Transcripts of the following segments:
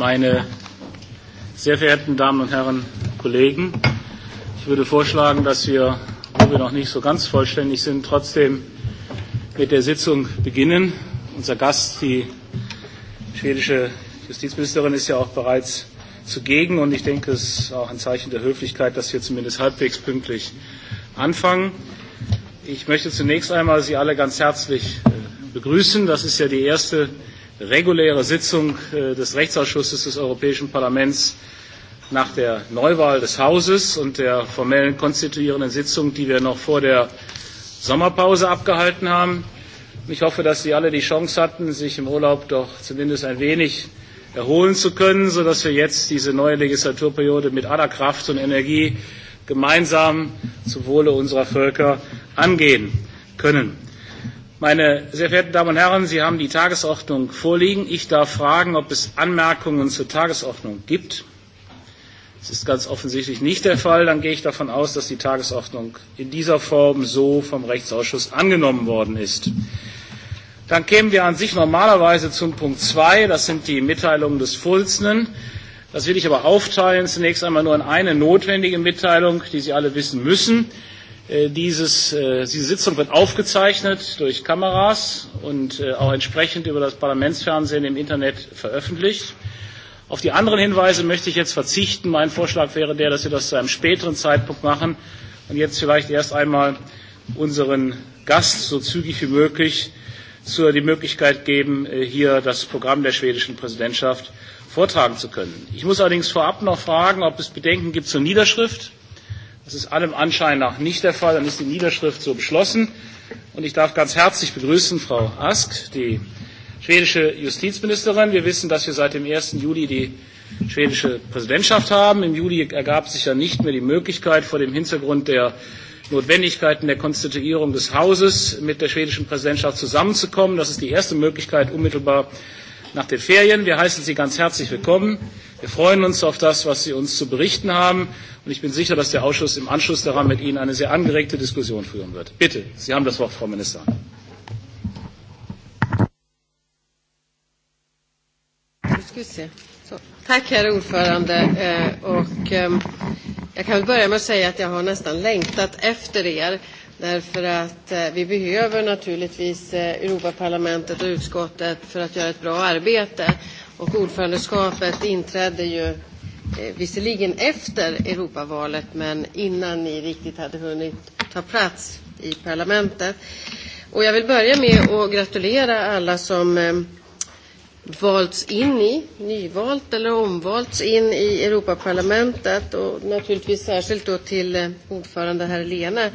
Meine sehr verehrten Damen und Herren Kollegen, ich würde vorschlagen, dass wir, wo wir noch nicht so ganz vollständig sind, trotzdem mit der Sitzung beginnen. Unser Gast, die schwedische Justizministerin, ist ja auch bereits zugegen und ich denke, es ist auch ein Zeichen der Höflichkeit, dass wir zumindest halbwegs pünktlich anfangen. Ich möchte zunächst einmal Sie alle ganz herzlich begrüßen. Das ist ja die erste reguläre Sitzung äh, des Rechtsausschusses des Europäischen Parlaments nach der Neuwahl des Hauses und der formellen konstituierenden Sitzung, die wir noch vor der Sommerpause abgehalten haben. Ich hoffe, dass Sie alle die Chance hatten, sich im Urlaub doch zumindest ein wenig erholen zu können, sodass wir jetzt diese neue Legislaturperiode mit aller Kraft und Energie gemeinsam zum Wohle unserer Völker angehen können. Meine sehr verehrten Damen und Herren, Sie haben die Tagesordnung vorliegen. Ich darf fragen, ob es Anmerkungen zur Tagesordnung gibt. Das ist ganz offensichtlich nicht der Fall. Dann gehe ich davon aus, dass die Tagesordnung in dieser Form so vom Rechtsausschuss angenommen worden ist. Dann kämen wir an sich normalerweise zum Punkt 2. Das sind die Mitteilungen des Vorsitzenden. Das will ich aber aufteilen. Zunächst einmal nur in eine notwendige Mitteilung, die Sie alle wissen müssen. Äh, dieses, äh, diese Sitzung wird aufgezeichnet durch Kameras und äh, auch entsprechend über das Parlamentsfernsehen im Internet veröffentlicht. Auf die anderen Hinweise möchte ich jetzt verzichten. Mein Vorschlag wäre der, dass wir das zu einem späteren Zeitpunkt machen und jetzt vielleicht erst einmal unseren Gast so zügig wie möglich zur, die Möglichkeit geben, hier das Programm der schwedischen Präsidentschaft vortragen zu können. Ich muss allerdings vorab noch fragen, ob es Bedenken gibt zur Niederschrift. Das ist allem Anschein nach nicht der Fall. Dann ist die Niederschrift so beschlossen. Und ich darf ganz herzlich begrüßen Frau Ask, die schwedische Justizministerin. Wir wissen, dass wir seit dem 1. Juli die schwedische Präsidentschaft haben. Im Juli ergab sich ja nicht mehr die Möglichkeit, vor dem Hintergrund der Notwendigkeiten der Konstituierung des Hauses mit der schwedischen Präsidentschaft zusammenzukommen. Das ist die erste Möglichkeit, unmittelbar nach den Ferien. Wir heißen Sie ganz herzlich willkommen. Wir freuen uns auf das, was Sie uns zu berichten haben. Und ich bin sicher, dass der Ausschuss im Anschluss daran mit Ihnen eine sehr angeregte Diskussion führen wird. Bitte, Sie haben das Wort, Frau Ministerin. Tack, herr ordförande. Eh, och ehm, jag kan börja med att säga att jag har nästan längtat efter er. Därför att eh, vi behöver naturligtvis eh, Europaparlamentet och utskottet för att göra ett bra arbete. Och ordförandeskapet inträdde ju eh, visserligen efter Europavalet men innan ni riktigt hade hunnit ta plats i parlamentet. Och jag vill börja med att gratulera alla som valts in i, nyvalt eller omvalts in i Europaparlamentet och naturligtvis särskilt då till ordförande herr Lena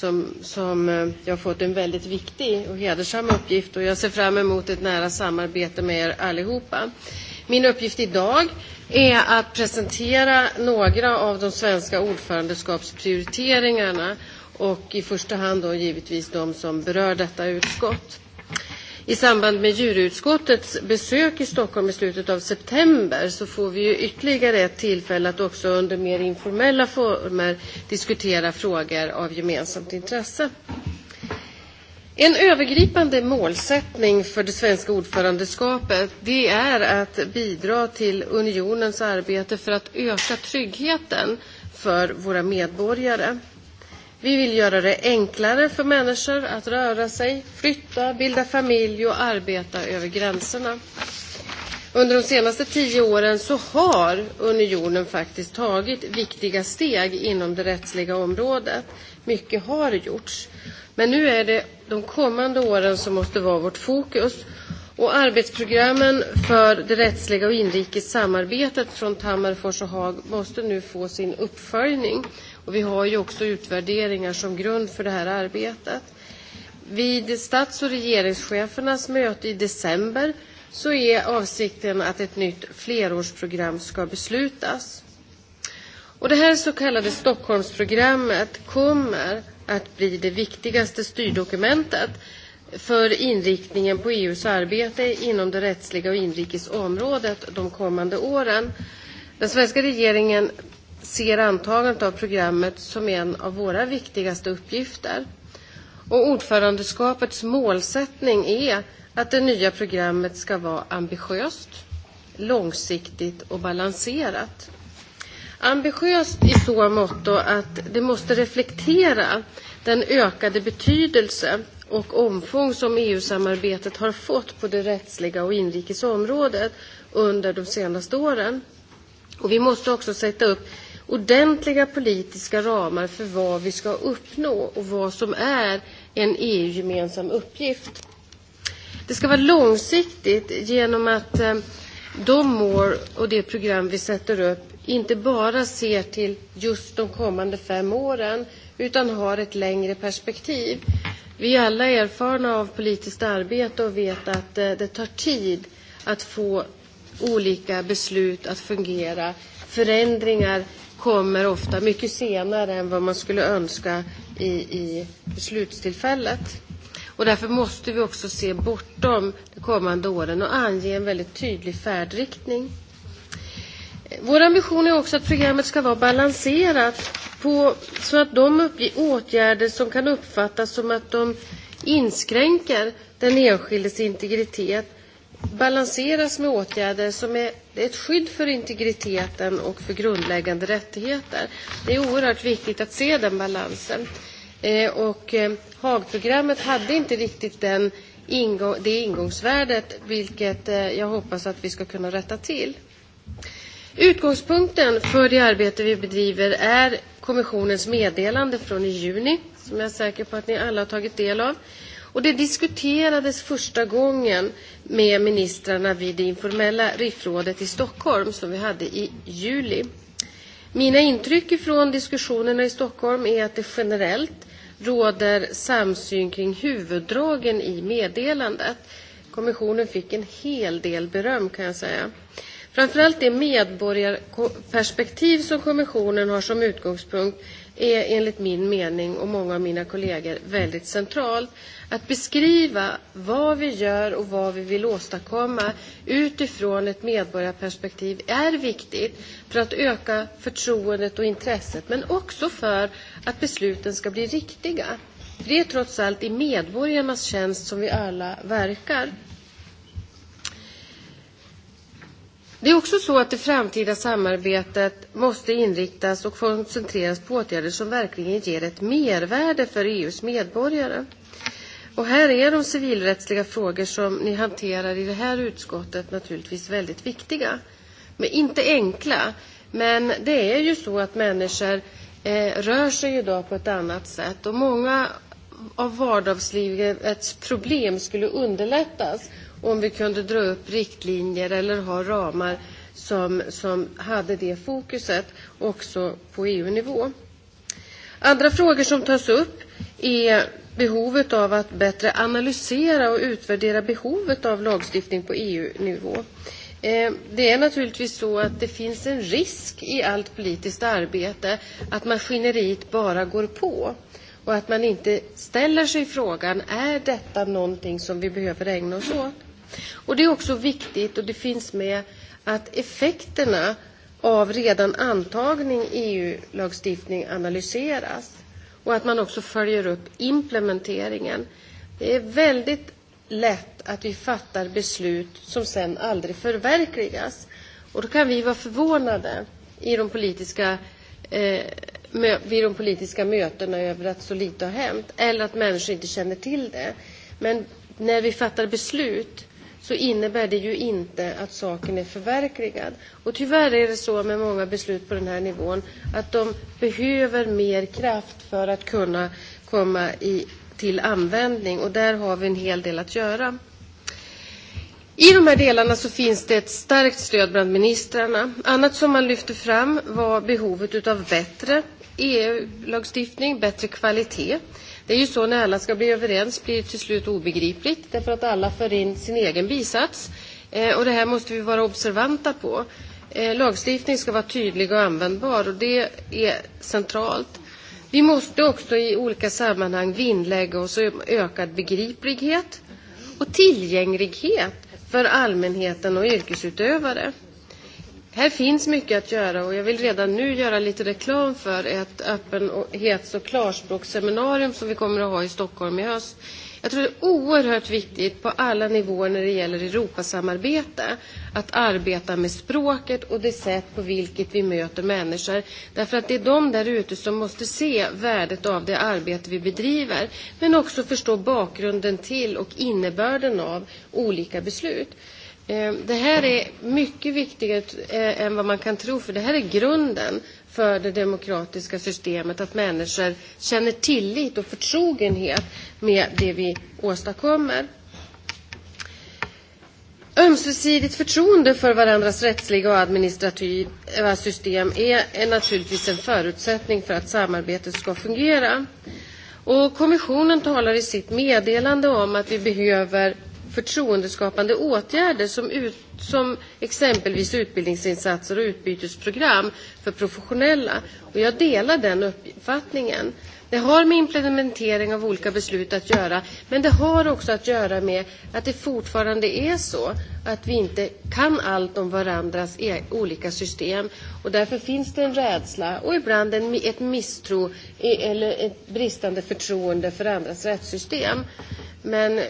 som, som eh, jag har fått en väldigt viktig och hedersam uppgift och jag ser fram emot ett nära samarbete med er allihopa. Min uppgift idag är att presentera några av de svenska ordförandeskapsprioriteringarna och i första hand då givetvis de som berör detta utskott. I samband med djurutskottets besök i Stockholm i slutet av september så får vi ju ytterligare ett tillfälle att också under mer informella former diskutera frågor av gemensamt intresse. En övergripande målsättning för det svenska ordförandeskapet det är att bidra till unionens arbete för att öka tryggheten för våra medborgare. Vi vill göra det enklare för människor att röra sig, flytta, bilda familj och arbeta över gränserna. Under de senaste tio åren så har unionen faktiskt tagit viktiga steg inom det rättsliga området. Mycket har gjorts. Men nu är det de kommande åren som måste vara vårt fokus. Och arbetsprogrammen för det rättsliga och inrikes samarbetet från Tammerfors och Haag måste nu få sin uppföljning. Och vi har ju också utvärderingar som grund för det här arbetet. Vid stats och regeringschefernas möte i december så är avsikten att ett nytt flerårsprogram ska beslutas. Och det här så kallade Stockholmsprogrammet kommer att bli det viktigaste styrdokumentet för inriktningen på EUs arbete inom det rättsliga och inrikesområdet de kommande åren. Den svenska regeringen ser antagandet av programmet som en av våra viktigaste uppgifter. Och ordförandeskapets målsättning är att det nya programmet ska vara ambitiöst, långsiktigt och balanserat. Ambitiöst i så mått att det måste reflektera den ökade betydelse och omfång som EU-samarbetet har fått på det rättsliga och inrikesområdet under de senaste åren. Och vi måste också sätta upp ordentliga politiska ramar för vad vi ska uppnå och vad som är en EU-gemensam uppgift. Det ska vara långsiktigt genom att eh, de mål och det program vi sätter upp inte bara ser till just de kommande fem åren utan har ett längre perspektiv. Vi är alla erfarna av politiskt arbete och vet att eh, det tar tid att få olika beslut att fungera. Förändringar kommer ofta mycket senare än vad man skulle önska i, i beslutstillfället. Och därför måste vi också se bortom de kommande åren och ange en väldigt tydlig färdriktning. Vår ambition är också att programmet ska vara balanserat på, så att de åtgärder som kan uppfattas som att de inskränker den enskildes integritet balanseras med åtgärder som är ett skydd för integriteten och för grundläggande rättigheter. Det är oerhört viktigt att se den balansen. Eh, och eh, Haagprogrammet hade inte riktigt den ingång, det ingångsvärdet, vilket eh, jag hoppas att vi ska kunna rätta till. Utgångspunkten för det arbete vi bedriver är kommissionens meddelande från i juni, som jag är säker på att ni alla har tagit del av. Och det diskuterades första gången med ministrarna vid det informella RIF-rådet i Stockholm som vi hade i juli. Mina intryck från diskussionerna i Stockholm är att det generellt råder samsyn kring huvuddragen i meddelandet. Kommissionen fick en hel del beröm, kan jag säga. Framförallt det medborgarperspektiv som kommissionen har som utgångspunkt är enligt min mening och många av mina kollegor väldigt centralt. Att beskriva vad vi gör och vad vi vill åstadkomma utifrån ett medborgarperspektiv är viktigt för att öka förtroendet och intresset men också för att besluten ska bli riktiga. Det är trots allt i medborgarnas tjänst som vi alla verkar. Det är också så att det framtida samarbetet måste inriktas och koncentreras på åtgärder som verkligen ger ett mervärde för EUs medborgare. Och här är de civilrättsliga frågor som ni hanterar i det här utskottet naturligtvis väldigt viktiga. Men inte enkla. Men det är ju så att människor eh, rör sig idag på ett annat sätt och många av vardagslivets problem skulle underlättas om vi kunde dra upp riktlinjer eller ha ramar som, som hade det fokuset också på EU-nivå. Andra frågor som tas upp är behovet av att bättre analysera och utvärdera behovet av lagstiftning på EU-nivå. Eh, det är naturligtvis så att det finns en risk i allt politiskt arbete att maskineriet bara går på och att man inte ställer sig frågan är detta någonting som vi behöver ägna oss åt. Och det är också viktigt, och det finns med, att effekterna av redan antagen EU-lagstiftning analyseras och att man också följer upp implementeringen. Det är väldigt lätt att vi fattar beslut som sedan aldrig förverkligas. Och då kan vi vara förvånade i de politiska, eh, vid de politiska mötena över att så lite har hänt eller att människor inte känner till det. Men när vi fattar beslut så innebär det ju inte att saken är förverkligad. Och tyvärr är det så med många beslut på den här nivån att de behöver mer kraft för att kunna komma i, till användning och där har vi en hel del att göra. I de här delarna så finns det ett starkt stöd bland ministrarna. Annat som man lyfte fram var behovet av bättre EU-lagstiftning, bättre kvalitet. Det är ju så när alla ska bli överens blir det till slut obegripligt därför att alla för in sin egen bisats. Eh, och det här måste vi vara observanta på. Eh, lagstiftning ska vara tydlig och användbar och det är centralt. Vi måste också i olika sammanhang vinnlägga oss om ökad begriplighet och tillgänglighet för allmänheten och yrkesutövare. Här finns mycket att göra och jag vill redan nu göra lite reklam för ett öppenhets och klarspråksseminarium som vi kommer att ha i Stockholm i höst. Jag tror det är oerhört viktigt på alla nivåer när det gäller Europasamarbete att arbeta med språket och det sätt på vilket vi möter människor. Därför att det är de där ute som måste se värdet av det arbete vi bedriver men också förstå bakgrunden till och innebörden av olika beslut. Ehm, det här är mycket viktigare än vad man kan tro, för det här är grunden för det demokratiska systemet, att människor känner tillit och förtrogenhet med det vi åstadkommer. Ömsesidigt förtroende för varandras rättsliga och administrativa system är är naturligtvis en förutsättning för att samarbetet ska fungera. Och kommissionen talar i sitt meddelande om att vi behöver förtroendeskapande åtgärder som, ut, som exempelvis utbildningsinsatser och utbytesprogram för professionella. Och jag delar den uppfattningen. Det har med implementering av olika beslut att göra, men det har också att göra med att det fortfarande är så att vi inte kan allt om varandras e, olika system. Och därför finns det en rädsla och ibland en, ett misstro eller ett bristande förtroende för andras rättssystem. Men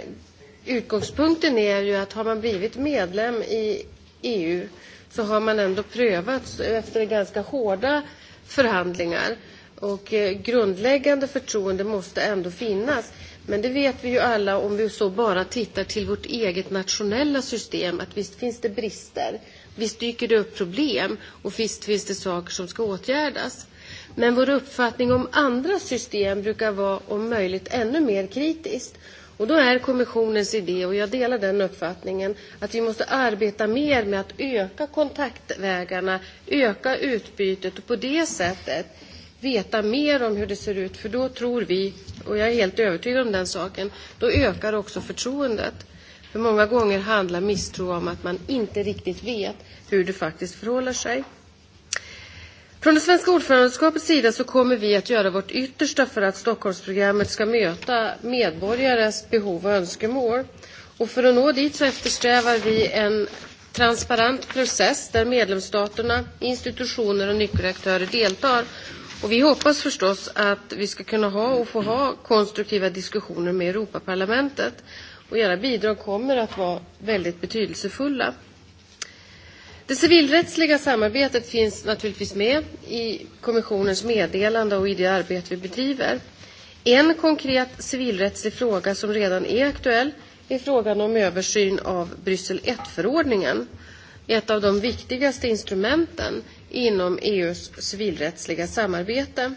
utgångspunkten är ju att har man blivit medlem i EU så har man ändå prövats efter ganska hårda förhandlingar. Och eh, grundläggande förtroende måste ändå finnas. Men det vet vi ju alla om vi så bara tittar till vårt eget nationella system att visst finns det brister, visst dyker det upp problem och visst finns det saker som ska åtgärdas. Men vår uppfattning om andra system brukar vara om möjligt ännu mer kritiskt. Och då är kommissionens idé, och jag delar den uppfattningen, att vi måste arbeta mer med att öka kontaktvägarna, öka utbytet och på det sättet veta mer om hur det ser ut. För då tror vi, och jag är helt övertygad om den saken, då ökar också förtroendet. För många gånger handlar misstro om att man inte riktigt vet hur det faktiskt förhåller sig. Från det svenska ordförandeskapets sida så kommer vi att göra vårt yttersta för att Stockholmsprogrammet ska möta medborgares behov och önskemål. Och för att nå dit så eftersträvar vi en transparent process där medlemsstaterna, institutioner och nyckelaktörer deltar. Och vi hoppas förstås att vi ska kunna ha och få ha konstruktiva diskussioner med Europaparlamentet. Och era bidrag kommer att vara väldigt betydelsefulla. Det civilrättsliga samarbetet finns naturligtvis med i kommissionens meddelande och i det arbete vi bedriver. En konkret civilrättslig fråga som redan är aktuell är frågan om översyn av Bryssel 1 förordningen ett av de viktigaste instrumenten inom EU:s civilrättsliga samarbete.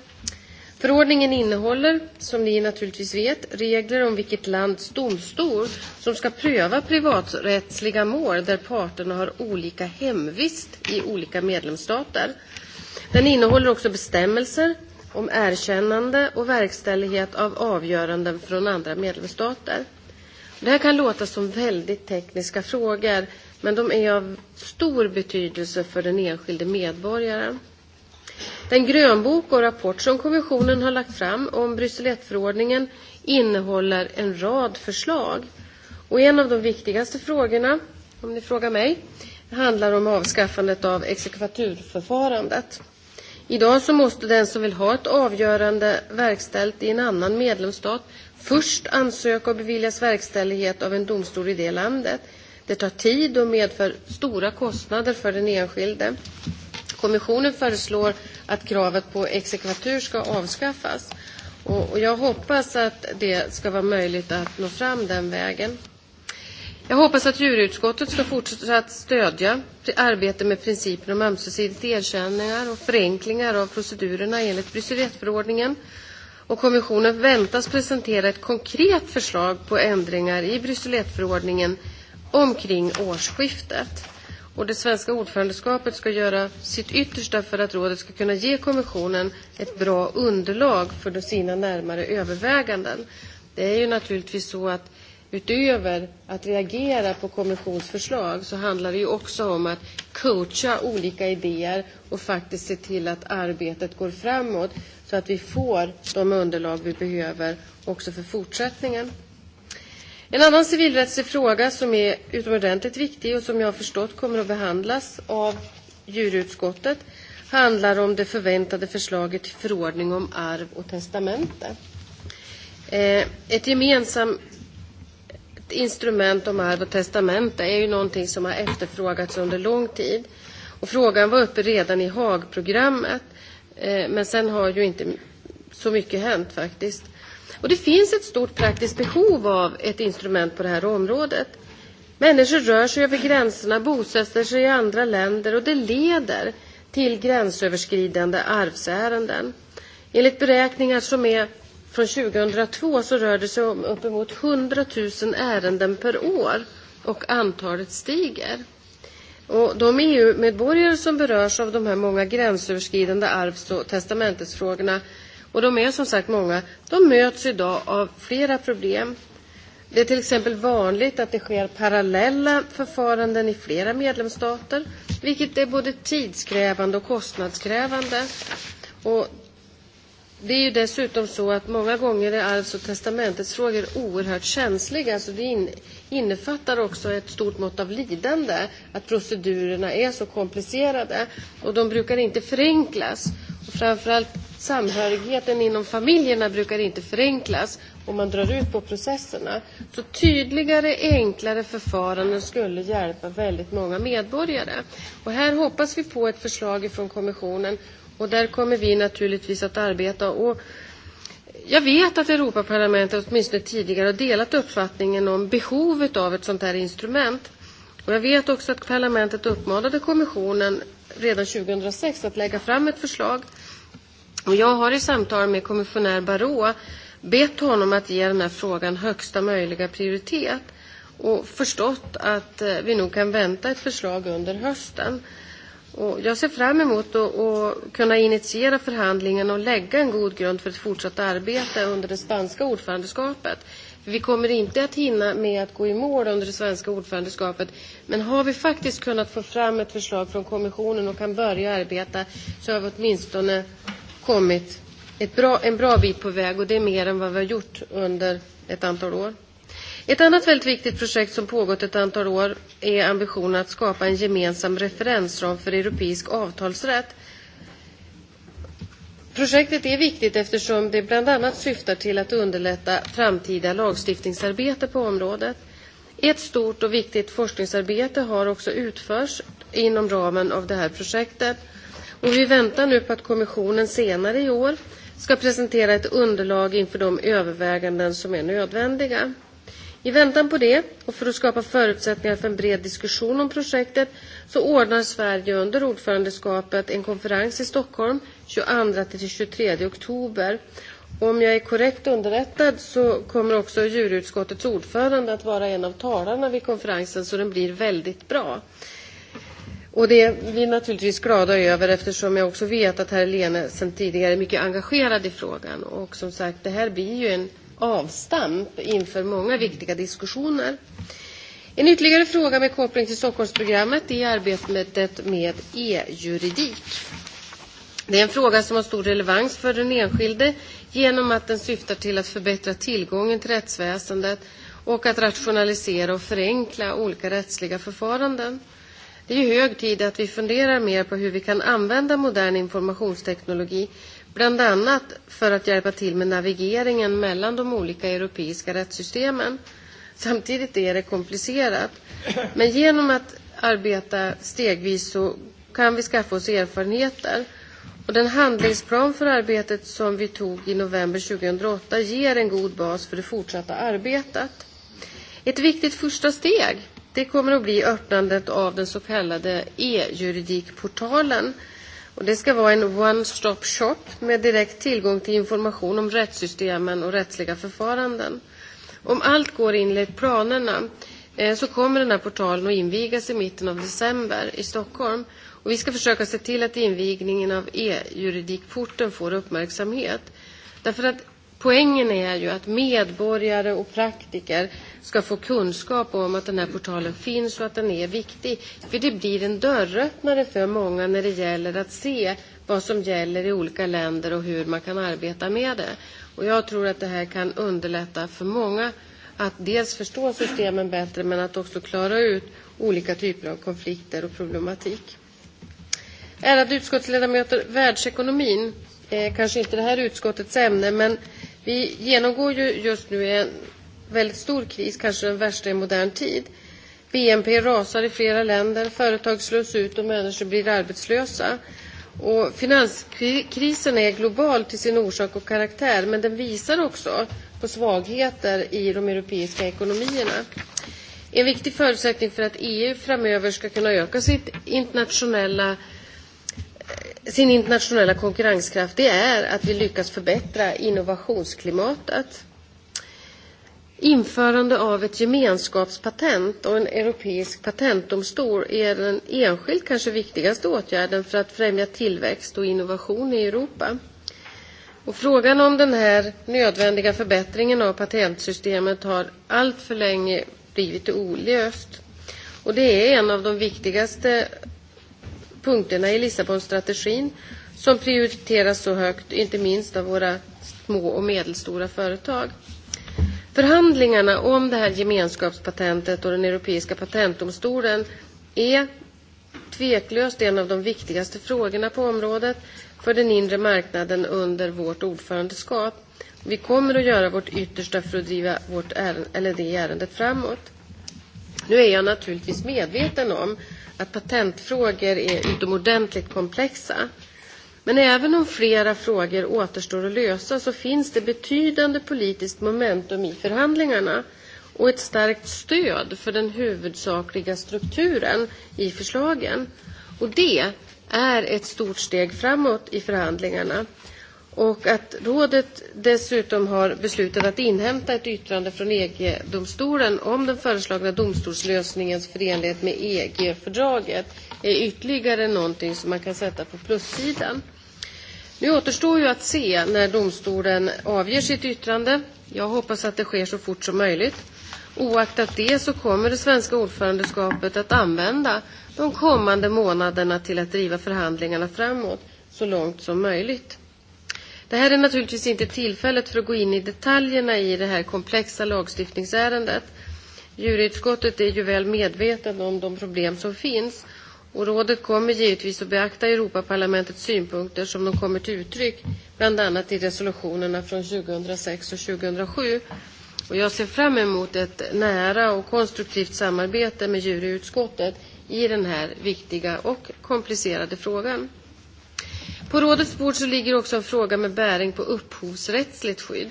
Förordningen innehåller, som ni naturligtvis vet, regler om vilket lands domstol som ska pröva privaträttsliga mål där parterna har olika hemvist i olika medlemsstater. Den innehåller också bestämmelser om erkännande och verkställighet av avgöranden från andra medlemsstater. Det här kan låta som väldigt tekniska frågor, men de är av stor betydelse för den enskilde medborgaren. Den grönbok och rapport som kommissionen har lagt fram om Bryssel förordningen innehåller en rad förslag. Och en av de viktigaste frågorna, om ni frågar mig, handlar om avskaffandet av exekvaturförfarandet. Idag så måste den som vill ha ett avgörande verkställt i en annan medlemsstat först ansöka och beviljas verkställighet av en domstol i det landet. Det tar tid och medför stora kostnader för den enskilde. Kommissionen föreslår att kravet på exekvatur ska avskaffas. Och, jag hoppas att det ska vara möjligt att nå fram den vägen. Jag hoppas att djurutskottet ska fortsätta att stödja arbetet med principen om ömsesidigt erkännande och förenklingar av procedurerna enligt Bryssel 1-förordningen. Och kommissionen väntas presentera ett konkret förslag på ändringar i Bryssel 1-förordningen omkring årsskiftet och det svenska ordförandeskapet ska göra sitt yttersta för att rådet ska kunna ge kommissionen ett bra underlag för sina närmare överväganden. Det är ju naturligtvis så att utöver att reagera på kommissionsförslag så handlar det ju också om att coacha olika idéer och faktiskt se till att arbetet går framåt så att vi får de underlag vi behöver också för fortsättningen. En annan civilrättslig fråga som är utomordentligt viktig och som jag har förstått kommer att behandlas av djurutskottet handlar om det förväntade förslaget till förordning om arv och testamente. Eh, ett gemensamt instrument om arv och testamente är ju någonting som har efterfrågats under lång tid. Och frågan var uppe redan i Haagprogrammet, eh, men sedan har ju inte så mycket hänt faktiskt. Och det finns ett stort praktiskt behov av ett instrument på det här området. Människor rör sig över gränserna, bosätter sig i andra länder och det leder till gränsöverskridande arvsärenden. Enligt beräkningar som är från 2002 så rör det sig om uppemot 100 000 ärenden per år och antalet stiger. Och de EU-medborgare som berörs av de här många gränsöverskridande arvs och testamentesfrågorna Och de är som sagt många. De möts idag av flera problem. Det är till exempel vanligt att det sker parallella förfaranden i flera medlemsstater, vilket är både tidskrävande och kostnadskrävande. Och det är ju dessutom så att många gånger är arvs och testamentesfrågor oerhört känsliga, Alltså det innefattar också ett stort mått av lidande att procedurerna är så komplicerade. Och de brukar inte förenklas. Och framförallt samhörigheten inom familjerna brukar inte förenklas om man drar ut på processerna. Så tydligare, enklare förfaranden skulle hjälpa väldigt många medborgare. Och här hoppas vi på ett förslag från kommissionen och där kommer vi naturligtvis att arbeta. Och jag vet att Europaparlamentet åtminstone tidigare har delat uppfattningen om behovet av ett sånt här instrument. Och jag vet också att parlamentet uppmanade kommissionen redan 2006 att lägga fram ett förslag. Och jag har i samtal med kommissionär Barrot bett honom att ge den här frågan högsta möjliga prioritet och förstått att eh, vi nog kan vänta ett förslag under hösten. Och jag ser fram emot att kunna initiera förhandlingen och lägga en god grund för ett fortsatt arbete under det spanska ordförandeskapet. vi kommer inte att hinna med att gå i mål under det svenska ordförandeskapet. Men har vi faktiskt kunnat få fram ett förslag från kommissionen och kan börja arbeta så har vi åtminstone kommit ett bra, en bra bit på väg och det är mer än vad vi har gjort under ett antal år. Ett annat väldigt viktigt projekt som pågått ett antal år är ambitionen att skapa en gemensam referensram för europeisk avtalsrätt. Projektet är viktigt eftersom det bland annat syftar till att underlätta framtida lagstiftningsarbete på området. Ett stort och viktigt forskningsarbete har också utförts inom ramen av det här projektet. Och vi väntar nu på att kommissionen senare i år ska presentera ett underlag inför de överväganden som är nödvändiga. I väntan på det och för att skapa förutsättningar för en bred diskussion om projektet så ordnar Sverige under ordförandeskapet en konferens i Stockholm 22-23 oktober. Om jag är korrekt underrättad så kommer också djurutskottets ordförande att vara en av talarna vid konferensen så den blir väldigt bra. Och det är vi naturligtvis glada över eftersom jag också vet att herr Lene sedan tidigare är mycket engagerad i frågan. Och som sagt, det här blir ju en avstamp inför många viktiga diskussioner. En ytterligare fråga med koppling till Stockholmsprogrammet är arbetet med e-juridik. Det är en fråga som har stor relevans för den enskilde genom att den syftar till att förbättra tillgången till rättsväsendet och att rationalisera och förenkla olika rättsliga förfaranden. Det är hög tid att vi funderar mer på hur vi kan använda modern informationsteknologi, bland annat för att hjälpa till med navigeringen mellan de olika europeiska rättssystemen. Samtidigt är det komplicerat. Men genom att arbeta stegvis så kan vi skaffa oss erfarenheter. Och den handlingsplan för arbetet som vi tog i november 2008 ger en god bas för det fortsatta arbetet. Ett viktigt första steg Det kommer att bli öppnandet av den så kallade e-juridikportalen. Och det ska vara en one-stop shop med direkt tillgång till information om rättssystemen och rättsliga förfaranden. Om allt går enligt planerna eh, så kommer den här portalen att invigas i mitten av december i Stockholm. Och vi ska försöka se till att invigningen av e-juridikporten får uppmärksamhet. Därför att poängen är ju att medborgare och praktiker ska få kunskap om att den här portalen finns och att den är viktig. För det blir en dörröppnare för många när det gäller att se vad som gäller i olika länder och hur man kan arbeta med det. Och jag tror att det här kan underlätta för många att dels förstå systemen bättre men att också klara ut olika typer av konflikter och problematik. Ärade utskottsledamöter, världsekonomin är eh, kanske inte det här utskottets ämne men vi genomgår ju just nu en väldigt stor kris, kanske den värsta i modern tid. BNP rasar i flera länder, företag slås ut och människor blir arbetslösa. Och finanskrisen är global till sin orsak och karaktär, men den visar också på svagheter i de europeiska ekonomierna. En viktig förutsättning för att EU framöver ska kunna öka sitt internationella, sin internationella konkurrenskraft det är att vi lyckas förbättra innovationsklimatet. Införande av ett gemenskapspatent och en europeisk patentdomstol är den enskilt kanske viktigaste åtgärden för att främja tillväxt och innovation i Europa. Och frågan om den här nödvändiga förbättringen av patentsystemet har allt för länge blivit olöst. Och det är en av de viktigaste punkterna i Lissabonstrategin som prioriteras så högt, inte minst av våra små och medelstora företag. Förhandlingarna om det här gemenskapspatentet och den europeiska patentdomstolen är tveklöst en av de viktigaste frågorna på området för den inre marknaden under vårt ordförandeskap. Vi kommer att göra vårt yttersta för att driva vårt ärende, det ärendet framåt. Nu är jag naturligtvis medveten om att patentfrågor är utomordentligt komplexa. Men även om flera frågor återstår att lösa så finns det betydande politiskt momentum i förhandlingarna och ett starkt stöd för den huvudsakliga strukturen i förslagen. Och det är ett stort steg framåt i förhandlingarna. Och att rådet dessutom har beslutat att inhämta ett yttrande från EG-domstolen om den föreslagna domstolslösningens förenlighet med EG-fördraget är ytterligare någonting som man kan sätta på plussidan. Nu återstår ju att se när domstolen avger sitt yttrande. Jag hoppas att det sker så fort som möjligt. Oaktat det så kommer det svenska ordförandeskapet att använda de kommande månaderna till att driva förhandlingarna framåt så långt som möjligt. Det här är naturligtvis inte tillfället för att gå in i detaljerna i det här komplexa lagstiftningsärendet. Djurrättsutskottet är ju väl medvetet om de problem som finns och rådet kommer givetvis att beakta Europaparlamentets synpunkter som de kommer till uttryck bland annat i resolutionerna från 2006 och 2007. Och jag ser fram emot ett nära och konstruktivt samarbete med juryutskottet i den här viktiga och komplicerade frågan. På rådets bord så ligger också en fråga med bäring på upphovsrättsligt skydd.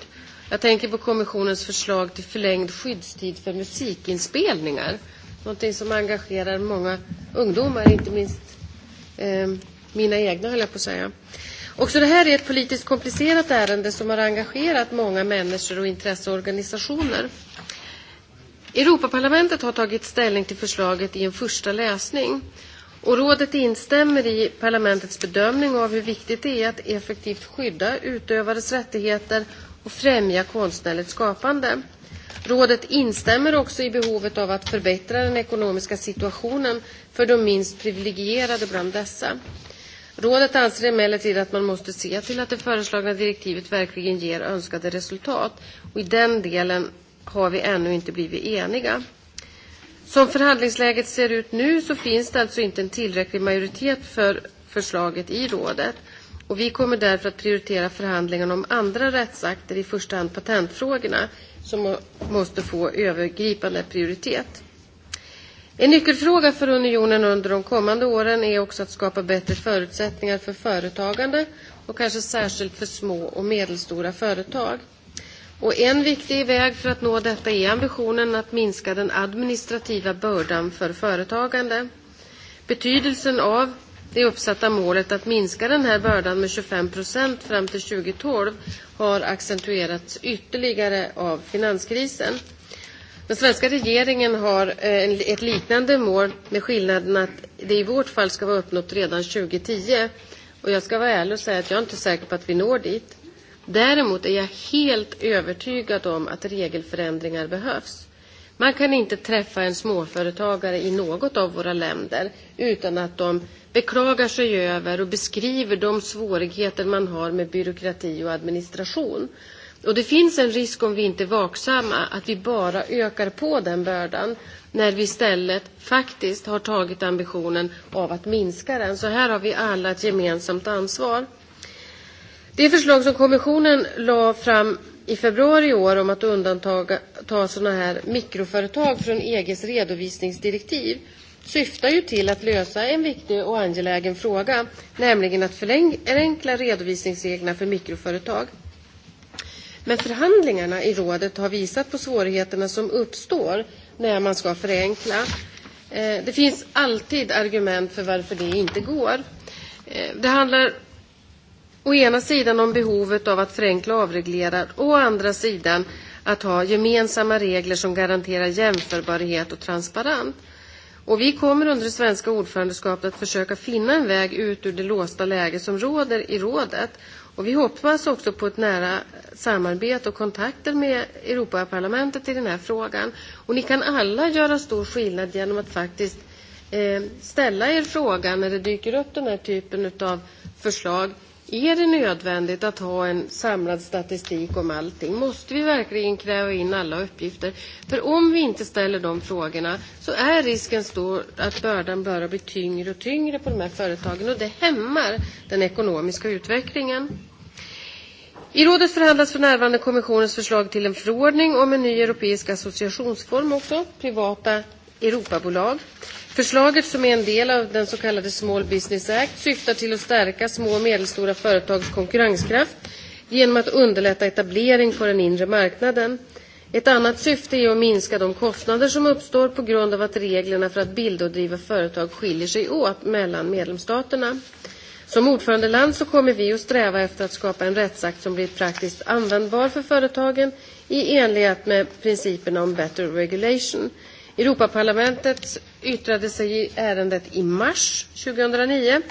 Jag tänker på kommissionens förslag till förlängd skyddstid för musikinspelningar någonting som engagerar många ungdomar, inte minst eh, mina egna höll jag på att säga. Också det här är ett politiskt komplicerat ärende som har engagerat många människor och intresseorganisationer. Europaparlamentet har tagit ställning till förslaget i en första läsning. Och rådet instämmer i parlamentets bedömning av hur viktigt det är att effektivt skydda utövares rättigheter och främja konstnärligt skapande. Rådet instämmer också i behovet av att förbättra den ekonomiska situationen för de minst privilegierade bland dessa. Rådet anser emellertid att man måste se till att det föreslagna direktivet verkligen ger önskade resultat. Och I den delen har vi ännu inte blivit eniga. Som förhandlingsläget ser ut nu så finns det alltså inte en tillräcklig majoritet för förslaget i rådet. Och vi kommer därför att prioritera förhandlingarna om andra rättsakter, i första hand patentfrågorna som måste få övergripande prioritet. En nyckelfråga för unionen under de kommande åren är också att skapa bättre förutsättningar för företagande och kanske särskilt för små och medelstora företag. Och en viktig väg för att nå detta är ambitionen att minska den administrativa bördan för företagande. Betydelsen av det uppsatta målet att minska den här bördan med 25 procent fram till 2012 har accentuerats ytterligare av finanskrisen. Den svenska regeringen har eh, ett liknande mål med skillnaden att det i vårt fall ska vara uppnått redan 2010. Och jag ska vara ärlig och säga att jag inte är säker på att vi når dit. Däremot är jag helt övertygad om att regelförändringar behövs. Man kan inte träffa en småföretagare i något av våra länder utan att de beklagar sig över och beskriver de svårigheter man har med byråkrati och administration. Och det finns en risk om vi inte är vaksamma att vi bara ökar på den bördan när vi istället faktiskt har tagit ambitionen av att minska den. Så här har vi alla ett gemensamt ansvar. Det förslag som kommissionen la fram i februari i år om att undanta sådana här mikroföretag från EGs redovisningsdirektiv syftar ju till att lösa en viktig och angelägen fråga, nämligen att förenkla redovisningsreglerna för mikroföretag. Men förhandlingarna i rådet har visat på svårigheterna som uppstår när man ska förenkla. Eh, det finns alltid argument för varför det inte går. Eh, det handlar å ena sidan om behovet av att förenkla och avreglera och å andra sidan att ha gemensamma regler som garanterar jämförbarhet och transparens. Och vi kommer under det svenska ordförandeskapet att försöka finna en väg ut ur det låsta läge som råder i rådet. Och vi hoppas också på ett nära samarbete och kontakter med Europaparlamentet i den här frågan. Och ni kan alla göra stor skillnad genom att faktiskt eh, ställa er frågan när det dyker upp den här typen av förslag. Är det nödvändigt att ha en samlad statistik om allting? Måste vi verkligen kräva in alla uppgifter? För om vi inte ställer de frågorna så är risken stor att bördan bara blir tyngre och tyngre på de här företagen och det hämmar den ekonomiska utvecklingen. I rådet förhandlas för närvarande kommissionens förslag till en förordning om en ny europeisk associationsform också, privata Europabolag. Förslaget som är en del av den så kallade Small Business Act syftar till att stärka små och medelstora företags konkurrenskraft genom att underlätta etablering på den inre marknaden. Ett annat syfte är att minska de kostnader som uppstår på grund av att reglerna för att bilda och driva företag skiljer sig åt mellan medlemsstaterna. Som ordförandeland så kommer vi att sträva efter att skapa en rättsakt som blir praktiskt användbar för företagen i enlighet med principerna om better regulation. Europaparlamentet yttrade sig i ärendet i mars 2009,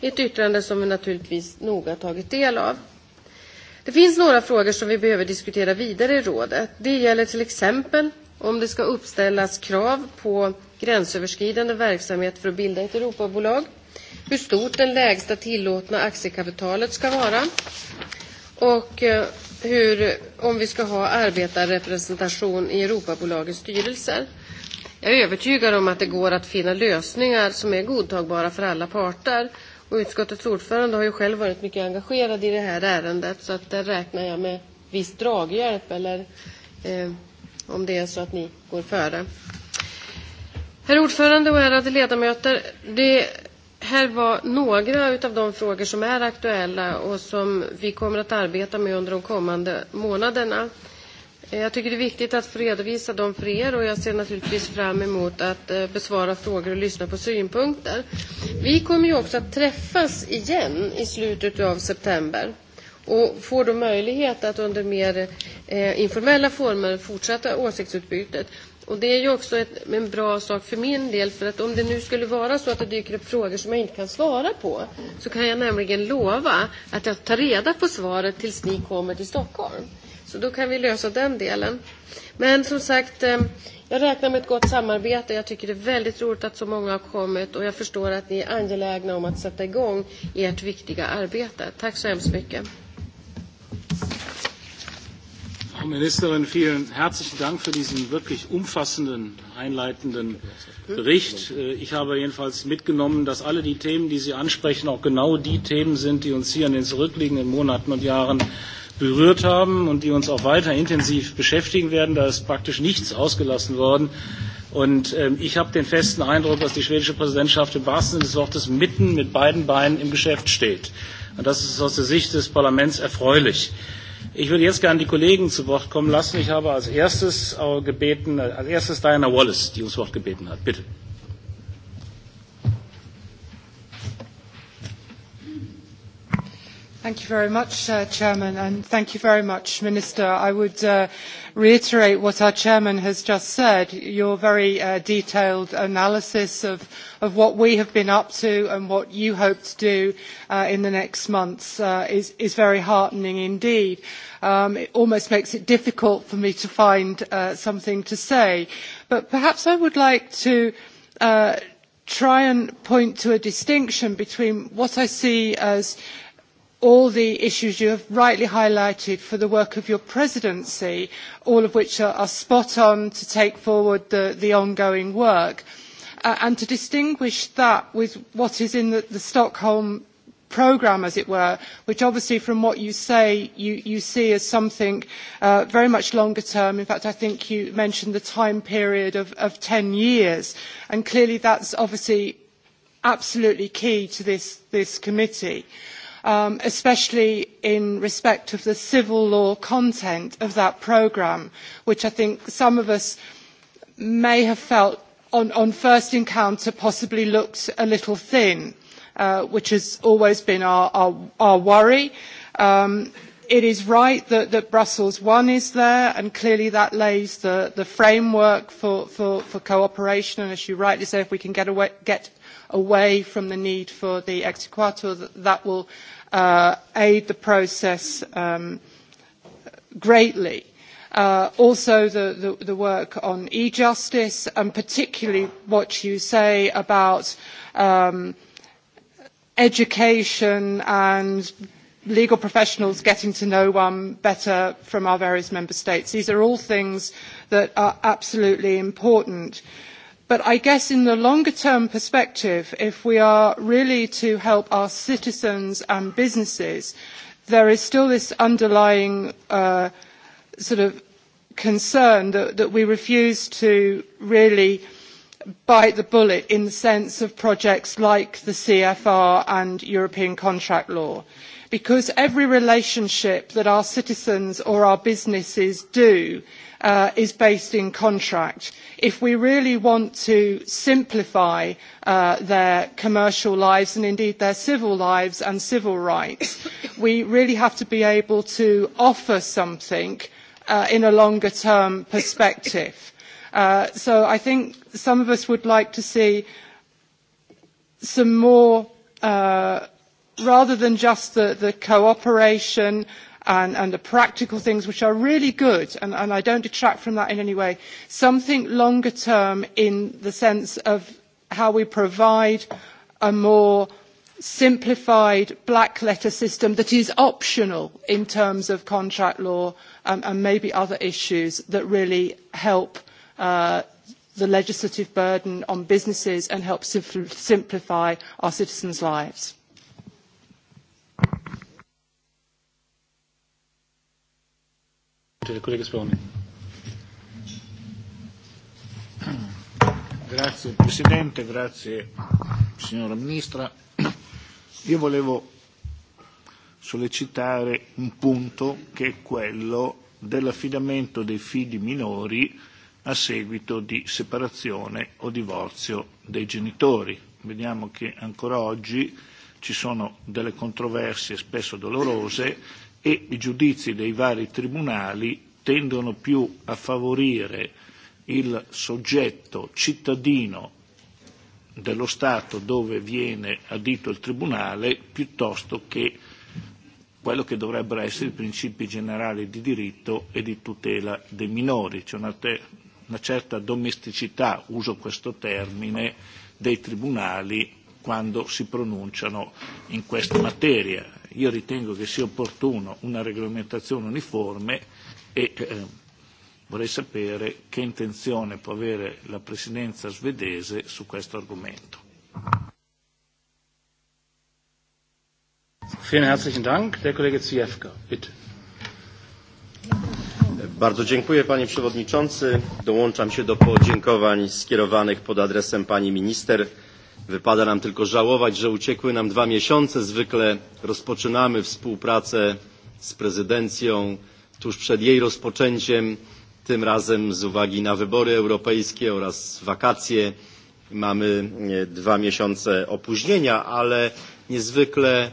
ett yttrande som vi naturligtvis noga tagit del av. Det finns några frågor som vi behöver diskutera vidare i rådet. Det gäller till exempel om det ska uppställas krav på gränsöverskridande verksamhet för att bilda ett Europabolag, hur stort det lägsta tillåtna aktiekapitalet ska vara och eh, hur, om vi ska ha arbetarrepresentation i Europabolagets styrelser. Jag är övertygad om att det går att finna lösningar som är godtagbara för alla parter. Och utskottets ordförande har ju själv varit mycket engagerad i det här ärendet så att där räknar jag med viss draghjälp eller eh, om det är så att ni går före. Herr ordförande och ärade ledamöter, det här var några av de frågor som är aktuella och som vi kommer att arbeta med under de kommande månaderna. Jag tycker det är viktigt att få redovisa dem för er och jag ser naturligtvis fram emot att eh, besvara frågor och lyssna på synpunkter. Vi kommer ju också att träffas igen i slutet av september och får då möjlighet att under mer eh, informella former fortsätta åsiktsutbytet. Och det är ju också ett, en bra sak för min del, för att om det nu skulle vara så att det dyker upp frågor som jag inte kan svara på, så kan jag nämligen lova att jag tar reda på svaret tills ni kommer till Stockholm. Så då kan vi lösa den delen. Men som sagt, eh, jag räknar med ett gott samarbete. Jag tycker det är väldigt roligt att så många har kommit och jag förstår att ni är angelägna om att sätta igång ert viktiga arbete. Tack så hemskt mycket. Frau Ministerin, vielen herzlichen Dank für diesen wirklich umfassenden, einleitenden Bericht. Äh, ich habe jedenfalls mitgenommen, dass alle die Themen, die Sie ansprechen, auch genau die Themen sind, die uns hier in den zurückliegenden Monaten und Jahren berührt haben und die uns auch weiter intensiv beschäftigen werden. Da ist praktisch nichts ausgelassen worden. Und äh, ich habe den festen Eindruck, dass die schwedische Präsidentschaft im wahrsten Sinne des Wortes mitten mit beiden Beinen im Geschäft steht. Und das ist aus der Sicht des Parlaments erfreulich. Ich würde jetzt gerne die Kollegen zu Wort kommen lassen. Ich habe als erstes äh, gebeten, äh, als erstes Diana Wallace, die ums Wort gebeten hat. Bitte. Thank you very much, uh, Chairman, and thank you very much, Minister. I would uh, reiterate what our Chairman has just said, your very uh, detailed analysis of, of what we have been up to and what you hope to do uh, in the next months uh, is, is very heartening indeed. Um, it almost makes it difficult for me to find uh, something to say. But perhaps I would like to uh, try and point to a distinction between what I see as uh, all the issues you have rightly highlighted for the work of your presidency, all of which are, are spot on to take forward the, the ongoing work. Uh, and to distinguish that with what is in the, the Stockholm programme, as it were, which obviously from what you say, you, you see as something uh, very much longer term. In fact, I think you mentioned the time period of, of 10 years. And clearly that's obviously absolutely key to this, this committee. Uh, um, especially in respect of the civil law content of that programme, which I think some of us may have felt on, on first encounter possibly looked a little thin, uh, which has always been our, our, our worry. Um, it is right that, that Brussels I is there, and clearly that lays the, the framework for, for, for cooperation. And as you rightly say, if we can get, away, get away from the need for the exequatur, that, that will uh, aid the process um, greatly. Uh, also the, the, the, work on e-justice and particularly what you say about um, education and legal professionals getting to know one better from our various member states. These are all things that are absolutely important. Uh, But I guess in the longer term perspective, if we are really to help our citizens and businesses, there is still this underlying uh, sort of concern that, that we refuse to really bite the bullet in the sense of projects like the CFR and European contract law. Because every relationship that our citizens or our businesses do Uh, is based in contract. If we really want to simplify uh, their commercial lives and indeed their civil lives and civil rights, we really have to be able to offer something uh, in a longer term perspective. Uh, so I think some of us would like to see some more, uh, rather than just the, the cooperation, and, and the practical things which are really good, and, and I don't detract from that in any way, something longer term in the sense of how we provide a more simplified black letter system that is optional in terms of contract law um, and maybe other issues that really help uh, the legislative burden on businesses and help simplify our citizens' lives. Collega Speloni. Grazie Presidente, grazie signora Ministra. Io volevo sollecitare un punto che è quello dell'affidamento dei figli minori a seguito di separazione o divorzio dei genitori. Vediamo che ancora oggi ci sono delle controversie spesso dolorose e i giudizi dei vari tribunali tendono più a favorire il soggetto cittadino dello Stato dove viene adito il Tribunale piuttosto che quello che dovrebbero essere i principi generali di diritto e di tutela dei minori. C'è una, te- una certa domesticità, uso questo termine, dei tribunali quando si pronunciano in questa materia. Io ritengo che sia opportuno una regolamentazione uniforme e eh, vorrei sapere che intenzione può avere la presidenza svedese su questo argomento. Vielen herzlichen Dank. Der Kollege Zijewka, bitte. Bardzo dziękuję panie przewodniczący. Dołączam się do podziękowań skierowanych pod adresem pani minister Wypada nam tylko żałować, że uciekły nam dwa miesiące. Zwykle rozpoczynamy współpracę z prezydencją tuż przed jej rozpoczęciem. Tym razem z uwagi na wybory europejskie oraz wakacje mamy dwa miesiące opóźnienia, ale niezwykle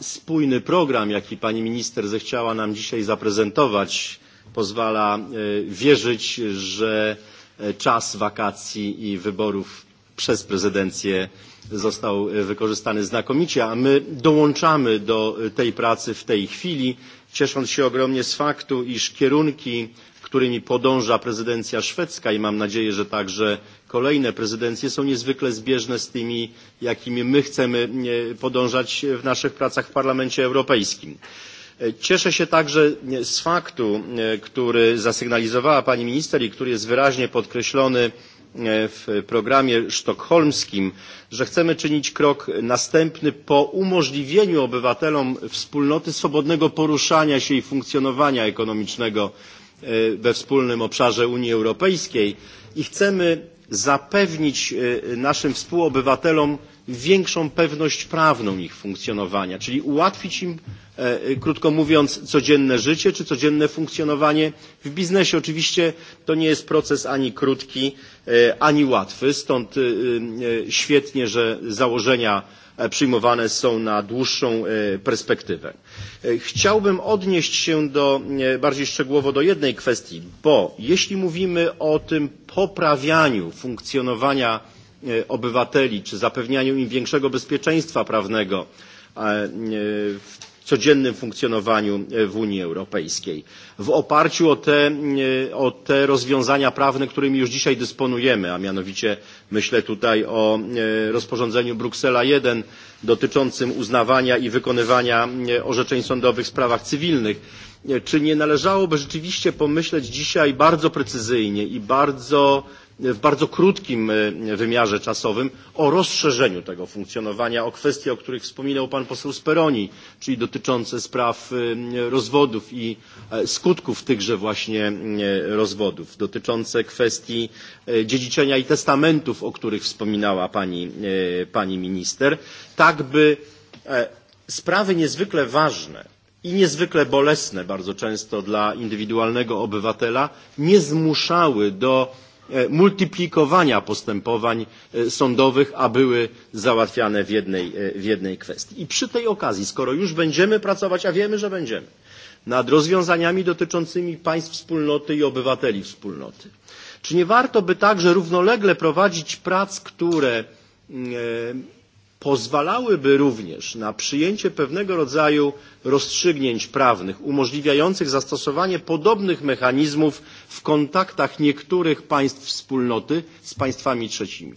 spójny program, jaki pani minister zechciała nam dzisiaj zaprezentować, pozwala e, wierzyć, że e, czas wakacji i wyborów przez prezydencję został e, wykorzystany znakomicie, a my dołączamy do e, tej pracy w tej chwili, ciesząc się ogromnie z faktu, iż kierunki, którymi podąża prezydencja szwedzka i mam nadzieję, że także kolejne prezydencje są niezwykle zbieżne z tymi, jakimi my chcemy e, podążać w naszych pracach w Parlamencie Europejskim. Cieszę się także z faktu, który zasygnalizowała pani minister i który jest wyraźnie podkreślony E, w programie sztokholmskim, że chcemy czynić krok następny po umożliwieniu obywatelom wspólnoty swobodnego poruszania się i funkcjonowania ekonomicznego e, we wspólnym obszarze Unii Europejskiej i chcemy zapewnić e, naszym współobywatelom większą pewność prawną ich funkcjonowania, czyli ułatwić im, e, e, krótko mówiąc, codzienne życie czy codzienne funkcjonowanie w biznesie. Oczywiście to nie jest proces ani krótki, e, ani łatwy, stąd świetnie, że założenia przyjmowane są na dłuższą perspektywę. Chciałbym odnieść się do, bardziej szczegółowo do jednej kwestii, bo jeśli mówimy o tym poprawianiu funkcjonowania E, obywateli, czy zapewnianiu im większego bezpieczeństwa prawnego e, e, w codziennym funkcjonowaniu w Unii Europejskiej. W oparciu o te, o te rozwiązania prawne, którymi już dzisiaj dysponujemy, a mianowicie myślę tutaj o rozporządzeniu Bruksela I dotyczącym uznawania i wykonywania orzeczeń sądowych w sprawach cywilnych, czy nie należałoby rzeczywiście pomyśleć dzisiaj bardzo precyzyjnie i bardzo w bardzo krótkim e, wymiarze czasowym o rozszerzeniu tego funkcjonowania o kwestie, o których wspominał pan poseł Speroni, czyli dotyczące spraw e, rozwodów i e, skutków tychże właśnie rozwodów, dotyczące kwestii dziedziczenia i testamentów, o których wspominała pani, pani minister, tak by sprawy niezwykle ważne i niezwykle bolesne bardzo często dla indywidualnego obywatela nie zmuszały do E, multiplikowania postępowań e, sądowych, a były załatwiane w jednej, e, w jednej kwestii. I przy tej okazji, skoro już będziemy pracować, a wiemy, że będziemy, nad rozwiązaniami dotyczącymi państw wspólnoty i obywateli wspólnoty, czy nie warto by także równolegle prowadzić prac, które mm, pozwalałyby również na przyjęcie pewnego rodzaju rozstrzygnięć prawnych umożliwiających zastosowanie podobnych mechanizmów w kontaktach niektórych państw wspólnoty z państwami trzecimi.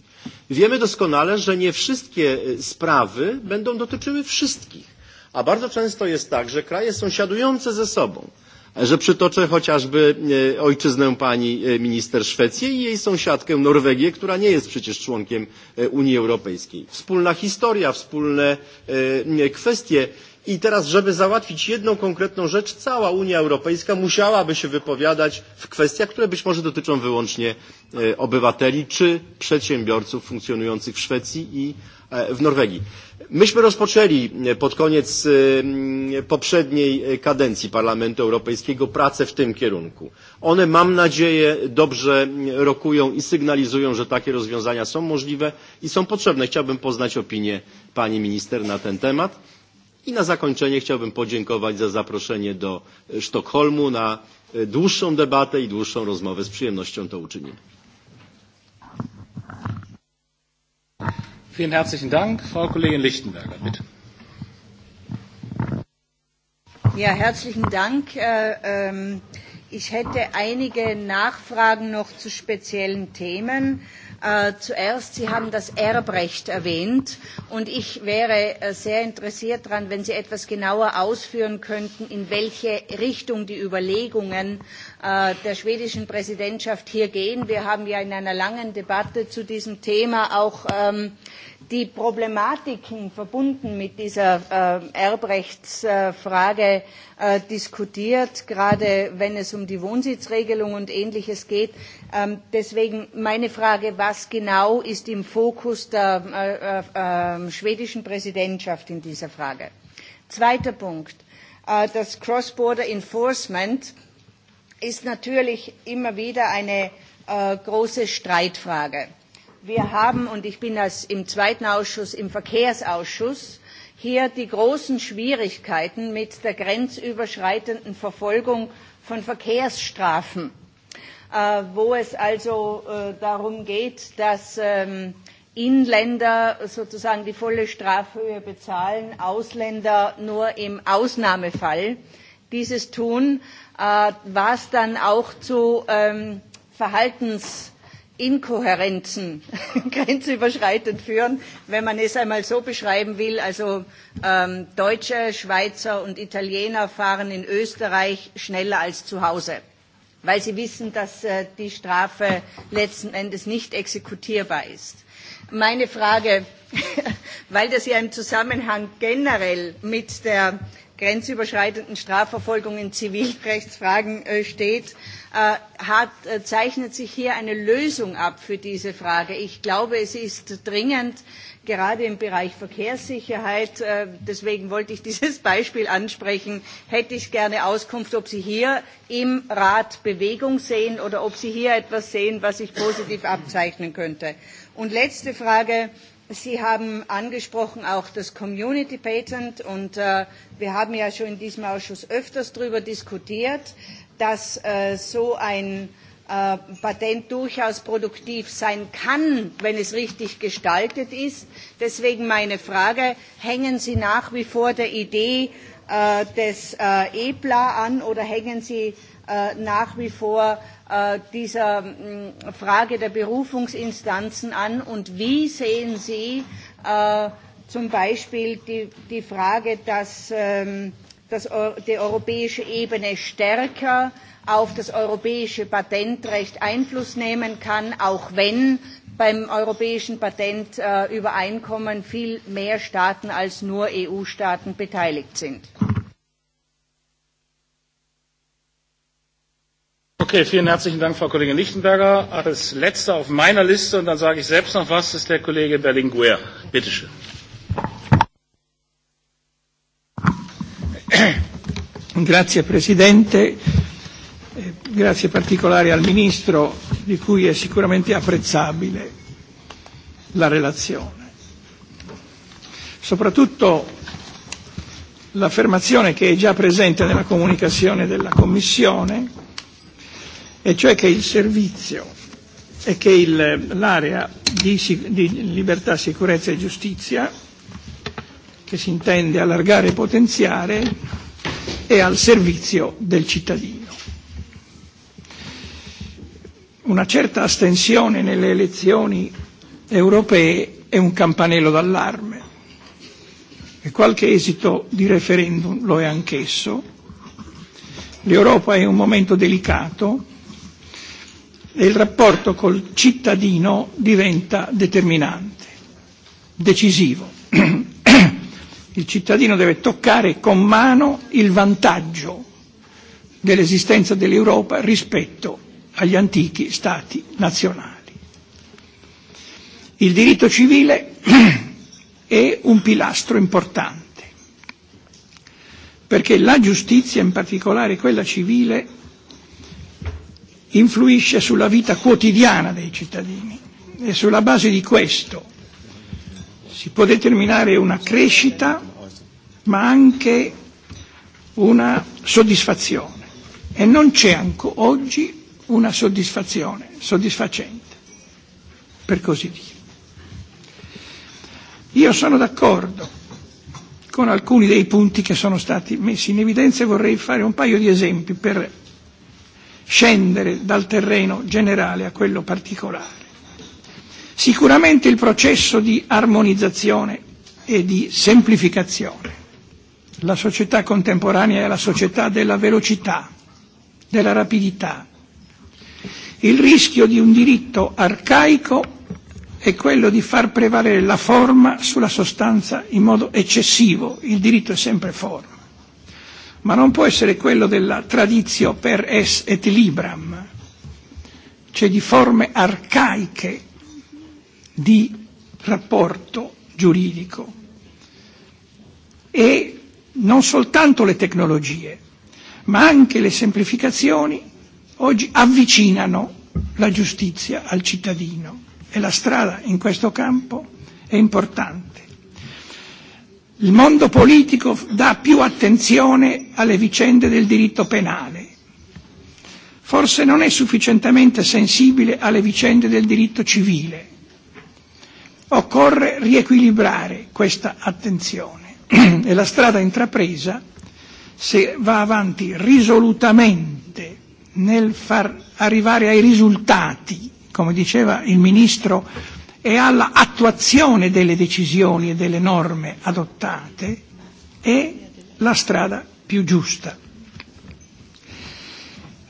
Wiemy doskonale, że nie wszystkie e, sprawy będą dotyczyły wszystkich, a bardzo często jest tak, że kraje sąsiadujące ze sobą że przytoczę chociażby e, ojczyznę pani e, minister Szwecji i jej sąsiadkę Norwegię, która nie jest przecież członkiem e, Unii Europejskiej. Wspólna historia, wspólne kwestie. I teraz, żeby załatwić jedną konkretną rzecz, cała Unia Europejska musiałaby się wypowiadać w kwestiach, które być może dotyczą wyłącznie obywateli czy przedsiębiorców funkcjonujących w Szwecji i E, w Norwegii. Myśmy rozpoczęli e, pod koniec e, poprzedniej kadencji Parlamentu Europejskiego prace w tym kierunku. One, mam nadzieję, dobrze rokują i sygnalizują, że takie rozwiązania są możliwe i są potrzebne. Chciałbym poznać opinię pani minister na ten temat. I na zakończenie chciałbym podziękować za zaproszenie do Sztokholmu na dłuższą debatę i dłuższą rozmowę. Z przyjemnością to uczynimy. Vielen herzlichen Dank. Frau Kollegin Lichtenberger, bitte. Ja, herzlichen Dank. Äh, ähm, ich hätte einige Nachfragen noch zu speziellen Themen. Äh, zuerst, Sie haben das Erbrecht erwähnt und ich wäre äh, sehr interessiert daran, wenn Sie etwas genauer ausführen könnten, in welche Richtung die Überlegungen der schwedischen Präsidentschaft hier gehen. Wir haben ja in einer langen Debatte zu diesem Thema auch ähm, äh, die Problematiken verbunden mit dieser äh, Erbrechtsfrage äh, äh, diskutiert, gerade wenn es um die Wohnsitzregelung und Ähnliches geht. Ähm, deswegen meine Frage, was genau ist im Fokus der äh, äh, äh schwedischen Präsidentschaft in dieser Frage? Zweiter Punkt, äh, das Cross-Border Enforcement ist natürlich immer wieder eine äh, große Streitfrage Wir haben, und ich bin das im zweiten Ausschuss, im Verkehrsausschuss, hier die großen Schwierigkeiten mit der grenzüberschreitenden Verfolgung von Verkehrsstrafen, äh, wo es also äh, darum geht, dass ähm, Inländer sozusagen die volle Strafhöhe bezahlen, Ausländer nur im Ausnahmefall dieses tun, äh, was dann auch zu ähm, Verhaltens Inkohärenzen grenzüberschreitend führen, wenn man es einmal so beschreiben will. Also ähm, Deutsche, Schweizer und Italiener fahren in Österreich schneller als zu Hause, weil sie wissen, dass äh, die Strafe letzten Endes nicht exekutierbar ist. Meine Frage, weil das ja im Zusammenhang generell mit der grenzüberschreitenden Strafverfolgung in Zivilrechtsfragen äh, steht, äh, hat, äh, zeichnet sich hier eine Lösung ab für diese Frage. Ich glaube, es ist dringend, gerade im Bereich Verkehrssicherheit, deswegen wollte ich dieses Beispiel ansprechen, hätte ich gerne Auskunft, ob Sie hier im Rat Bewegung sehen oder ob Sie hier etwas sehen, was sich positiv abzeichnen könnte. Und letzte Frage. Sie haben angesprochen auch das Community Patent und äh, wir haben ja schon in diesem Ausschuss öfters darüber diskutiert, dass äh, so ein äh, Patent durchaus produktiv sein kann, wenn es richtig gestaltet ist. Deswegen meine Frage, hängen Sie nach wie vor der Idee äh, des äh, EPLA an oder hängen Sie äh, nach wie vor Äh, dieser mm, Frage der Berufungsinstanzen an und wie sehen Sie äh, zum Beispiel die, die Frage, dass, ähm, dass die europäische Ebene stärker auf das europäische Patentrecht Einfluss nehmen kann, auch wenn beim europäischen Patentübereinkommen äh, viel mehr Staaten als nur EU-Staaten beteiligt sind. Okay, vielen herzlichen Dank, Frau Kollegin Lichtenberger. Als letzter auf meiner Liste, und dann sage ich selbst noch was, ist der Kollege Berlinguer. Bitte schön. Grazie Presidente, eh, grazie particolare al Ministro di cui è sicuramente apprezzabile la relazione. Soprattutto l'affermazione che è già presente nella comunicazione della Commissione e cioè che il servizio e che il, l'area di, di libertà, sicurezza e giustizia, che si intende allargare e potenziare, è al servizio del cittadino. Una certa astensione nelle elezioni europee è un campanello d'allarme e qualche esito di referendum lo è anch'esso. L'Europa è un momento delicato e il rapporto col cittadino diventa determinante, decisivo. Il cittadino deve toccare con mano il vantaggio dell'esistenza dell'Europa rispetto agli antichi stati nazionali. Il diritto civile è un pilastro importante, perché la giustizia, in particolare quella civile, influisce sulla vita quotidiana dei cittadini e sulla base di questo si può determinare una crescita ma anche una soddisfazione e non c'è anche oggi una soddisfazione soddisfacente, per così dire. Io sono d'accordo con alcuni dei punti che sono stati messi in evidenza e vorrei fare un paio di esempi per scendere dal terreno generale a quello particolare. Sicuramente il processo di armonizzazione e di semplificazione. La società contemporanea è e la società della velocità, della rapidità. Il rischio di un diritto arcaico è quello di far prevalere la forma sulla sostanza in modo eccessivo. Il diritto è sempre forma ma non può essere quello della tradizio per es et libram, cioè di forme arcaiche di rapporto giuridico. E non soltanto le tecnologie, ma anche le semplificazioni oggi avvicinano la giustizia al cittadino e la strada in questo campo è importante. Il mondo politico dà più attenzione alle vicende del diritto penale. Forse non è sufficientemente sensibile alle vicende del diritto civile. Occorre riequilibrare questa attenzione e la strada intrapresa, se va avanti risolutamente nel far arrivare ai risultati, come diceva il Ministro e alla attuazione delle decisioni e delle norme adottate è la strada più giusta.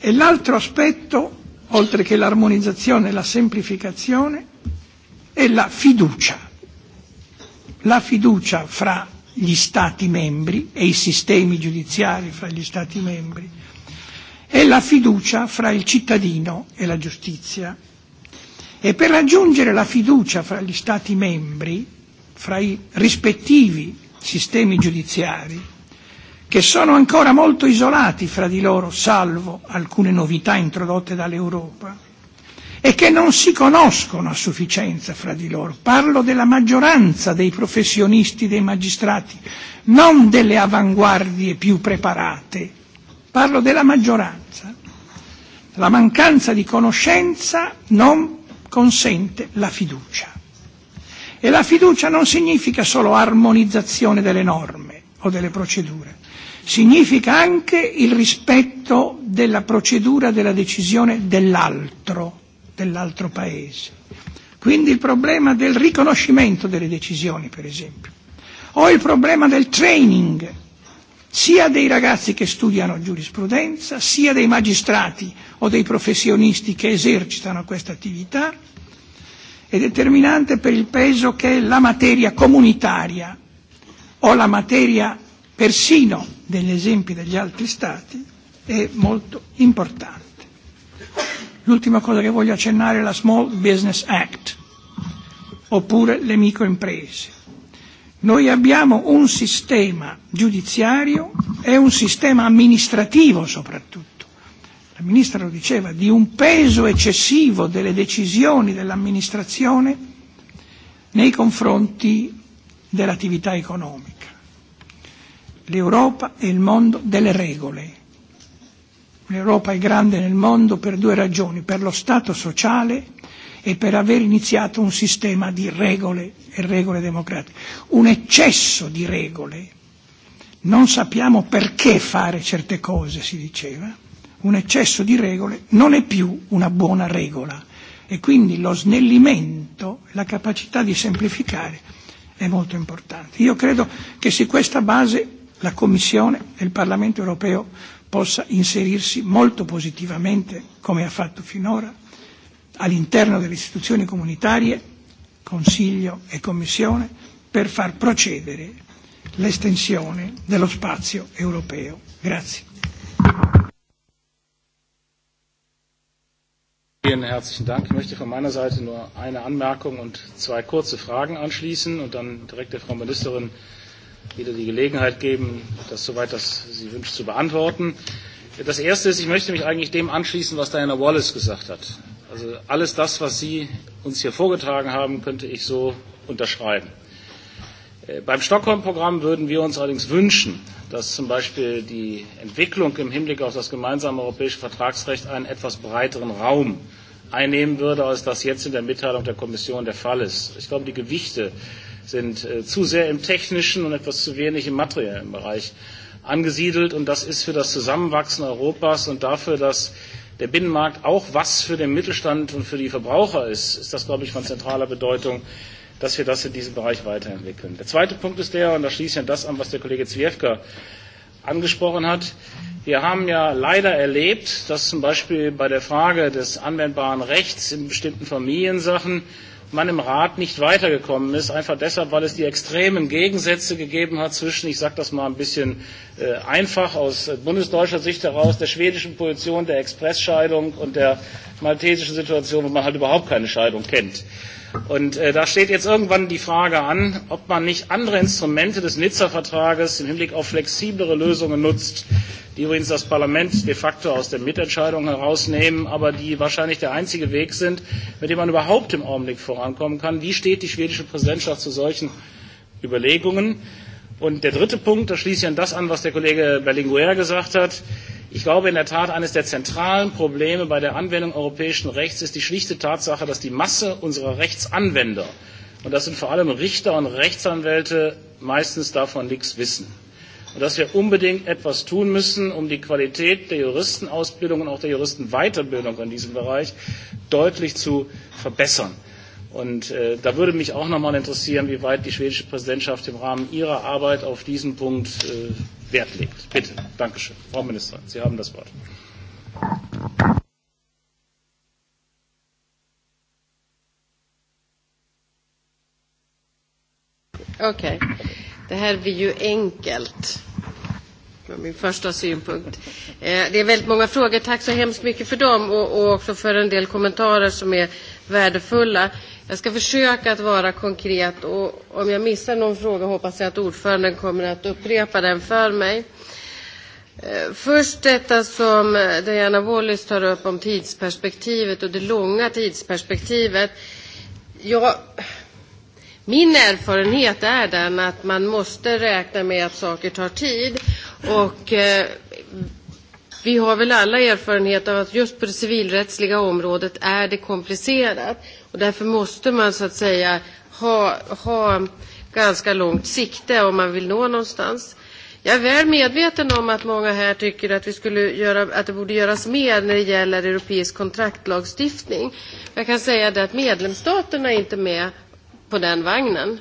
E l'altro aspetto, oltre che l'armonizzazione e la semplificazione, è la fiducia. La fiducia fra gli Stati membri e i sistemi giudiziari fra gli Stati membri e la fiducia fra il cittadino e la giustizia e per raggiungere la fiducia fra gli Stati membri, fra i rispettivi sistemi giudiziari, che sono ancora molto isolati fra di loro, salvo alcune novità introdotte dall'Europa, e che non si conoscono a sufficienza fra di loro. Parlo della maggioranza dei professionisti, dei magistrati, non delle avanguardie più preparate. Parlo della maggioranza. La mancanza di conoscenza non consente la fiducia. E la fiducia non significa solo armonizzazione delle norme o delle procedure, significa anche il rispetto della procedura della decisione dell'altro, dell'altro paese. Quindi il problema del riconoscimento delle decisioni, per esempio, o il problema del training sia dei ragazzi che studiano giurisprudenza, sia dei magistrati o dei professionisti che esercitano questa attività, è determinante per il peso che la materia comunitaria o la materia persino degli esempi degli altri Stati è molto importante. L'ultima cosa che voglio accennare è la Small Business Act, oppure le microimprese Noi abbiamo un sistema giudiziario e un sistema amministrativo soprattutto. La Ministra lo diceva, di un peso eccessivo delle decisioni dell'amministrazione nei confronti dell'attività economica. L'Europa è il mondo delle regole. L'Europa è grande nel mondo per due ragioni, per lo Stato sociale e per aver iniziato un sistema di regole e regole democratiche. Un eccesso di regole, non sappiamo perché fare certe cose, si diceva, un eccesso di regole non è più una buona regola e quindi lo snellimento, la capacità di semplificare è molto importante. Io credo che su questa base la Commissione e il Parlamento europeo possa inserirsi molto positivamente, come ha fatto finora, all'interno delle istituzioni comunitarie, Consiglio e Commissione, per far procedere l'estensione dello spazio europeo. Grazie. Vielen herzlichen Dank. Ich möchte von meiner Seite nur eine Anmerkung und zwei kurze Fragen anschließen und dann direkt der Frau Ministerin wieder die Gelegenheit geben, das soweit das sie wünscht zu beantworten. Das erste ist, ich möchte mich eigentlich dem anschließen, was Diana Wallace gesagt hat. Also alles das, was Sie uns hier vorgetragen haben, könnte ich so unterschreiben. Äh, beim Stockholm-Programm würden wir uns allerdings wünschen, dass zum Beispiel die Entwicklung im Hinblick auf das gemeinsame europäische Vertragsrecht einen etwas breiteren Raum einnehmen würde, als das jetzt in der Mitteilung der Kommission der Fall ist. Ich glaube, die Gewichte sind äh, zu sehr im technischen und etwas zu wenig im materiellen Bereich angesiedelt. Und das ist für das Zusammenwachsen Europas und dafür, dass der Binnenmarkt auch was für den Mittelstand und für die Verbraucher ist, ist das, glaube ich, von zentraler Bedeutung, dass wir das in diesem Bereich weiterentwickeln. Der zweite Punkt ist der, und da schließe ich an das an, was der Kollege Zwiefka angesprochen hat. Wir haben ja leider erlebt, dass zum Beispiel bei der Frage des anwendbaren Rechts in bestimmten Familiensachen man im Rat nicht weitergekommen ist, einfach deshalb, weil es die extremen Gegensätze gegeben hat zwischen, ich sage das mal ein bisschen äh, einfach aus äh, bundesdeutscher Sicht heraus, der schwedischen Position, der Expressscheidung und der maltesischen Situation, wo man halt überhaupt keine Scheidung kennt. Und äh, da steht jetzt irgendwann die Frage an, ob man nicht andere Instrumente des Nizza-Vertrages im Hinblick auf flexiblere Lösungen nutzt die übrigens das Parlament de facto aus der Mitentscheidung herausnehmen, aber die wahrscheinlich der einzige Weg sind, mit dem man überhaupt im Augenblick vorankommen kann. Wie steht die schwedische Präsidentschaft zu solchen Überlegungen? Und der dritte Punkt, da schließe ich an das an, was der Kollege Berlinguer gesagt hat. Ich glaube in der Tat, eines der zentralen Probleme bei der Anwendung europäischen Rechts ist die schlichte Tatsache, dass die Masse unserer Rechtsanwender, und das sind vor allem Richter und Rechtsanwälte, meistens davon nichts wissen und dass wir unbedingt etwas tun müssen, um die Qualität der Juristenausbildung und auch der Juristenweiterbildung in diesem Bereich deutlich zu verbessern. Und äh, da würde mich auch nochmal interessieren, wie weit die schwedische Präsidentschaft im Rahmen ihrer Arbeit auf diesen Punkt äh, Wert legt. Bitte. Dankeschön. Frau Ministerin, Sie haben das Wort. Okay. Det här blir ju enkelt. Min första synpunkt. Eh, det är väldigt många frågor. Tack så hemskt mycket för dem och också för en del kommentarer som är värdefulla. Jag ska försöka att vara konkret och om jag missar någon fråga hoppas jag att ordföranden kommer att upprepa den för mig. Eh, först detta som Diana Wallis tar upp om tidsperspektivet och det långa tidsperspektivet. Ja, Min erfarenhet är den att man måste räkna med att saker tar tid och eh, vi har väl alla erfarenhet av att just på det civilrättsliga området är det komplicerat och därför måste man så att säga ha, ha ganska långt sikte om man vill nå någonstans. Jag är väl medveten om att många här tycker att, vi skulle göra, att det borde göras mer när det gäller europeisk kontraktlagstiftning. Jag kan säga det att medlemsstaterna är inte med på den vagnen.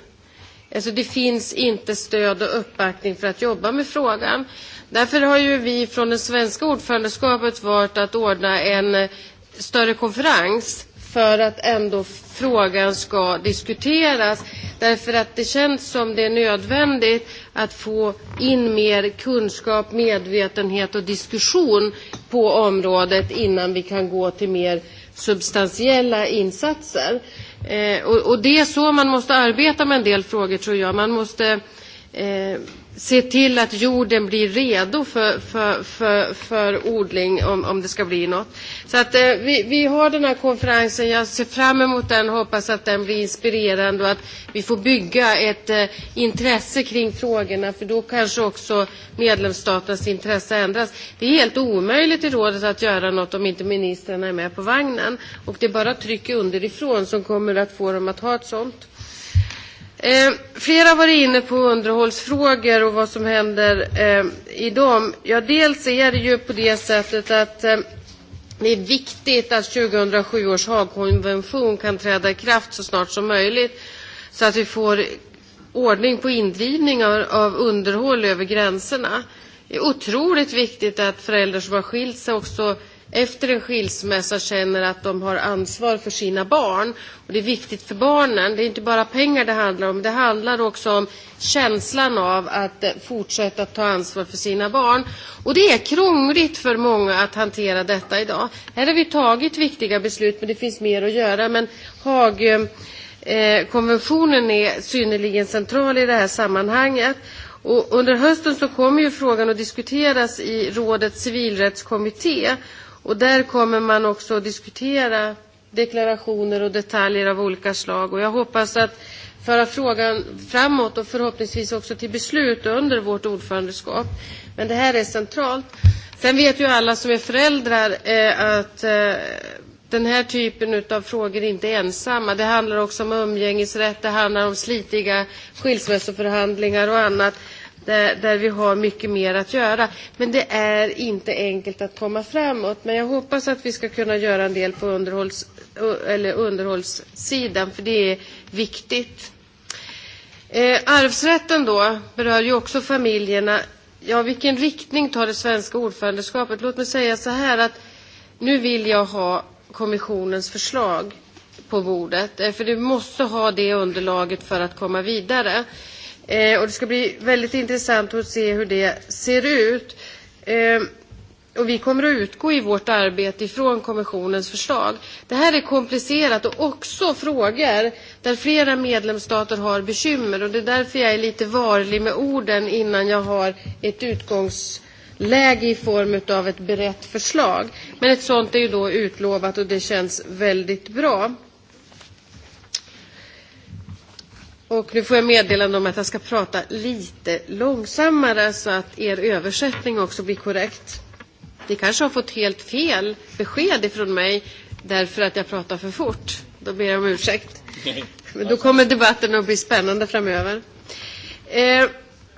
Alltså det finns inte stöd och uppbackning för att jobba med frågan. Därför har ju vi från det svenska ordförandeskapet varit att ordna en eh, större konferens för att ändå frågan ska diskuteras. Därför att det känns som det är nödvändigt att få in mer kunskap, medvetenhet och diskussion på området innan vi kan gå till mer substantiella insatser. Eh, och, och det är så man måste arbeta med en del frågor tror jag. Man måste eh, se till att jorden blir redo för, för, för, för odling om, om det ska bli något. Så att, eh, vi, vi har den här konferensen, jag ser fram emot den, hoppas att den blir inspirerande och att vi får bygga ett eh, intresse kring frågorna för då kanske också medlemsstaternas intresse ändras. Det är helt omöjligt i rådet att göra något om inte ministrarna är med på vagnen och det är bara tryck underifrån som kommer att få dem att ha ett sånt. Eh, flera var inne på underhållsfrågor och vad som händer eh, i dem. Ja, dels är det ju på det sättet att eh, det är viktigt att 2007 års Haagkonvention kan träda i kraft så snart som möjligt så att vi får ordning på indrivning av, av underhåll över gränserna. Det är otroligt viktigt att föräldrar som har skilt sig också efter en skilsmässa känner att de har ansvar för sina barn. Och det är viktigt för barnen. Det är inte bara pengar det handlar om. Det handlar också om känslan av att eh, fortsätta ta ansvar för sina barn. Och det är krångligt för många att hantera detta idag. Här har vi tagit viktiga beslut men det finns mer att göra. Men Haag, eh, eh, konventionen är synnerligen central i det här sammanhanget. Och under hösten så kommer ju frågan att diskuteras i rådets civilrättskommitté. Och där kommer man också att diskutera deklarationer och detaljer av olika slag. Och jag hoppas att föra frågan framåt och förhoppningsvis också till beslut under vårt ordförandeskap. Men det här är centralt. Sen vet ju alla som är föräldrar eh, att eh, den här typen av frågor är inte ensamma. Det handlar också om umgängesrätt, det handlar om slitiga skilsmässoförhandlingar och annat där, där vi har mycket mer att göra. Men det är inte enkelt att komma framåt. Men jag hoppas att vi ska kunna göra en del på underhålls, eller underhållssidan, för det är viktigt. Eh, arvsrätten då berör ju också familjerna. Ja, vilken riktning tar det svenska ordförandeskapet? Låt mig säga så här att nu vill jag ha kommissionens förslag på bordet, eh, för du måste ha det underlaget för att komma vidare. Eh, och det ska bli väldigt intressant att se hur det ser ut. Eh, och vi kommer att utgå i vårt arbete ifrån kommissionens förslag. Det här är komplicerat och också frågor där flera medlemsstater har bekymmer och det är därför jag är lite varlig med orden innan jag har ett utgångsläge i form av ett berett förslag. Men ett sådant är ju då utlovat och det känns väldigt bra. Och nu får jag meddelande om att jag ska prata lite långsammare så att er översättning också blir korrekt. Ni kanske har fått helt fel besked ifrån mig därför att jag pratar för fort. Då ber jag om ursäkt. Men då kommer debatten att bli spännande framöver. Eh,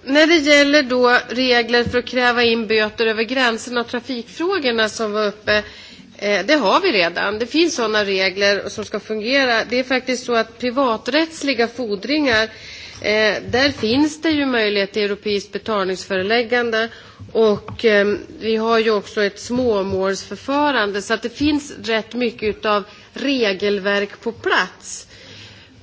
när det gäller då regler för att kräva in böter över gränserna och trafikfrågorna som var uppe Eh, det har vi redan. Det finns sådana regler som ska fungera. Det är faktiskt så att privaträttsliga fordringar, eh, där finns det ju möjlighet till europeiskt betalningsföreläggande och eh, vi har ju också ett småmålsförfarande så att det finns rätt mycket av regelverk på plats.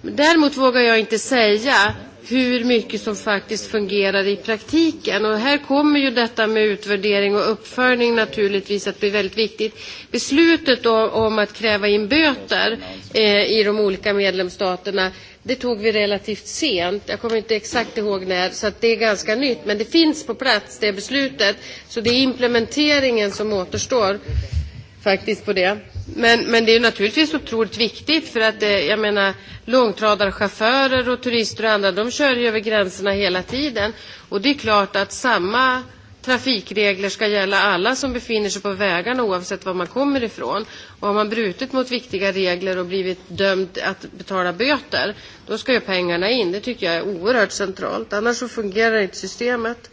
Däremot vågar jag inte säga hur mycket som faktiskt fungerar i praktiken. Och här kommer ju detta med utvärdering och uppföljning naturligtvis att bli väldigt viktigt. Beslutet om att kräva in böter eh, i de olika medlemsstaterna det tog vi relativt sent. Jag kommer inte exakt ihåg när, så att det är ganska nytt. Men det finns på plats, det beslutet. Så det är implementeringen som återstår faktiskt på det. Men, men det är naturligtvis otroligt viktigt för att det, eh, jag menar långtradarchaufförer och turister och andra de kör ju över gränserna hela tiden. Och det är klart att samma trafikregler ska gälla alla som befinner sig på vägarna oavsett var man kommer ifrån. Och har man brutit mot viktiga regler och blivit dömd att betala böter, då ska ju pengarna in. Det tycker jag är oerhört centralt. Annars så fungerar inte systemet.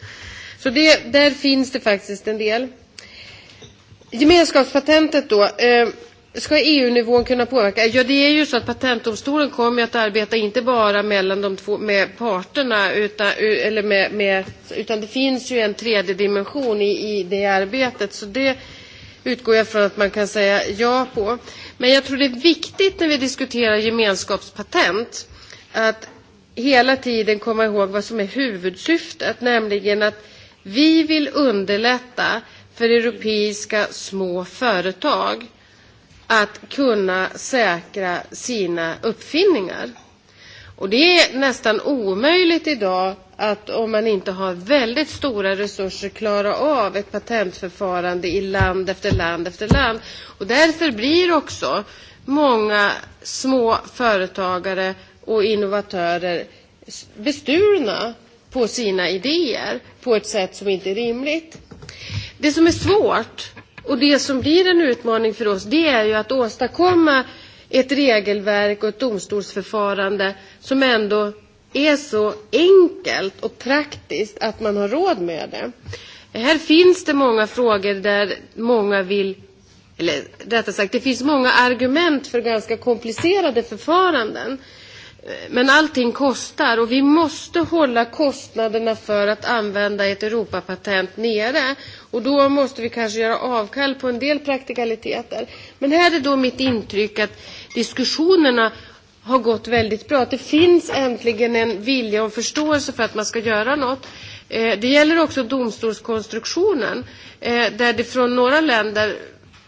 Så det, där finns det faktiskt en del. Gemenskapspatentet då. Eh, ska EU-nivån kunna påverka? Ja, det är ju så att patentdomstolen kommer att arbeta inte bara mellan de två med parterna utan, eller med, med, utan det finns ju en tredje dimension i, i det arbetet. Så det utgår jag från att man kan säga ja på. Men jag tror det är viktigt när vi diskuterar gemenskapspatent att hela tiden komma ihåg vad som är huvudsyftet, nämligen att vi vill underlätta för europeiska små företag att kunna säkra sina uppfinningar. Och det är nästan omöjligt idag att om man inte har väldigt stora resurser klara av ett patentförfarande i land efter land efter land. Och därför blir också många små företagare och innovatörer bestulna på sina idéer på ett sätt som inte är rimligt. Det som är svårt och det som blir en utmaning för oss det är ju att åstadkomma ett regelverk och ett domstolsförfarande som ändå är så enkelt och praktiskt att man har råd med det. Här finns det många frågor där många vill, eller rättare sagt, det finns många argument för ganska komplicerade förfaranden. Men allting kostar och vi måste hålla kostnaderna för att använda ett Europapatent nere. Och då måste vi kanske göra avkall på en del praktikaliteter. Men här är då mitt intryck att diskussionerna har gått väldigt bra. Att det finns äntligen en vilja och förståelse för att man ska göra något. Eh, det gäller också domstolskonstruktionen eh, där det från några länder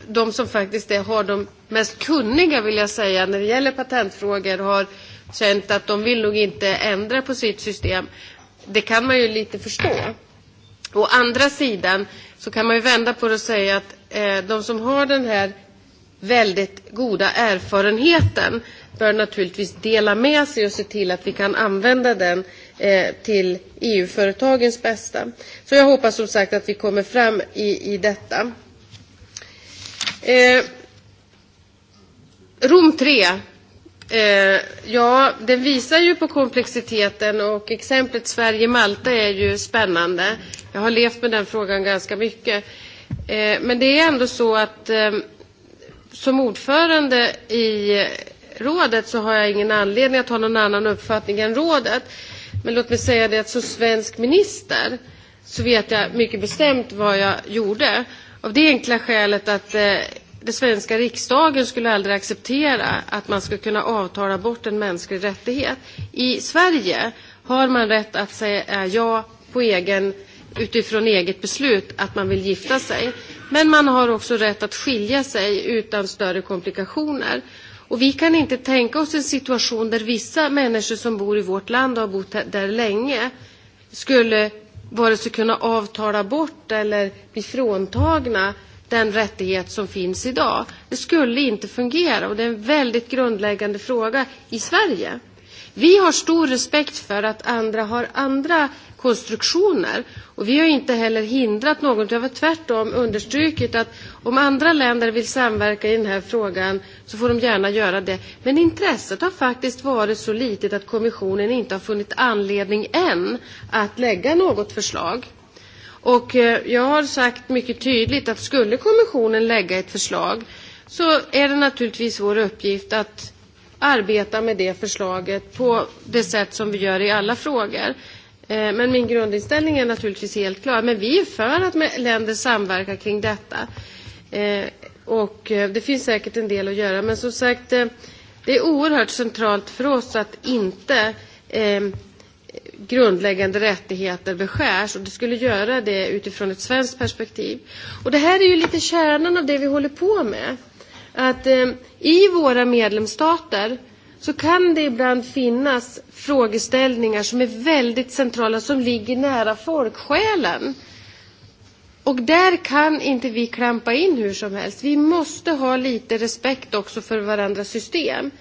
de som faktiskt är, har de mest kunniga vill jag säga när det gäller patentfrågor har känt att de vill nog inte ändra på sitt system. Det kan man ju lite förstå. Å andra sidan så kan man ju vända på det och säga att eh, de som har den här väldigt goda erfarenheten bör naturligtvis dela med sig och se till att vi kan använda den eh, till EU-företagens bästa. Så jag hoppas som sagt att vi kommer fram i, i detta. Eh, Rom 3 Eh, ja, den visar ju på komplexiteten och exemplet Sverige-Malta är ju spännande. Jag har levt med den frågan ganska mycket. Eh, men det är ändå så att eh, som ordförande i rådet så har jag ingen anledning att ha någon annan uppfattning än rådet. Men låt mig säga det att som svensk minister så vet jag mycket bestämt vad jag gjorde. Av det enkla skälet att eh, den svenska riksdagen skulle aldrig acceptera att man skulle kunna avtala bort en mänsklig rättighet. I Sverige har man rätt att säga eh, ja på egen, utifrån eget beslut att man vill gifta sig. Men man har också rätt att skilja sig utan större komplikationer. Och vi kan inte tänka oss en situation där vissa människor som bor i vårt land och har bott där länge skulle vare sig kunna avtala bort eller bli fråntagna den rättighet som finns idag. Det skulle inte fungera och det är en väldigt grundläggande fråga i Sverige. Vi har stor respekt för att andra har andra konstruktioner och vi har inte heller hindrat någon. Jag har tvärtom understrukit att om andra länder vill samverka i den här frågan så får de gärna göra det. Men intresset har faktiskt varit så litet att kommissionen inte har funnit anledning än att lägga något förslag. Och eh, jag har sagt mycket tydligt att skulle kommissionen lägga ett förslag så är det naturligtvis vår uppgift att arbeta med det förslaget på det sätt som vi gör i alla frågor. Eh, men min grundinställning är naturligtvis helt klar. Men vi är för att länder samverkar kring detta. Eh, och det finns säkert en del att göra. Men som sagt, det är oerhört centralt för oss att inte grundläggande rättigheter beskärs och det skulle göra det utifrån ett svenskt perspektiv. Och det här är ju lite kärnan av det vi håller på med. Att eh, i våra medlemsstater så kan det ibland finnas frågeställningar som är väldigt centrala, som ligger nära folksjälen. Och där kan inte vi klampa in hur som helst. Vi måste ha lite respekt också för varandras system.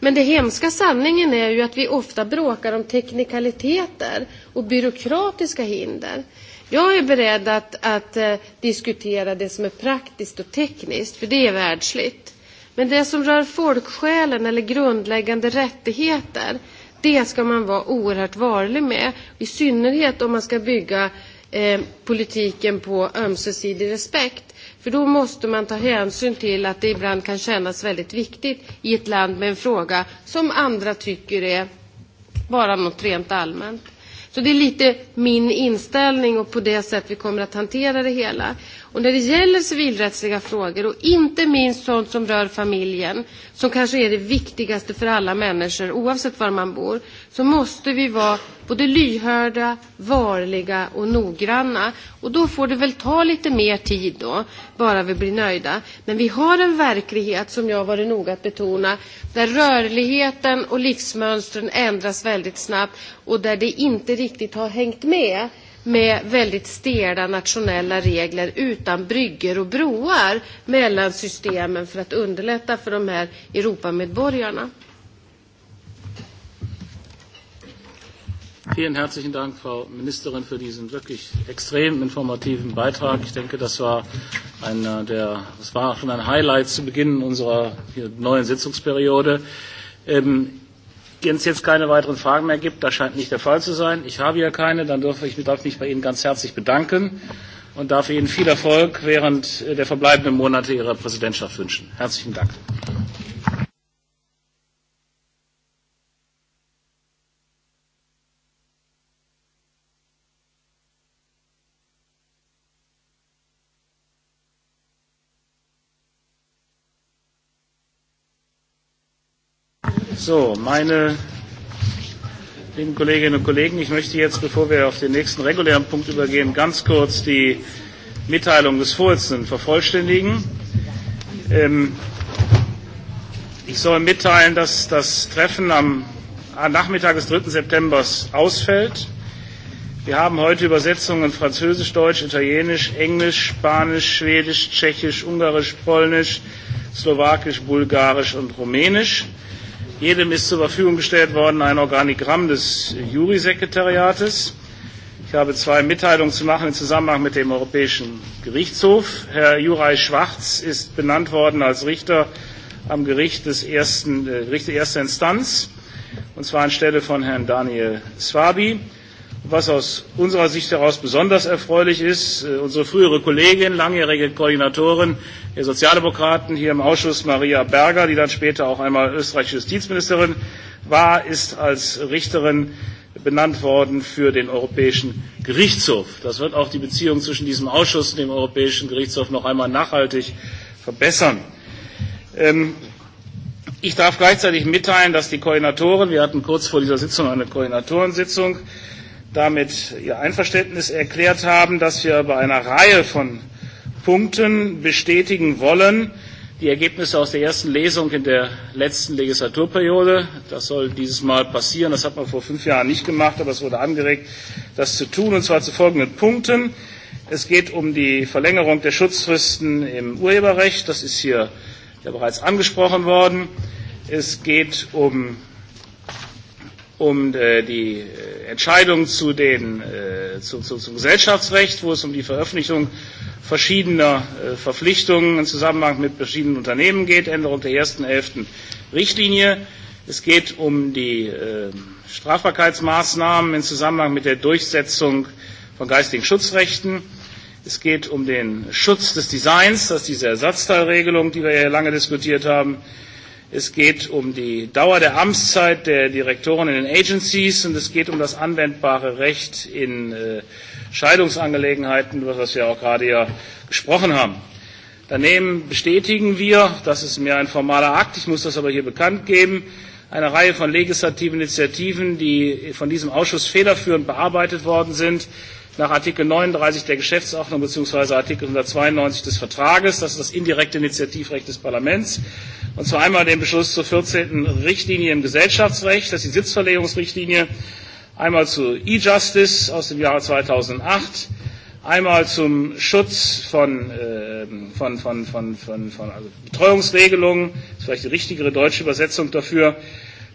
Men det hemska sanningen är ju att vi ofta bråkar om teknikaliteter och byråkratiska hinder. Jag är beredd att, att eh, diskutera det som är praktiskt och tekniskt, för det är världsligt. Men det som rör folksjälen eller grundläggande rättigheter, det ska man vara oerhört varlig med. I synnerhet om man ska bygga eh, politiken på ömsesidig respekt. För då måste man ta hänsyn till att det ibland kan kännas väldigt viktigt i ett land med en fråga som andra tycker är bara något rent allmänt. Så det är lite min inställning och på det sätt vi kommer att hantera det hela. Och när det gäller civilrättsliga frågor och inte minst sånt som rör familjen, som kanske är det viktigaste för alla människor oavsett var man bor, så måste vi vara både lyhörda, varliga och noggranna. Och då får det väl ta lite mer tid då, bara vi blir nöjda. Men vi har en verklighet, som jag varit noga att betona, där rörligheten och livsmönstren ändras väldigt snabbt och där det inte riktigt har hängt med med väldigt stela nationella regler utan brygger och broar mellan systemen för att underlätta för de här Europamedborgarna. Vielen herzlichen Dank, Frau Ministerin, für diesen wirklich extrem informativen Beitrag. Ich denke, das war, einer äh, der, das war schon ein Highlight zu Beginn unserer neuen Sitzungsperiode. Ähm, wenn es jetzt keine weiteren Fragen mehr gibt, das scheint nicht der Fall zu sein. Ich habe ja keine, dann darf ich mich bei Ihnen ganz herzlich bedanken und darf Ihnen viel Erfolg während der verbleibenden Monate Ihrer Präsidentschaft wünschen. Herzlichen Dank. So, meine lieben Kolleginnen und Kollegen, ich möchte jetzt, bevor wir auf den nächsten regulären Punkt übergehen, ganz kurz die Mitteilung des Vorsitzenden vervollständigen. Ähm, ich soll mitteilen, dass das Treffen am Nachmittag des 3. September ausfällt. Wir haben heute Übersetzungen in Französisch, Deutsch, Italienisch, Englisch, Spanisch, Schwedisch, Tschechisch, Ungarisch, Polnisch, Slowakisch, Bulgarisch und Rumänisch. Jedem ist zur Verfügung gestellt worden ein Organigramm des Jury-Sekretariates. Ich habe zwei Mitteilungen zu machen im Zusammenhang mit dem Europäischen Gerichtshof. Herr Juraj Schwarz ist benannt worden als Richter am Gericht des ersten, äh, Gericht der ersten Instanz, und zwar anstelle von Herrn Daniel Swabi. Was aus unserer Sicht heraus besonders erfreulich ist, äh, unsere frühere Kollegin, langjährige Koordinatorin der Sozialdemokraten hier im Ausschuss, Maria Berger, die dann später auch einmal österreichische Justizministerin war, ist als Richterin benannt worden für den Europäischen Gerichtshof. Das wird auch die Beziehung zwischen diesem Ausschuss und dem Europäischen Gerichtshof noch einmal nachhaltig verbessern. Ähm, ich darf gleichzeitig mitteilen, dass die Koordinatoren, wir hatten kurz vor dieser Sitzung eine Koordinatorensitzung, damit ihr Einverständnis erklärt haben, dass wir bei einer Reihe von Punkten bestätigen wollen, die Ergebnisse aus der ersten Lesung in der letzten Legislaturperiode. Das soll dieses Mal passieren. Das hat man vor fünf Jahren nicht gemacht, aber es wurde angeregt, das zu tun, und zwar zu folgenden Punkten. Es geht um die Verlängerung der Schutzfristen im Urheberrecht. Das ist hier ja bereits angesprochen worden. Es geht um um äh, die äh, Entscheidung zu den, äh, zu, zu, zum Gesellschaftsrecht, wo es um die Veröffentlichung verschiedener äh, Verpflichtungen im Zusammenhang mit verschiedenen Unternehmen geht, Änderung der ersten elften Richtlinie. Es geht um die äh, Strafbarkeitsmaßnahmen im Zusammenhang mit der Durchsetzung von geistigen Schutzrechten. Es geht um den Schutz des Designs, das ist diese Ersatzteilregelung, die wir ja lange diskutiert haben. Es geht um die Dauer der Amtszeit der Direktoren in den Agencies und es geht um das anwendbare Recht in äh, Scheidungsangelegenheiten, über das wir auch gerade ja gesprochen haben. Daneben bestätigen wir, das ist mir ein formaler Akt, ich muss das aber hier bekannt geben, eine Reihe von legislativen Initiativen, die von diesem Ausschuss federführend bearbeitet worden sind, nach Artikel 39 der Geschäftsordnung bzw. Artikel 192 des Vertrages. Das ist das indirekte Initiativrecht des Parlaments. Und zwar einmal den Beschluss zur 14. Richtlinie im Gesellschaftsrecht, das ist die Sitzverlegungsrichtlinie, einmal zu E-Justice aus dem Jahre 2008, einmal zum Schutz von, äh, von, von, von, von, von also Betreuungsregelungen, das ist vielleicht die richtigere deutsche Übersetzung dafür,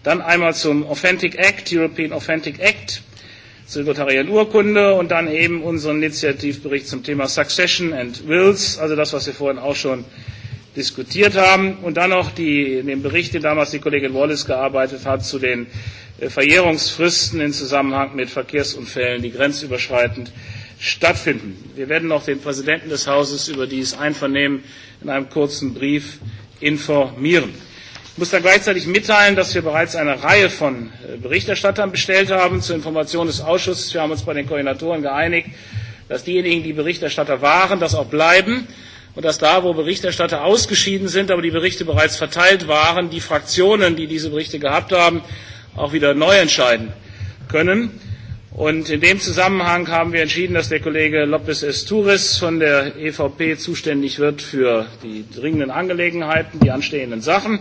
dann einmal zum Authentic Act, European Authentic Act, Urkunde und dann eben unseren Initiativbericht zum Thema Succession and Wills, also das, was wir vorhin auch schon diskutiert haben. Und dann noch die, den Bericht, den damals die Kollegin Wallace gearbeitet hat, zu den äh, Verjährungsfristen im Zusammenhang mit Verkehrsunfällen, die grenzüberschreitend stattfinden. Wir werden noch den Präsidenten des Hauses über dies Einvernehmen in einem kurzen Brief informieren. Ich muss dann gleichzeitig mitteilen, dass wir bereits eine Reihe von äh, Berichterstattern bestellt haben zur Information des Ausschusses. Wir haben uns bei den Koordinatoren geeinigt, dass diejenigen, die Berichterstatter waren, das auch bleiben und dass da, wo Berichterstatter ausgeschieden sind, aber die Berichte bereits verteilt waren, die Fraktionen, die diese Berichte gehabt haben, auch wieder neu entscheiden können. Und in dem Zusammenhang haben wir entschieden, dass der Kollege Lopez Esturis von der EVP zuständig wird für die dringenden Angelegenheiten, die anstehenden Sachen.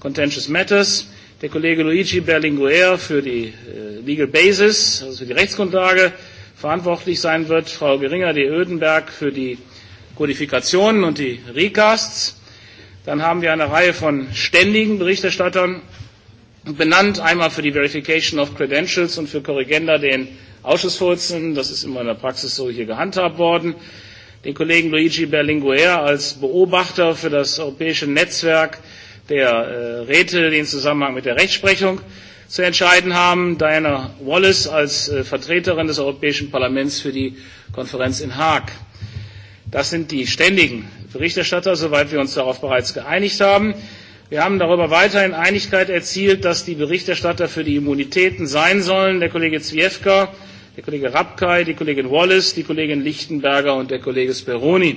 Contentious Matters, der Kollege Luigi Berlinguer für die äh, Legal Basis, also für die Rechtsgrundlage, verantwortlich sein wird, Frau Geringer de Oedenberg für die Kodifikationen und die Recasts. Dann haben wir eine Reihe von ständigen Berichterstattern benannt, einmal für die Verification of Credentials und für Korrigenda den Ausschussvorsitzenden. Das ist immer in der Praxis so hier gehandhabt worden. Den Kollegen Luigi Berlinguer als Beobachter für das europäische Netzwerk der äh, Räte, die im Zusammenhang mit der Rechtsprechung zu entscheiden haben. Diana Wallace als äh, Vertreterin des Europäischen Parlaments für die Konferenz in Haag. Das sind die ständigen Berichterstatter, soweit wir uns darauf bereits geeinigt haben. Wir haben darüber weiterhin Einigkeit erzielt, dass die Berichterstatter für die Immunitäten sein sollen der Kollege Zwiefka, der Kollege Rapkay, die Kollegin Wallace, die Kollegin Lichtenberger und der Kollege Speroni.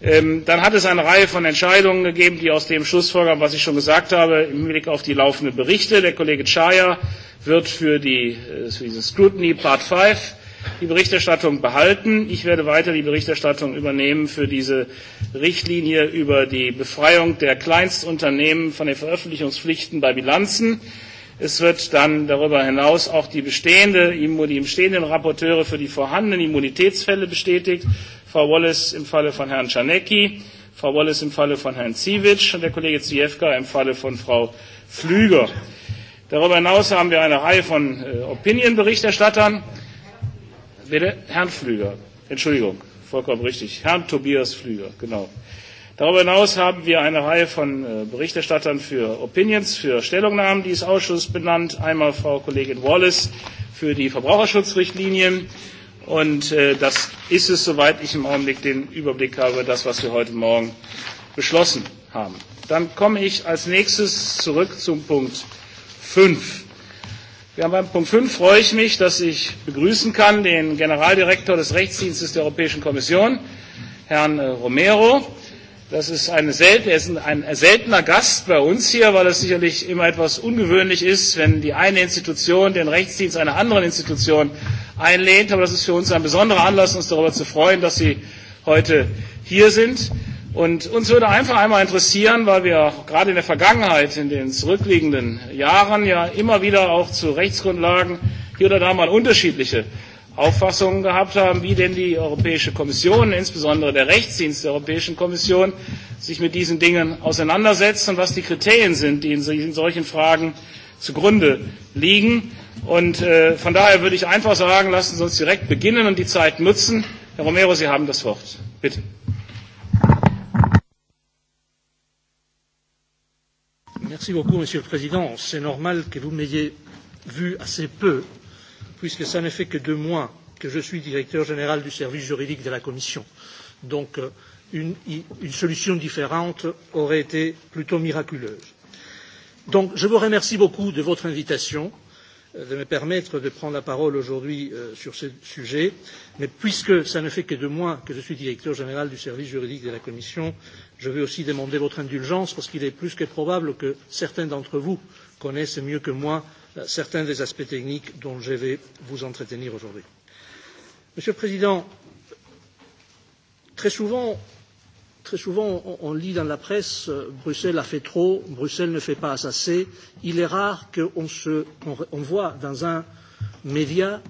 Ähm, dann hat es eine Reihe von Entscheidungen gegeben, die aus dem Schlussfolgern, was ich schon gesagt habe, im Hinblick auf die laufenden Berichte. Der Kollege Chaya wird für, die, äh, für diesen Scrutiny Part 5 die Berichterstattung behalten. Ich werde weiter die Berichterstattung übernehmen für diese Richtlinie über die Befreiung der Kleinstunternehmen von den Veröffentlichungspflichten bei Bilanzen. Es wird dann darüber hinaus auch die, bestehende, die bestehenden Rapporteure für die vorhandenen Immunitätsfälle bestätigt Frau Wallace im Falle von Herrn Czarnecki, Frau Wallace im Falle von Herrn Ziewicz und der Kollege Ziewka im Falle von Frau Flüger. Darüber hinaus haben wir eine Reihe von äh, Opinion-Berichterstattern. Herrn Flüger. Entschuldigung, vollkommen richtig. Herrn Tobias Flüger, genau. Darüber hinaus haben wir eine Reihe von äh, Berichterstattern für Opinions, für Stellungnahmen dieses Ausschusses benannt. Einmal Frau Kollegin Wallace für die Verbraucherschutzrichtlinien, Und äh, das ist es, soweit ich im Augenblick den Überblick habe, das, was wir heute Morgen beschlossen haben. Dann komme ich als nächstes zurück zum Punkt 5. Wir haben beim Punkt 5 freue ich mich, dass ich begrüßen kann den Generaldirektor des Rechtsdienstes der Europäischen Kommission, Herrn äh, Romero. Das ist, eine selten, er ist ein seltener Gast bei uns hier, weil es sicherlich immer etwas ungewöhnlich ist, wenn die eine Institution den Rechtsdienst einer anderen Institution einlehnt. Aber das ist für uns ein besonderer Anlass, uns darüber zu freuen, dass Sie heute hier sind. Und uns würde einfach einmal interessieren, weil wir gerade in der Vergangenheit, in den zurückliegenden Jahren ja immer wieder auch zu Rechtsgrundlagen hier oder da mal unterschiedliche Auffassungen gehabt haben, wie denn die Europäische Kommission, insbesondere der Rechtsdienst der Europäischen Kommission, sich mit diesen Dingen auseinandersetzt und was die Kriterien sind, die in solchen Fragen zugrunde liegen. Und äh, von daher würde ich einfach sagen, lassen Sie uns direkt beginnen und die Zeit nutzen. Herr Romero, Sie haben das Wort. Bitte. Merci beaucoup, Monsieur le Président. C'est normal que vous m'ayez vu assez peu, puisque ça ne fait que deux mois que je suis directeur général du service juridique de la Commission. Donc, euh, une, une solution différente aurait été plutôt miraculeuse. Donc, je vous remercie beaucoup de votre invitation de me permettre de prendre la parole aujourd'hui euh, sur ce sujet, mais puisque ça ne fait que deux mois que je suis directeur général du service juridique de la Commission, je veux aussi demander votre indulgence parce qu'il est plus que probable que certains d'entre vous connaissent mieux que moi euh, certains des aspects techniques dont je vais vous entretenir aujourd'hui. Monsieur le Président, très souvent, très souvent, on, on lit dans la presse euh, Bruxelles a fait trop, Bruxelles ne fait pas assez. Il est rare qu'on on, on voit dans un média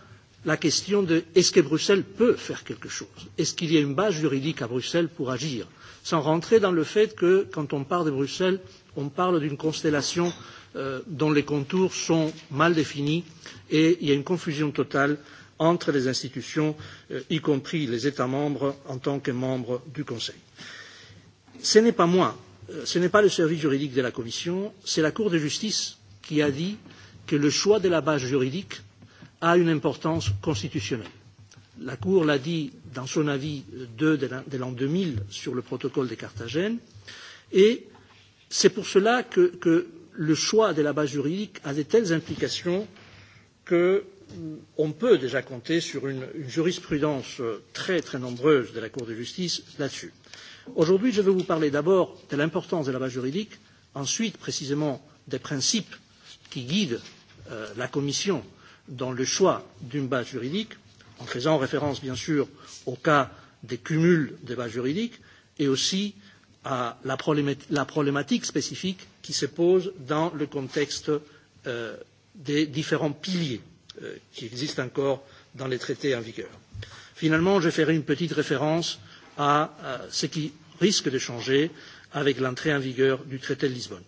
la question de est-ce que Bruxelles peut faire quelque chose Est-ce qu'il y a une base juridique à Bruxelles pour agir Sans rentrer dans le fait que quand on parle de Bruxelles, on parle d'une constellation euh, dont les contours sont mal définis et il y a une confusion totale entre les institutions, euh, y compris les États membres en tant que membres du Conseil ce n'est pas moi, euh, ce n'est pas le service juridique de la Commission, c'est la Cour de justice qui a dit que le choix de la base juridique a une importance constitutionnelle. La Cour l'a dit dans son avis 2 euh, de l'an 2000 sur le protocole de Carthagène, et c'est pour cela que, que le choix de la base juridique a de telles implications que euh, on peut déjà compter sur une, une jurisprudence très très nombreuse de la Cour de justice là-dessus. Aujourd'hui, je vais vous parler d'abord de l'importance de la base juridique, ensuite précisément des principes qui guident euh, la Commission dans le choix d'une base juridique, en faisant référence bien sûr au cas des cumuls des bases juridiques et aussi à la problématique, la problématique spécifique qui se pose dans le contexte euh, des différents piliers euh, qui existent encore dans les traités en vigueur. Finalement, je ferai une petite référence à ce qui risque de changer avec l'entrée en vigueur du traité de Lisbonne.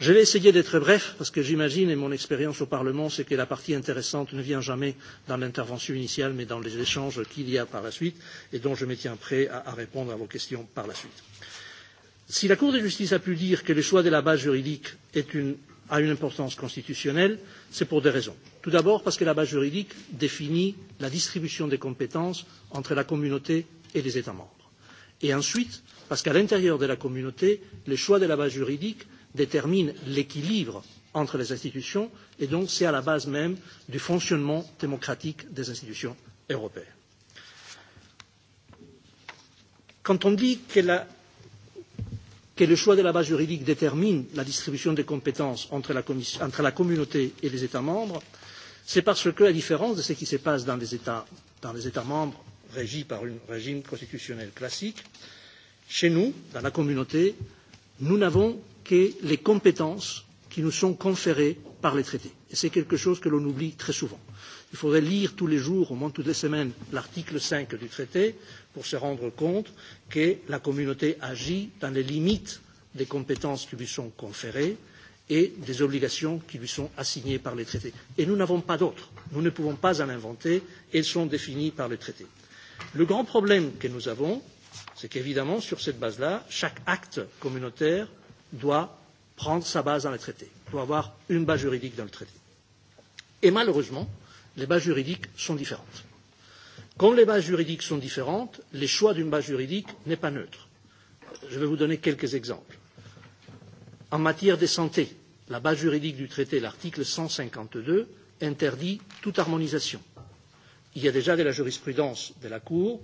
Je vais essayer d'être bref parce que j'imagine et mon expérience au Parlement c'est que la partie intéressante ne vient jamais dans l'intervention initiale mais dans les échanges qu'il y a par la suite et dont je me tiens prêt à, à répondre à vos questions par la suite. Si la Cour de justice a pu dire que le choix de la base juridique est une, a une importance constitutionnelle, c'est pour deux raisons. Tout d'abord parce que la base juridique définit la distribution des compétences entre la communauté et les États membres. Et ensuite, parce qu'à l'intérieur de la communauté, le choix de la base juridique détermine l'équilibre entre les institutions et donc c'est à la base même du fonctionnement démocratique des institutions européennes. Quand on dit que, la, que le choix de la base juridique détermine la distribution des compétences entre la, entre la communauté et les États membres, c'est parce que, à différence de ce qui se passe dans les États, dans les États membres régie par un régime constitutionnel classique. Chez nous, dans la communauté, nous n'avons que les compétences qui nous sont conférées par les traités. Et c'est quelque chose que l'on oublie très souvent. Il faudrait lire tous les jours, au moins toutes les semaines, l'article 5 du traité pour se rendre compte que la communauté agit dans les limites des compétences qui lui sont conférées et des obligations qui lui sont assignées par les traités. Et nous n'avons pas d'autres. Nous ne pouvons pas en inventer. Elles sont définies par les traités. Le grand problème que nous avons, c'est qu'évidemment, sur cette base-là, chaque acte communautaire doit prendre sa base dans le traité, doit avoir une base juridique dans le traité. Et malheureusement, les bases juridiques sont différentes. Quand les bases juridiques sont différentes, le choix d'une base juridique n'est pas neutre. Je vais vous donner quelques exemples. En matière de santé, la base juridique du traité, l'article 152, interdit toute harmonisation Il y a déjà de la jurisprudence de la Cour,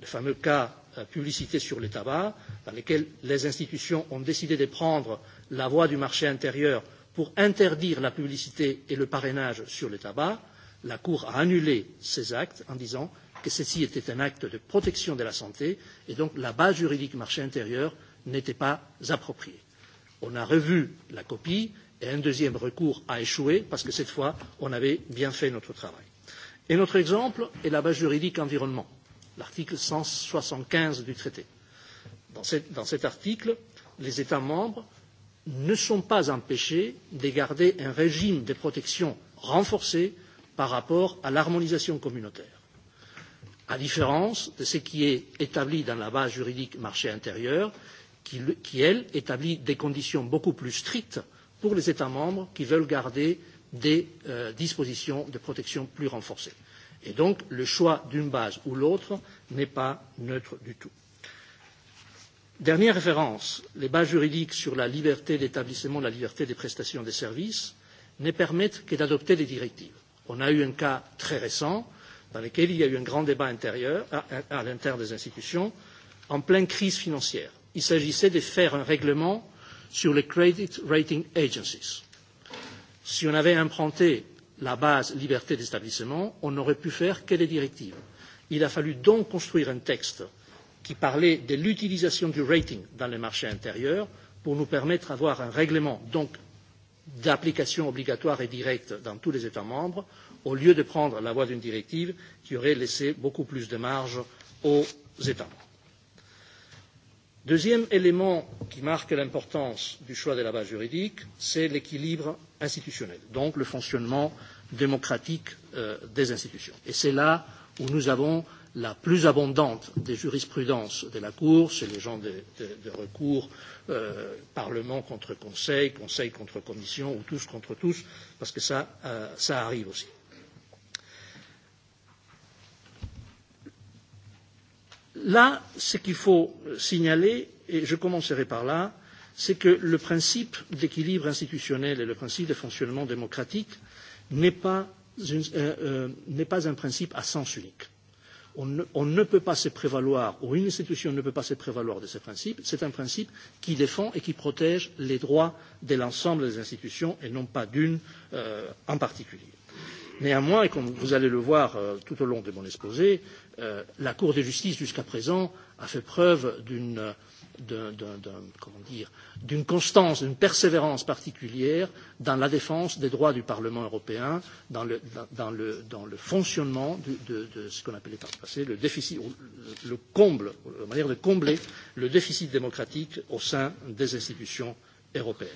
le fameux cas euh, publicité sur les tabacs, dans lequel les institutions ont décidé de prendre la voie du marché intérieur pour interdire la publicité et le parrainage sur les tabacs. La Cour a annulé ces actes en disant que ceci était un acte de protection de la santé et donc la base juridique marché intérieur n'était pas appropriée. On a revu la copie et un deuxième recours a échoué parce que cette fois, on avait bien fait notre travail. Et notre exemple est la base juridique environnement, l'article 175 du traité. Dans, cette, dans cet article, les États membres ne sont pas empêchés de garder un régime de protection renforcé par rapport à l'harmonisation communautaire, à différence de ce qui est établi dans la base juridique marché intérieur, qui, qui elle établit des conditions beaucoup plus strictes pour les États membres qui veulent garder des euh, dispositions de protection plus renforcées. Et donc, le choix d'une base ou l'autre n'est pas neutre du tout. Dernière référence, les bases juridiques sur la liberté d'établissement, la liberté des prestations des services ne permettent que d'adopter des directives. On a eu un cas très récent dans lequel il y a eu un grand débat intérieur, à, à, l'intérieur des institutions en pleine crise financière. Il s'agissait de faire un règlement sur les credit rating agencies Si on avait emprunté la base liberté d'établissement, on n'aurait pu faire que des directives. Il a fallu donc construire un texte qui parlait de l'utilisation du rating dans le marché intérieur pour nous permettre d'avoir un règlement donc d'application obligatoire et directe dans tous les États membres, au lieu de prendre la voie d'une directive qui aurait laissé beaucoup plus de marge aux États membres. Deuxième élément qui marque l'importance du choix de la base juridique, c'est l'équilibre institutionnel, donc le fonctionnement démocratique euh, des institutions. Et c'est là où nous avons la plus abondante des jurisprudences de la Cour, c'est les gens de, de, de recours euh, Parlement contre Conseil, Conseil contre Commission ou tous contre tous, parce que ça, euh, ça arrive aussi. Là, ce qu'il faut signaler, et je commencerai par là, c'est que le principe d'équilibre institutionnel et le principe de fonctionnement démocratique n'est pas, une, euh, euh, pas un principe à sens unique. On ne, on ne peut pas se prévaloir, ou une institution ne peut pas se prévaloir de ce principe. C'est un principe qui défend et qui protège les droits de l'ensemble des institutions et non pas d'une euh, en particulier. Néanmoins, et comme vous allez le voir euh, tout au long de mon exposé, Euh, la Cour de justice jusqu'à présent a fait preuve d'une d'une constance, d'une persévérance particulière dans la défense des droits du Parlement européen, dans le, dans, dans le, dans le fonctionnement du, de, de ce qu'on appelait par le passé le déficit, le comble, la manière de combler le déficit démocratique au sein des institutions européennes.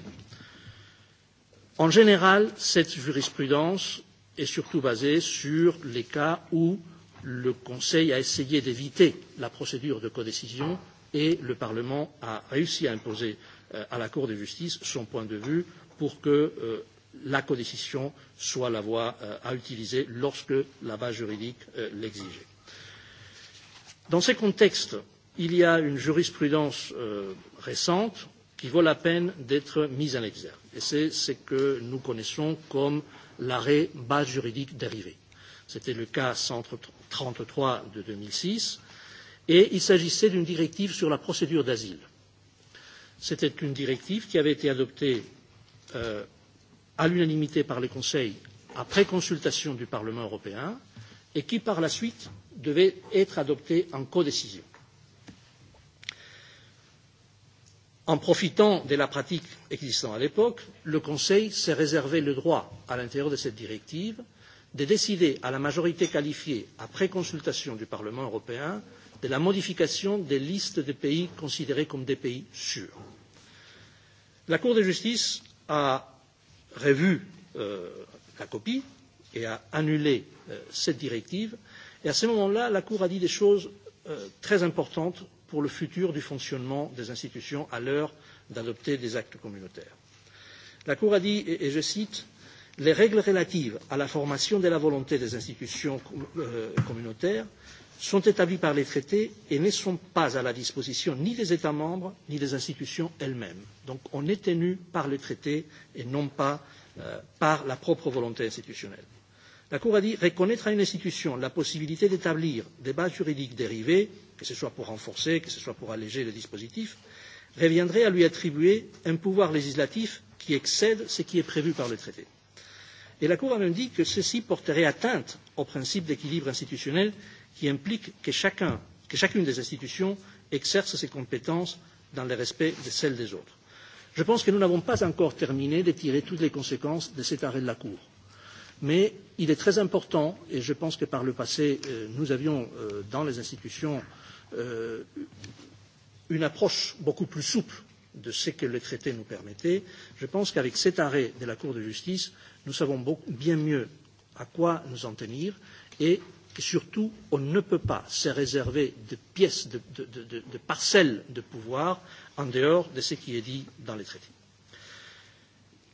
En général, cette jurisprudence est surtout basée sur les cas où euh, le Conseil a essayé d'éviter la procédure de codécision et le Parlement a réussi à imposer euh, à la Cour de justice son point de vue pour que euh, la codécision soit la voie euh, à utiliser lorsque la base juridique l'exigeait. Dans ces contextes, il y a une jurisprudence récente qui vaut la peine d'être mise en exergue. Et c'est ce que nous connaissons comme l'arrêt base juridique dérivée. C'était le cas Centre 33 de 2006, et il s'agissait d'une directive sur la procédure d'asile. C'était une directive qui avait été adoptée euh, à l'unanimité par le Conseil après consultation du Parlement européen et qui, par la suite, devait être adoptée en codécision. En profitant de la pratique existant à l'époque, le Conseil s'est réservé le droit, à l'intérieur de cette directive, de décider à la majorité qualifiée, après consultation du Parlement européen, de la modification des listes de pays considérés comme des pays sûrs. La Cour de justice a revu euh, la copie et a annulé euh, cette directive. Et à ce moment-là, la Cour a dit des choses euh, très importantes pour le futur du fonctionnement des institutions à l'heure d'adopter des actes communautaires. La Cour a dit, et, et je cite, les règles relatives à la formation de la volonté des institutions euh, communautaires sont établies par les traités et ne sont pas à la disposition ni des États membres ni des institutions elles-mêmes. Donc on est tenu par les traités et non pas euh, par la propre volonté institutionnelle. La Cour a dit reconnaître à une institution la possibilité d'établir des bases juridiques dérivées, que ce soit pour renforcer, que ce soit pour alléger le dispositif, reviendrait à lui attribuer un pouvoir législatif qui excède ce qui est prévu par le traité. Et la Cour a même dit que ceci porterait atteinte au principe d'équilibre institutionnel qui implique que, chacun, que chacune des institutions exerce ses compétences dans le respect de celles des autres. Je pense que nous n'avons pas encore terminé de tirer toutes les conséquences de cet arrêt de la Cour. Mais il est très important, et je pense que par le passé, euh, nous avions euh, dans les institutions euh, une approche beaucoup plus souple de ce que le traité nous permettait, je pense qu'avec cet arrêt de la Cour de justice, nous savons beaucoup, bien mieux à quoi nous en tenir et surtout, on ne peut pas se réserver de pièces, de, de, de, de parcelles de pouvoir en dehors de ce qui est dit dans les traités.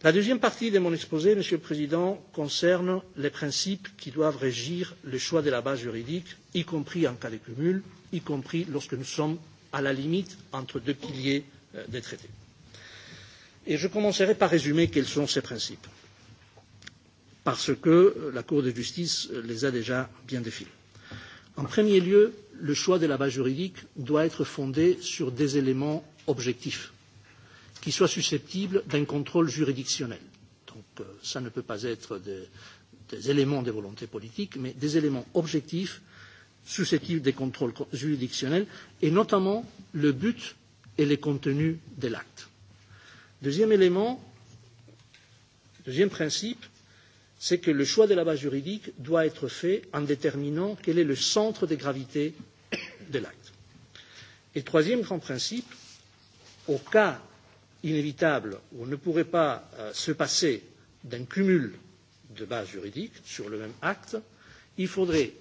La deuxième partie de mon exposé, Monsieur le Président, concerne les principes qui doivent régir le choix de la base juridique, y compris en cas de cumul, y compris lorsque nous sommes à la limite entre deux piliers Euh, des traités. Et je commencerai par résumer quels sont ces principes, parce que la Cour de justice les a déjà bien définis. En premier lieu, le choix de la base juridique doit être fondé sur des éléments objectifs qui soient susceptibles d'un contrôle juridictionnel. Donc euh, ça ne peut pas être des, des éléments de volonté politique, mais des éléments objectifs susceptibles des contrôles juridictionnels, et notamment le but et le contenu de l'acte. Deuxième élément, deuxième principe, c'est que le choix de la base juridique doit être fait en déterminant quel est le centre de gravité de l'acte. Et troisième grand principe, au cas inévitable où on ne pourrait pas euh, se passer d'un cumul de bases juridiques sur le même acte, il faudrait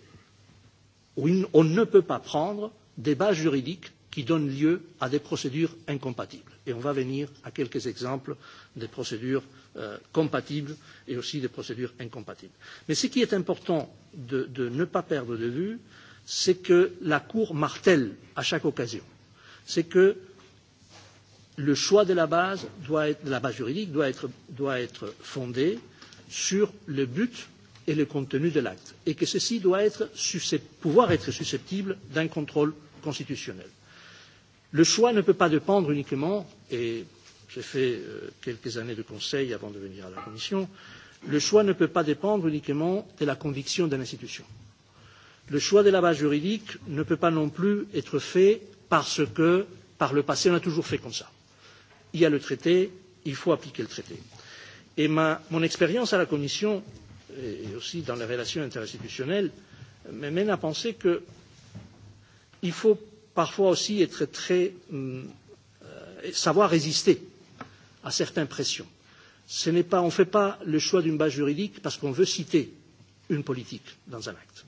ou on ne peut pas prendre des bases juridiques qui donnent lieu à des procédures incompatibles. Et on va venir à quelques exemples des procédures euh, compatibles et aussi des procédures incompatibles. Mais ce qui est important de, de ne pas perdre de vue, c'est que la Cour martèle à chaque occasion, c'est que le choix de la base, doit être, de la base juridique doit être, doit être fondé sur le but et le contenu de l'acte, et que ceci doit être, pouvoir être susceptible d'un contrôle constitutionnel. Le choix ne peut pas dépendre uniquement, et j'ai fait euh, quelques années de conseil avant de venir à la Commission, le choix ne peut pas dépendre uniquement de la conviction de l'institution. Le choix de la base juridique ne peut pas non plus être fait parce que, par le passé, on a toujours fait comme ça. Il y a le traité, il faut appliquer le traité. Et ma, mon expérience à la Commission, et aussi dans les relations interinstitutionnelles, me mène à penser qu'il faut parfois aussi être très, euh, savoir résister à certaines pressions. Ce n'est pas, on ne fait pas le choix d'une base juridique parce qu'on veut citer une politique dans un acte.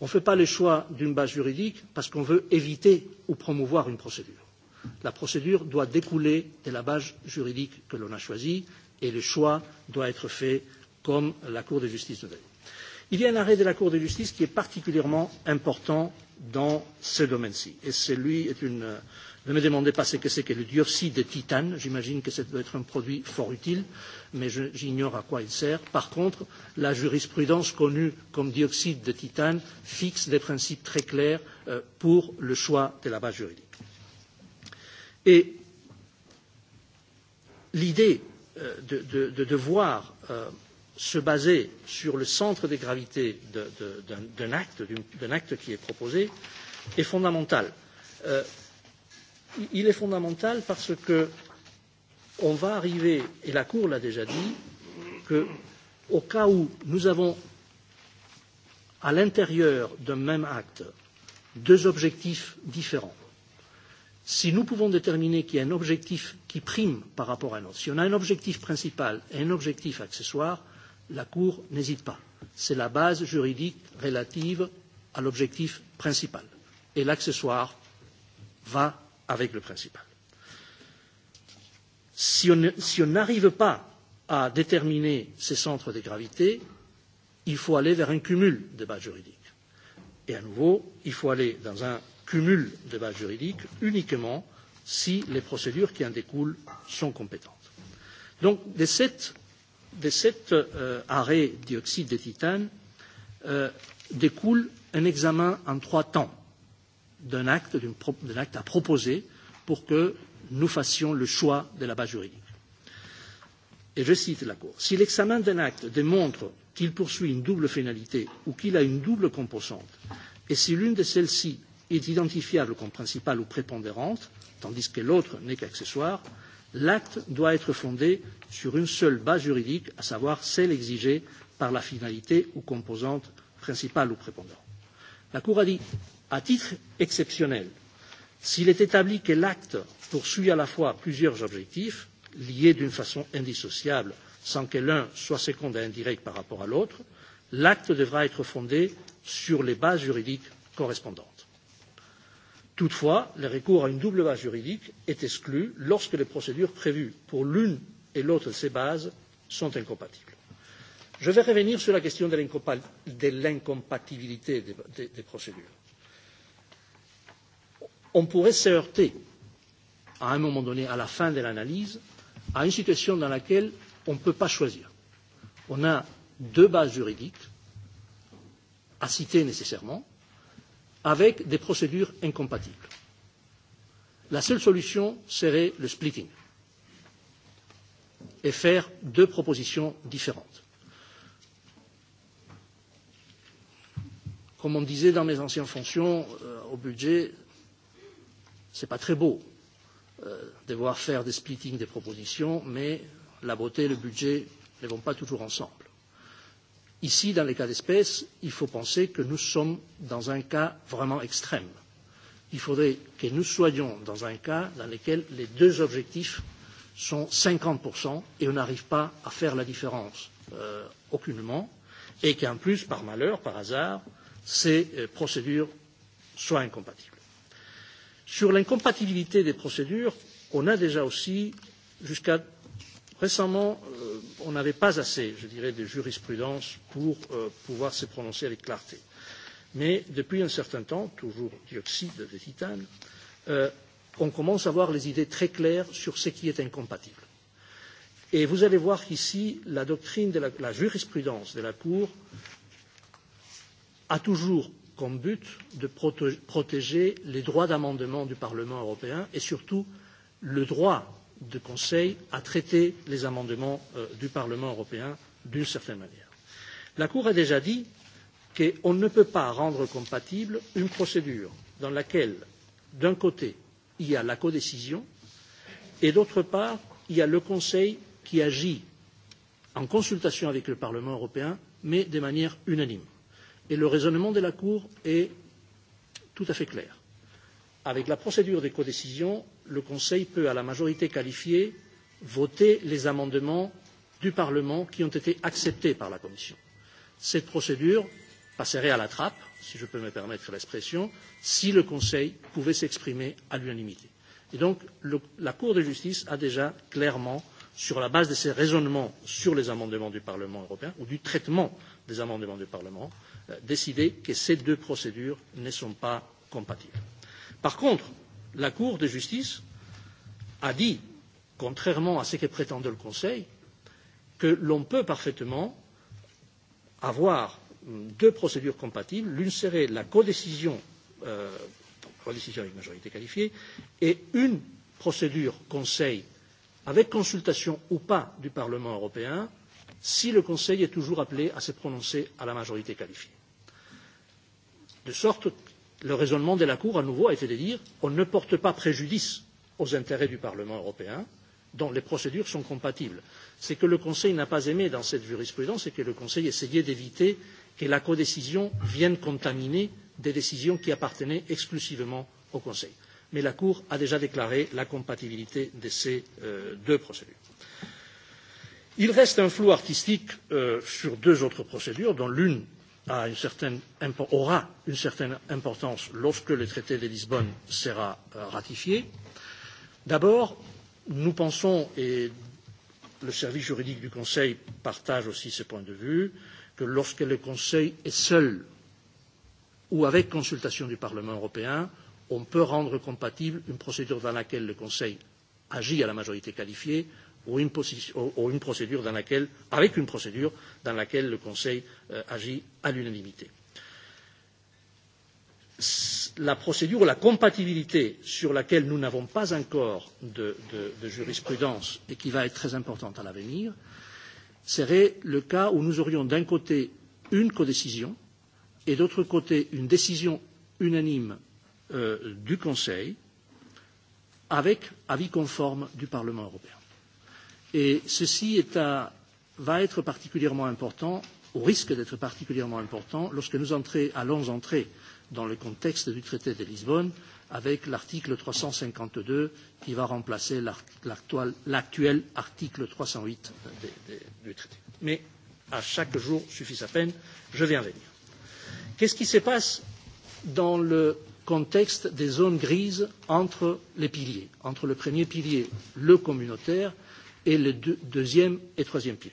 On ne fait pas le choix d'une base juridique parce qu'on veut éviter ou promouvoir une procédure. La procédure doit découler de la base juridique que l'on a choisie et le choix doit être fait comme la Cour de justice nous l'a dit. Il y a un arrêt de la Cour de justice qui est particulièrement important dans ce domaine-ci. Et celui est une. Ne me demandez pas ce que c'est que le dioxyde de titane. J'imagine que ça doit être un produit fort utile, mais j'ignore à quoi il sert. Par contre, la jurisprudence connue comme dioxyde de titane fixe des principes très clairs euh, pour le choix de la base juridique. Et l'idée euh, de, de, de devoir euh, se baser sur le centre de gravité d'un acte, acte qui est proposé est fondamental. Euh, il est fondamental parce que on va arriver, et la Cour l'a déjà dit, que au cas où nous avons à l'intérieur d'un même acte deux objectifs différents, si nous pouvons déterminer qu'il y a un objectif qui prime par rapport à un autre, si on a un objectif principal et un objectif accessoire, la Cour n'hésite pas. C'est la base juridique relative à l'objectif principal. Et l'accessoire va avec le principal. Si on si n'arrive pas à déterminer ces centres de gravité, il faut aller vers un cumul de bases juridiques. Et à nouveau, il faut aller dans un cumul de bases juridiques uniquement si les procédures qui en découlent sont compétentes. Donc, de cette de cet euh, arrêt dioxyde de titane euh, découle un examen en trois temps d'un acte, d'un acte à proposer pour que nous fassions le choix de la base juridique. Et je cite la Cour. Si l'examen d'un acte démontre qu'il poursuit une double finalité ou qu'il a une double composante, et si l'une de celles-ci est identifiable comme principale ou prépondérante, tandis que l'autre n'est qu'accessoire, l'acte doit être fondé sur une seule base juridique, à savoir celle exigée par la finalité ou composante principale ou prépondérante. La Cour a dit, à titre exceptionnel, s'il est établi que l'acte poursuit à la fois plusieurs objectifs, liés d'une façon indissociable, sans que l'un soit second et indirect par rapport à l'autre, l'acte devra être fondé sur les bases juridiques correspondantes. Toutefois, le recours à une double base juridique est exclu lorsque les procédures prévues pour l'une et l'autre de ces bases sont incompatibles. Je vais revenir sur la question de l'incompatibilité des, procédures. On pourrait se heurter, à un moment donné, à la fin de l'analyse, à une situation dans laquelle on ne peut pas choisir. On a deux bases juridiques à citer nécessairement, avec des procédures incompatibles. La seule solution serait le splitting et faire deux propositions différentes. Comme on disait dans mes anciennes fonctions euh, au budget, ce n'est pas très beau euh, de voir faire des splitting des propositions, mais la beauté et le budget ne vont pas toujours ensemble. Ici, dans les cas d'espèce, il faut penser que nous sommes dans un cas vraiment extrême. Il faudrait que nous soyons dans un cas dans lequel les deux objectifs sont 50% et on n'arrive pas à faire la différence euh, aucunement et qu'en plus, par malheur, par hasard, ces euh, procédures soient incompatibles. Sur l'incompatibilité des procédures, on a déjà aussi jusqu'à Récemment, euh, on n'avait pas assez, je dirais, de jurisprudence pour euh, pouvoir se prononcer avec clarté. Mais depuis un certain temps, toujours dioxyde de titane, euh, on commence à avoir les idées très claires sur ce qui est incompatible. Et vous allez voir qu'ici, la doctrine de la, la jurisprudence de la Cour a toujours comme but de protéger les droits d'amendement du Parlement européen et surtout le droit du Conseil à traiter les amendements euh, du Parlement européen d'une certaine manière. La Cour a déjà dit qu'on ne peut pas rendre compatible une procédure dans laquelle, d'un côté, il y a la codécision et, d'autre part, il y a le Conseil qui agit en consultation avec le Parlement européen, mais de manière unanime. Et le raisonnement de la Cour est tout à fait clair. Avec la procédure de codécision, le Conseil peut, à la majorité qualifiée, voter les amendements du Parlement qui ont été acceptés par la Commission. Cette procédure passerait à la trappe, si je peux me permettre l'expression, si le Conseil pouvait s'exprimer à l'unanimité. Et donc, le, la Cour de justice a déjà clairement, sur la base de ses raisonnements sur les amendements du Parlement européen ou du traitement des amendements du Parlement, euh, décidé que ces deux procédures ne sont pas compatibles. Par contre, la Cour de justice a dit, contrairement à ce que prétendait le Conseil, que l'on peut parfaitement avoir deux procédures compatibles. L'une serait la codécision, euh, codécision avec majorité qualifiée, et une procédure Conseil avec consultation ou pas du Parlement européen, si le Conseil est toujours appelé à se prononcer à la majorité qualifiée. De sorte le raisonnement de la Cour, à nouveau, a été de dire on ne porte pas préjudice aux intérêts du Parlement européen, dont les procédures sont compatibles. Ce que le Conseil n'a pas aimé dans cette jurisprudence, c'est que le Conseil essayait d'éviter que la codécision vienne contaminer des décisions qui appartenaient exclusivement au Conseil. Mais la Cour a déjà déclaré la compatibilité de ces euh, deux procédures. Il reste un flou artistique euh, sur deux autres procédures, dont l'une a une certaine, aura une certaine importance lorsque le traité de Lisbonne sera euh, ratifié. D'abord, nous pensons, et le service juridique du Conseil partage aussi ce point de vue, que lorsque le Conseil est seul ou avec consultation du Parlement européen, on peut rendre compatible une procédure dans laquelle le Conseil agit à la majorité qualifiée ou une, ou une procédure dans laquelle, avec une procédure dans laquelle le Conseil euh, agit à l'unanimité. La procédure, la compatibilité sur laquelle nous n'avons pas encore de, de, de jurisprudence et qui va être très importante à l'avenir, serait le cas où nous aurions d'un côté une codécision et d'autre côté une décision unanime euh, du Conseil avec avis conforme du Parlement européen. Et ceci est à, va être particulièrement important, ou risque d'être particulièrement important, lorsque nous entrer, allons entrer dans le contexte du traité de Lisbonne avec l'article 352 qui va remplacer l'actuel article 308 de, de, du traité. Mais à chaque jour suffit sa peine, je vais en venir. Qu'est-ce qui se passe dans le contexte des zones grises entre les piliers, entre le premier pilier, le communautaire, et le deux, deuxième et troisième pilier.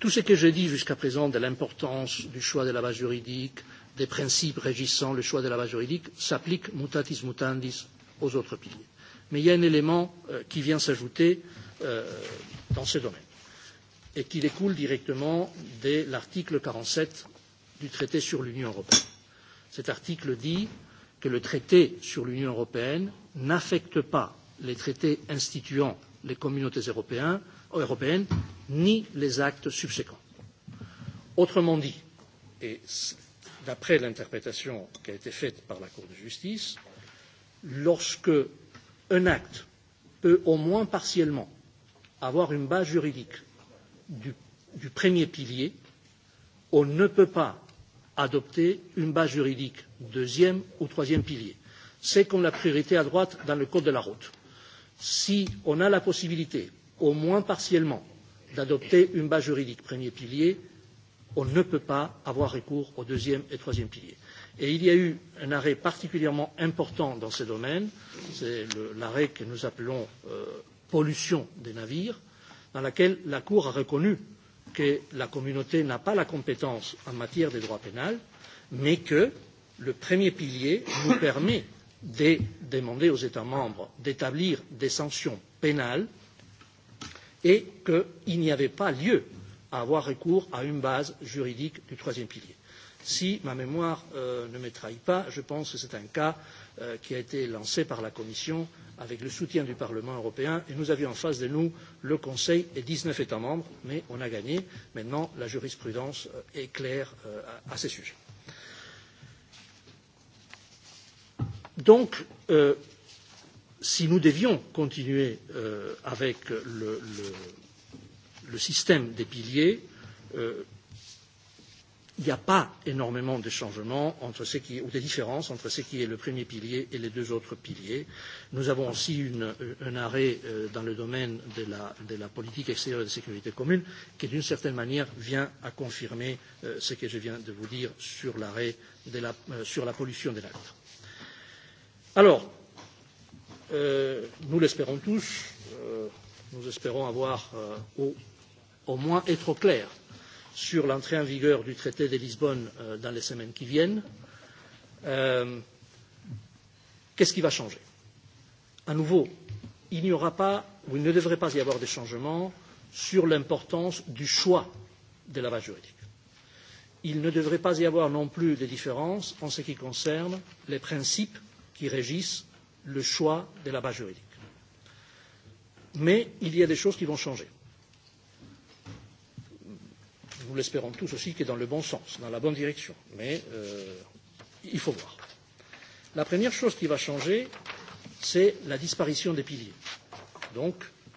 Tout ce que j'ai dit jusqu'à présent de l'importance du choix de la base juridique, des principes régissant le choix de la base juridique, s'applique mutatis mutandis aux autres piliers. Mais il y a un élément euh, qui vient s'ajouter euh, dans ce domaine et qui découle directement de l'article 47 du traité sur l'Union européenne. Cet article dit que le traité sur l'Union européenne n'affecte pas les traités instituant les communautés européens, européennes ni les actes subséquents. Autrement dit, et d'après l'interprétation qui a été faite par la Cour de justice, lorsque un acte peut au moins partiellement avoir une base juridique du, du premier pilier, on ne peut pas adopter une base juridique deuxième ou troisième pilier. C'est comme la priorité à droite dans le code de la route si on a la possibilité, au moins partiellement, d'adopter une base juridique premier pilier, on ne peut pas avoir recours au deuxième et troisième pilier. Et il y a eu un arrêt particulièrement important dans ce domaine, c'est l'arrêt que nous appelons euh, pollution des navires, dans lequel la Cour a reconnu que la communauté n'a pas la compétence en matière de droit pénal, mais que le premier pilier nous permet de demander aux États membres d'établir des sanctions pénales et qu'il n'y avait pas lieu à avoir recours à une base juridique du troisième pilier. Si ma mémoire euh, ne me trahit pas, je pense que c'est un cas euh, qui a été lancé par la Commission avec le soutien du Parlement européen et nous avions en face de nous le Conseil et dix neuf États membres, mais on a gagné. Maintenant, la jurisprudence euh, est claire euh, à, à ce sujet. Donc, euh, si nous devions continuer euh, avec le, le, le système des piliers, euh, il n'y a pas énormément de changements entre ce qui, ou de différences entre ce qui est le premier pilier et les deux autres piliers. Nous avons aussi une, un arrêt euh, dans le domaine de la, de la politique extérieure et de sécurité commune qui, d'une certaine manière, vient à confirmer euh, ce que je viens de vous dire sur l'arrêt la, euh, sur la pollution de l'acte. Alors, euh, nous l'espérons tous, euh, nous espérons avoir euh, au, au moins être clair sur l'entrée en vigueur du traité de Lisbonne euh, dans les semaines qui viennent. Euh, Qu'est-ce qui va changer À nouveau, il n'y aura pas ou il ne devrait pas y avoir de changement sur l'importance du choix de la base juridique. Il ne devrait pas y avoir non plus de différence en ce qui concerne les principes qui régissent le choix de la base juridique. Mais il y a des choses qui vont changer. Nous l'espérons tous aussi qui est dans le bon sens, dans la bonne direction. Mais euh, il faut voir. La première chose qui va changer, c'est la disparition des piliers. Donc,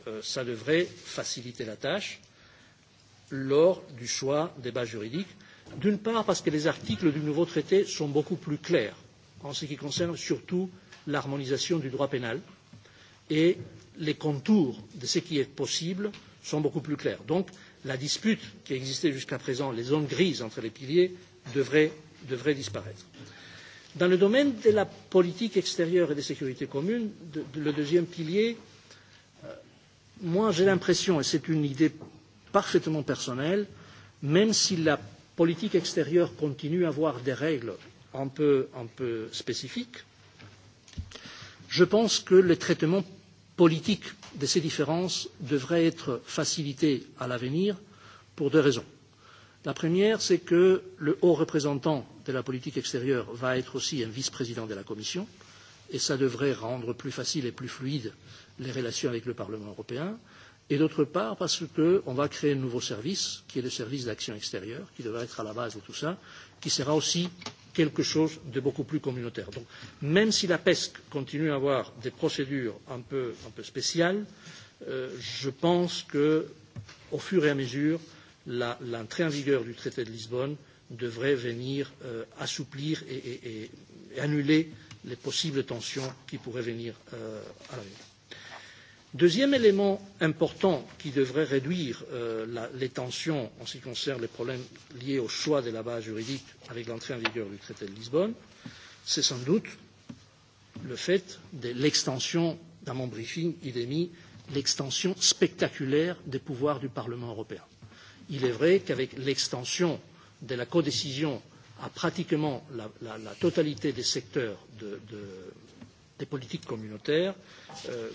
euh, ça devrait faciliter la tâche lors du choix des bases juridiques. D'une part, parce que les articles du nouveau traité sont beaucoup plus clairs en ce qui concerne surtout l'harmonisation du droit pénal et les contours de ce qui est possible sont beaucoup plus clairs. Donc la dispute qui existait jusqu'à présent, les zones grises entre les piliers, devrait, devrait disparaître. Dans le domaine de la politique extérieure et de sécurité commune, de, de, le deuxième pilier, euh, moi j'ai l'impression, et c'est une idée parfaitement personnelle, même si la politique extérieure continue à avoir des règles un peu, un peu spécifique, je pense que le traitement politique de ces différences devrait être facilité à l'avenir pour deux raisons. La première, c'est que le haut représentant de la politique extérieure va être aussi un vice-président de la Commission, et ça devrait rendre plus facile et plus fluide les relations avec le Parlement européen. Et d'autre part, parce qu'on va créer un nouveau service, qui est le service d'action extérieure, qui devrait être à la base de tout ça, qui sera aussi quelque chose de beaucoup plus communautaire. Donc, même si la PESC continue à avoir des procédures un peu, un peu spéciales, euh, je pense que, au fur et à mesure, l'entrée en vigueur du traité de Lisbonne devrait venir euh, assouplir et, et, et annuler les possibles tensions qui pourraient venir euh, à l'avenir. Deuxième élément important qui devrait réduire euh, la, les tensions en ce qui concerne les problèmes liés au choix de la base juridique avec l'entrée en vigueur du traité de Lisbonne, c'est sans doute le fait de l'extension, dans mon briefing, il est mis l'extension spectaculaire des pouvoirs du Parlement européen. Il est vrai qu'avec l'extension de la codécision à pratiquement la, la, la totalité des secteurs de, de, des politiques communautaires, euh,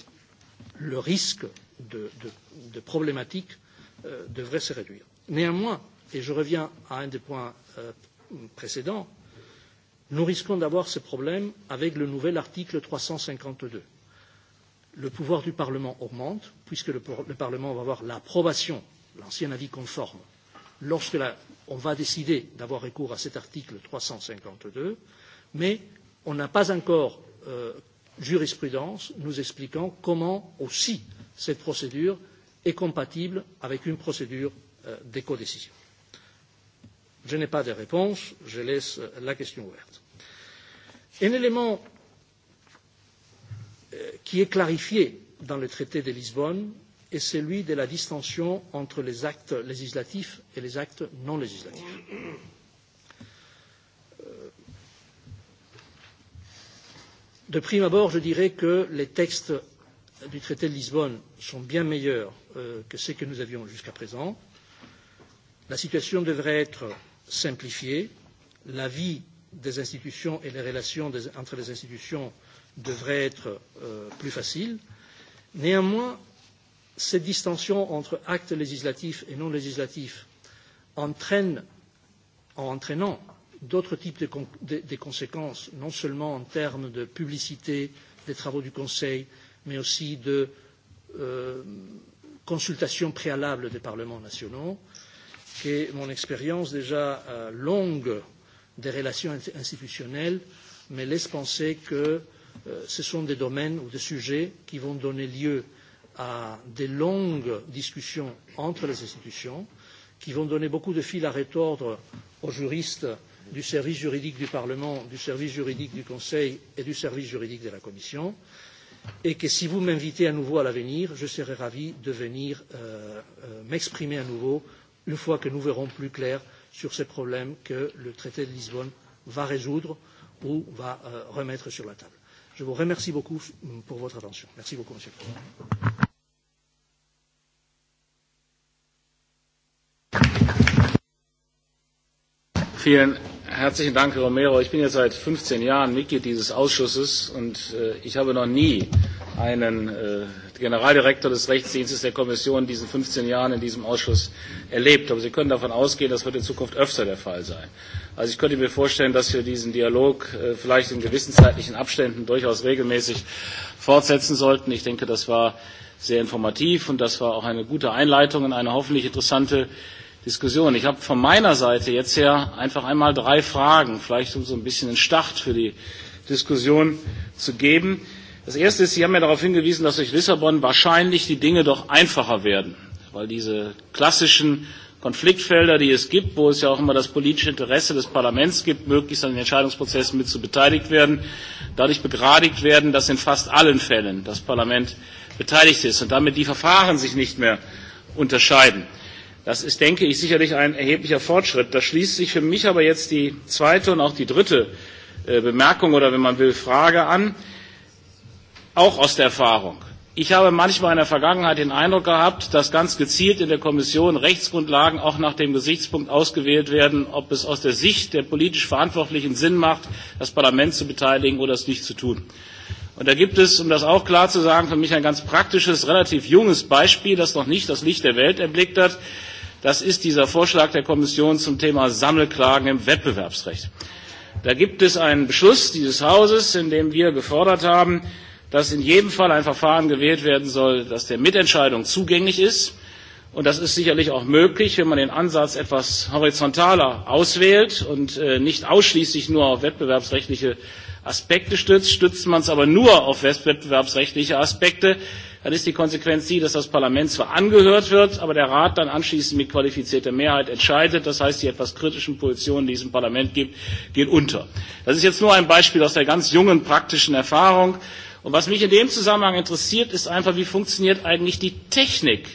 le risque de, de, de problématiques euh, devrait se réduire. Néanmoins, et je reviens à un des points euh, précédents, nous risquons d'avoir ce problème avec le nouvel article 352. Le pouvoir du Parlement augmente, puisque le, le Parlement va avoir l'approbation, l'ancien avis conforme. Lorsque la, on va décider d'avoir recours à cet article 352, mais on n'a pas encore euh, jurisprudence nous expliquant comment aussi cette procédure est compatible avec une procédure euh, d'écodécision. Je n'ai pas de réponse, je laisse euh, la question ouverte. Un élément euh, qui est clarifié dans le traité de Lisbonne est celui de la distinction entre les actes législatifs et les actes non législatifs De prime abord, je dirais que les textes du traité de Lisbonne sont bien meilleurs euh, que ceux que nous avions jusqu'à présent. La situation devrait être simplifiée. La vie des institutions et les relations des, entre les institutions devraient être euh, plus faciles. Néanmoins, cette distinction entre actes législatifs et non législatifs entraîne, en entraînant d'autres types de, de, de conséquences, non seulement en termes de publicité des travaux du Conseil, mais aussi de euh, consultation préalable des parlements nationaux, que mon expérience déjà euh, longue des relations institutionnelles me laisse penser que euh, ce sont des domaines ou des sujets qui vont donner lieu à des longues discussions entre les institutions, qui vont donner beaucoup de fil à retordre aux juristes du service juridique du Parlement, du service juridique du Conseil et du service juridique de la Commission, et que si vous m'invitez à nouveau à l'avenir, je serai ravi de venir euh, euh, m'exprimer à nouveau une fois que nous verrons plus clair sur ces problèmes que le traité de Lisbonne va résoudre ou va euh, remettre sur la table. Je vous remercie beaucoup mm, pour votre attention. Merci beaucoup, Monsieur le Président. Vielen Herzlichen Dank, Herr Romero. Ich bin jetzt seit 15 Jahren Mitglied dieses Ausschusses und äh, ich habe noch nie einen äh, Generaldirektor des Rechtsdienstes der Kommission in diesen 15 Jahren in diesem Ausschuss erlebt. Aber Sie können davon ausgehen, das wird in Zukunft öfter der Fall sein. Also ich könnte mir vorstellen, dass wir diesen Dialog äh, vielleicht in gewissen zeitlichen Abständen durchaus regelmäßig fortsetzen sollten. Ich denke, das war sehr informativ und das war auch eine gute Einleitung in eine hoffentlich interessante Diskussion. Ich habe von meiner Seite jetzt her einfach einmal drei Fragen, vielleicht um so ein bisschen einen Start für die Diskussion zu geben. Das erste ist, Sie haben ja darauf hingewiesen, dass durch Lissabon wahrscheinlich die Dinge doch einfacher werden, weil diese klassischen Konfliktfelder, die es gibt, wo es ja auch immer das politische Interesse des Parlaments gibt, möglichst an den Entscheidungsprozessen mit zu beteiligt werden, dadurch begradigt werden, dass in fast allen Fällen das Parlament beteiligt ist und damit die Verfahren sich nicht mehr unterscheiden. Das ist, denke ich, sicherlich ein erheblicher Fortschritt. Da schließt sich für mich aber jetzt die zweite und auch die dritte äh, Bemerkung oder, wenn man will, Frage an, auch aus der Erfahrung. Ich habe manchmal in der Vergangenheit den Eindruck gehabt, dass ganz gezielt in der Kommission Rechtsgrundlagen auch nach dem Gesichtspunkt ausgewählt werden, ob es aus der Sicht der politisch Verantwortlichen Sinn macht, das Parlament zu beteiligen oder es nicht zu tun. Und da gibt es, um das auch klar zu sagen, für mich ein ganz praktisches, relativ junges Beispiel, das noch nicht das Licht der Welt erblickt hat Das ist dieser Vorschlag der Kommission zum Thema Sammelklagen im Wettbewerbsrecht. Da gibt es einen Beschluss dieses Hauses, in dem wir gefordert haben, dass in jedem Fall ein Verfahren gewählt werden soll, das der Mitentscheidung zugänglich ist. Und das ist sicherlich auch möglich, wenn man den Ansatz etwas horizontaler auswählt und äh, nicht ausschließlich nur auf wettbewerbsrechtliche Aspekte stützt. Stützt man es aber nur auf wettbewerbsrechtliche Aspekte, dann ist die Konsequenz die, dass das Parlament zwar angehört wird, aber der Rat dann anschließend mit qualifizierter Mehrheit entscheidet. Das heißt, die etwas kritischen Positionen, die es im Parlament gibt, gehen unter. Das ist jetzt nur ein Beispiel aus der ganz jungen praktischen Erfahrung. Und was mich in dem Zusammenhang interessiert, ist einfach, wie funktioniert eigentlich die Technik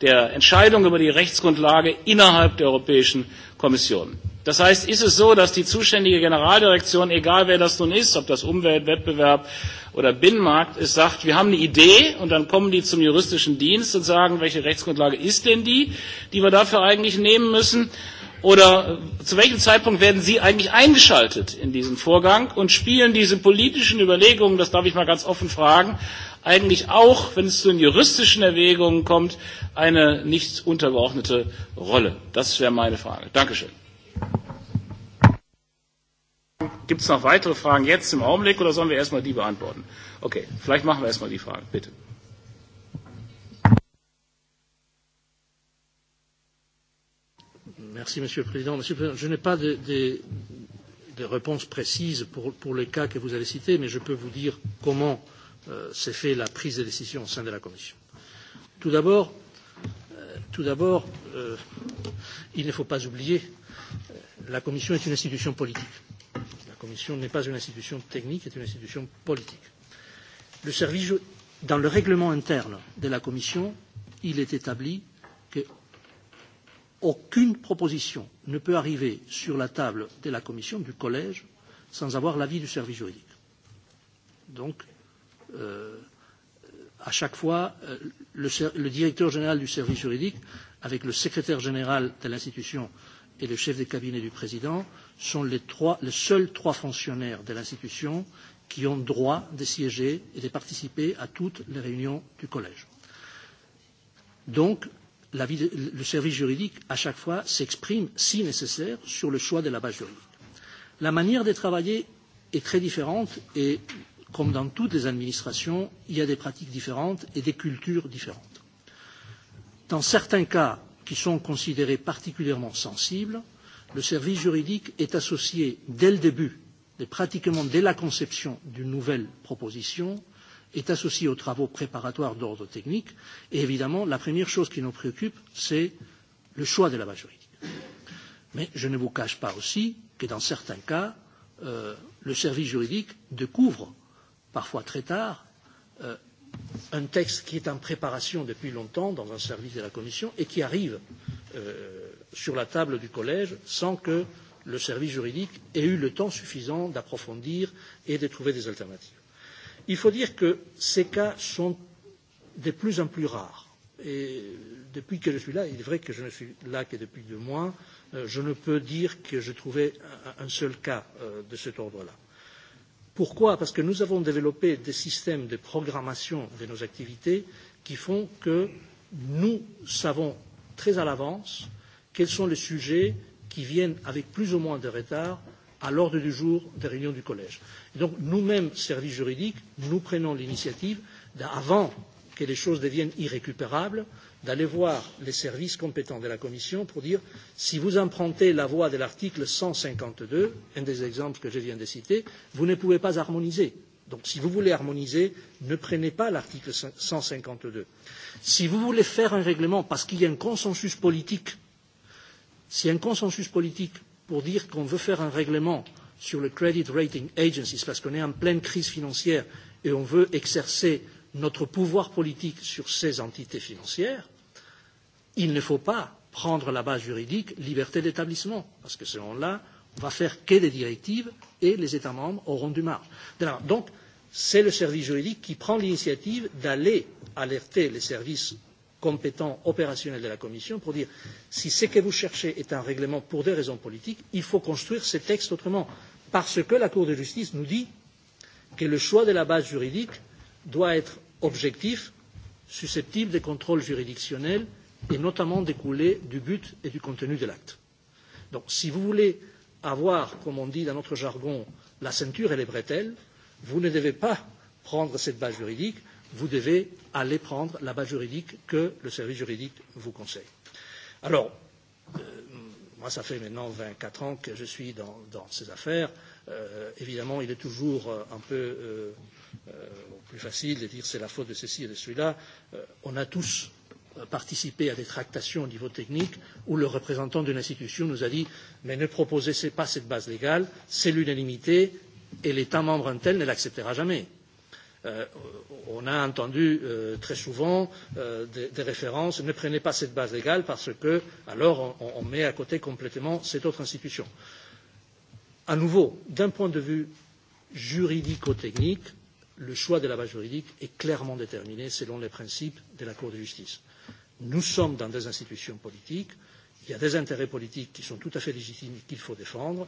der Entscheidung über die Rechtsgrundlage innerhalb der Europäischen Kommission. Das heißt, ist es so, dass die zuständige Generaldirektion, egal wer das nun ist, ob das Umwelt, Wettbewerb oder Binnenmarkt ist, sagt, wir haben eine Idee und dann kommen die zum juristischen Dienst und sagen, welche Rechtsgrundlage ist denn die, die wir dafür eigentlich nehmen müssen? Oder äh, zu welchem Zeitpunkt werden Sie eigentlich eingeschaltet in diesen Vorgang und spielen diese politischen Überlegungen, das darf ich mal ganz offen fragen, eigentlich auch, wenn es zu den juristischen Erwägungen kommt, eine nicht untergeordnete Rolle? Das wäre meine Frage. Dankeschön. Gibt es noch weitere Fragen jetzt im Augenblick oder sollen wir erstmal die beantworten? Okay, vielleicht machen wir erstmal die Fragen, bitte. Merci, Monsieur le Président. Monsieur le Président, je n'ai pas de, de, de réponse précise pour, pour les cas que vous avez cités, mais je peux vous dire comment euh, s'est fait la prise de décision au sein de la Commission. Tout d'abord, euh, euh, il ne faut pas oublier euh, la Commission est une institution politique. La Commission n'est pas une institution technique, c'est une institution politique. Le service, dans le règlement interne de la Commission, il est établi qu'aucune proposition ne peut arriver sur la table de la Commission, du Collège, sans avoir l'avis du service juridique. Donc, euh, à chaque fois, euh, le, le directeur général du service juridique, avec le secrétaire général de l'institution euh, et le chef de cabinet du président sont les, trois, les seuls trois fonctionnaires de l'institution qui ont droit de siéger et de participer à toutes les réunions du collège. Donc, la, vie de, le service juridique, à chaque fois, s'exprime, si nécessaire, sur le choix de la base juridique. La manière de travailler est très différente et, comme dans toutes les administrations, il y a des pratiques différentes et des cultures différentes. Dans certains cas, qui sont considérées particulièrement sensibles, le service juridique est associé dès le début, et pratiquement dès la conception d'une nouvelle proposition, est associé aux travaux préparatoires d'ordre technique. Et évidemment, la première chose qui nous préoccupe, c'est le choix de la base juridique. Mais je ne vous cache pas aussi que dans certains cas, euh, le service juridique découvre, parfois très tard, euh, un texte qui est en préparation depuis longtemps dans un service de la Commission et qui arrive euh, sur la table du Collège sans que le service juridique ait eu le temps suffisant d'approfondir et de trouver des alternatives. Il faut dire que ces cas sont de plus en plus rares. Et depuis que je suis là, il est vrai que je ne suis là que depuis deux mois, euh, je ne peux dire que j'ai trouvé un seul cas euh, de cet ordre-là. Pourquoi Parce que nous avons développé des systèmes de programmation de nos activités qui font que nous savons très à l'avance quels sont les sujets qui viennent avec plus ou moins de retard à l'ordre du jour des réunions du collège. Et donc nous-mêmes, services juridiques, nous prenons l'initiative, avant que les choses deviennent irrécupérables, d'aller voir les services compétents de la Commission pour dire si vous empruntez la voie de l'article 152, un des exemples que je viens de citer, vous ne pouvez pas harmoniser. Donc si vous voulez harmoniser, ne prenez pas l'article 152. Si vous voulez faire un règlement parce qu'il y a un consensus politique, s'il y a un consensus politique pour dire qu'on veut faire un règlement sur le Credit Rating Agencies parce qu'on est en pleine crise financière et on veut exercer notre pouvoir politique sur ces entités financières, il ne faut pas prendre la base juridique liberté d'établissement, parce que selon là, on va faire que des directives et les États membres auront du marge. Donc, c'est le service juridique qui prend l'initiative d'aller alerter les services compétents opérationnels de la Commission pour dire si ce que vous cherchez est un règlement pour des raisons politiques, il faut construire ce texte autrement, parce que la Cour de justice nous dit que le choix de la base juridique doit être objectif, susceptible de contrôles juridictionnels et notamment découler du but et du contenu de l'acte. Donc, si vous voulez avoir, comme on dit dans notre jargon, la ceinture et les bretelles, vous ne devez pas prendre cette base juridique, vous devez aller prendre la base juridique que le service juridique vous conseille. Alors, euh, moi, ça fait maintenant 24 ans que je suis dans, dans ces affaires. Euh, évidemment, il est toujours euh, un peu euh, euh, plus facile de dire c'est la faute de ceci et de celui-là. Euh, on a tous Euh, participé à des tractations au niveau technique où le représentant d'une institution nous a dit mais ne proposez pas cette base légale, c'est l'unanimité et l'État membre un tel ne l'acceptera jamais. Euh, on a entendu euh, très souvent euh, des, des références ne prenez pas cette base légale parce que alors on, on met à côté complètement cette autre institution. À nouveau, d'un point de vue juridico-technique, le choix de la base juridique est clairement déterminé selon les principes de la Cour de justice. Nous sommes dans des institutions politiques, il y a des intérêts politiques qui sont tout à fait légitimes qu'il faut défendre,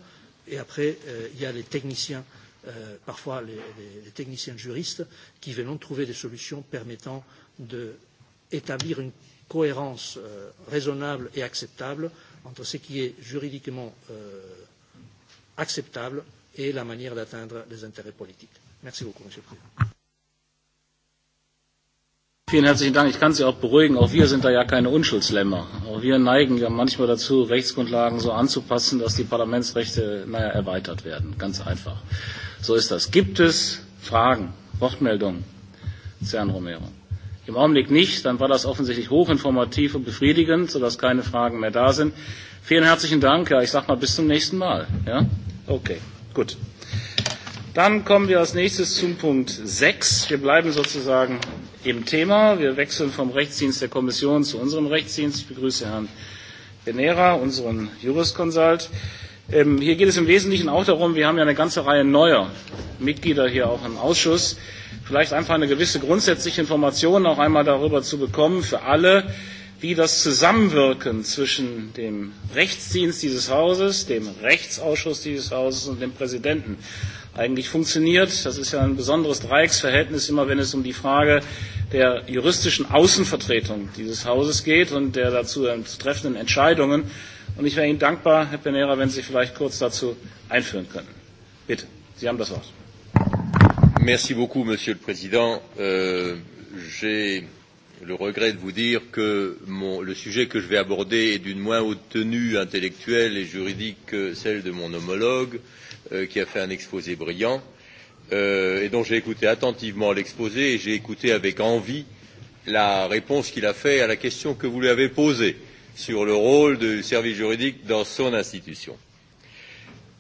et après, euh, il y a les techniciens, euh, parfois les, les, les techniciens juristes, qui viennent trouver des solutions permettant d'établir une cohérence euh, raisonnable et acceptable entre ce qui est juridiquement euh, acceptable et la manière d'atteindre les intérêts politiques. Merci beaucoup, Monsieur le Président. Vielen herzlichen Dank. Ich kann Sie auch beruhigen. Auch wir sind da ja keine Unschuldslämmer. Auch wir neigen ja manchmal dazu, Rechtsgrundlagen so anzupassen, dass die Parlamentsrechte, naja, erweitert werden. Ganz einfach. So ist das. Gibt es Fragen, Wortmeldungen zu Herrn Romero? Im Augenblick nicht. Dann war das offensichtlich hochinformativ und befriedigend, sodass keine Fragen mehr da sind. Vielen herzlichen Dank. Ja, ich sag mal bis zum nächsten Mal. Ja? Okay, gut. Dann kommen wir als nächstes zum Punkt 6. Wir bleiben sozusagen im Thema. Wir wechseln vom Rechtsdienst der Kommission zu unserem Rechtsdienst. Ich begrüße Herrn Benera, unseren Juristconsult. Ähm, hier geht es im Wesentlichen auch darum, wir haben ja eine ganze Reihe neuer Mitglieder hier auch im Ausschuss, vielleicht einfach eine gewisse grundsätzliche Information auch einmal darüber zu bekommen für alle, wie das Zusammenwirken zwischen dem Rechtsdienst dieses Hauses, dem Rechtsausschuss dieses Hauses und dem Präsidenten eigentlich funktioniert. Das ist ja ein besonderes Dreiecksverhältnis, immer wenn es um die Frage der juristischen Außenvertretung dieses Hauses geht und der dazu treffenden Entscheidungen. Und ich wäre Ihnen dankbar, Herr Pereira, wenn Sie vielleicht kurz dazu einführen könnten. Bitte, Sie haben das Wort. Merci beaucoup, Monsieur le Président. Euh, J'ai le regret de vous dire que mon, le sujet que je vais aborder est d'une moins haute tenue intellectuelle et juridique que celle de mon homologue euh, qui a fait un exposé brillant euh, et dont j'ai écouté attentivement l'exposé et j'ai écouté avec envie la réponse qu'il a faite à la question que vous lui avez posée sur le rôle du service juridique dans son institution.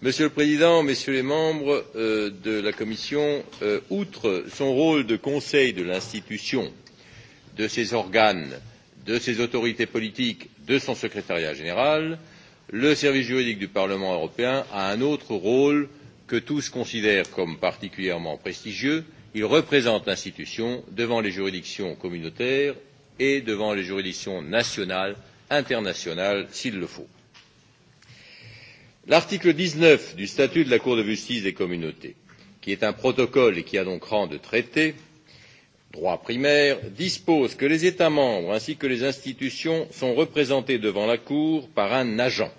Monsieur le Président, Messieurs les membres euh, de la Commission, euh, outre son rôle de conseil de l'institution, de ses organes, de ses autorités politiques, de son secrétariat général, euh, le service juridique du Parlement européen a un autre rôle que tous considèrent comme particulièrement prestigieux. Il représente l'institution devant les juridictions communautaires et devant les juridictions nationales, internationales s'il le faut. L'article dix neuf du statut de la Cour de justice des communautés, qui est un protocole et qui a donc rang de traité, droit primaire dispose que les états membres ainsi que les institutions sont représentés devant la cour par un agent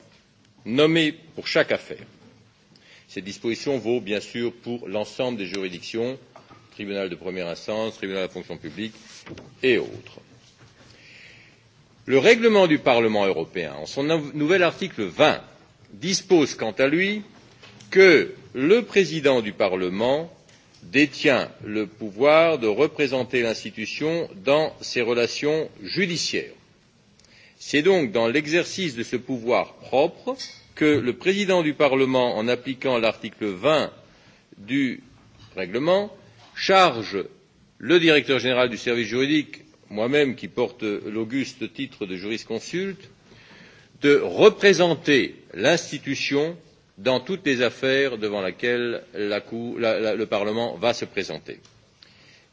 nommé pour chaque affaire. cette disposition vaut bien sûr pour l'ensemble des juridictions tribunal de première instance tribunal de la fonction publique et autres. le règlement du parlement européen en son nouvel article vingt dispose quant à lui que le président du parlement détient le pouvoir de représenter l'institution dans ses relations judiciaires. c'est donc dans l'exercice de ce pouvoir propre que le président du parlement en appliquant l'article vingt du règlement charge le directeur général du service juridique moi même qui porte l'auguste titre de jurisconsulte de représenter l'institution dans toutes les affaires devant lesquelles la cour, la, la, le Parlement va se présenter.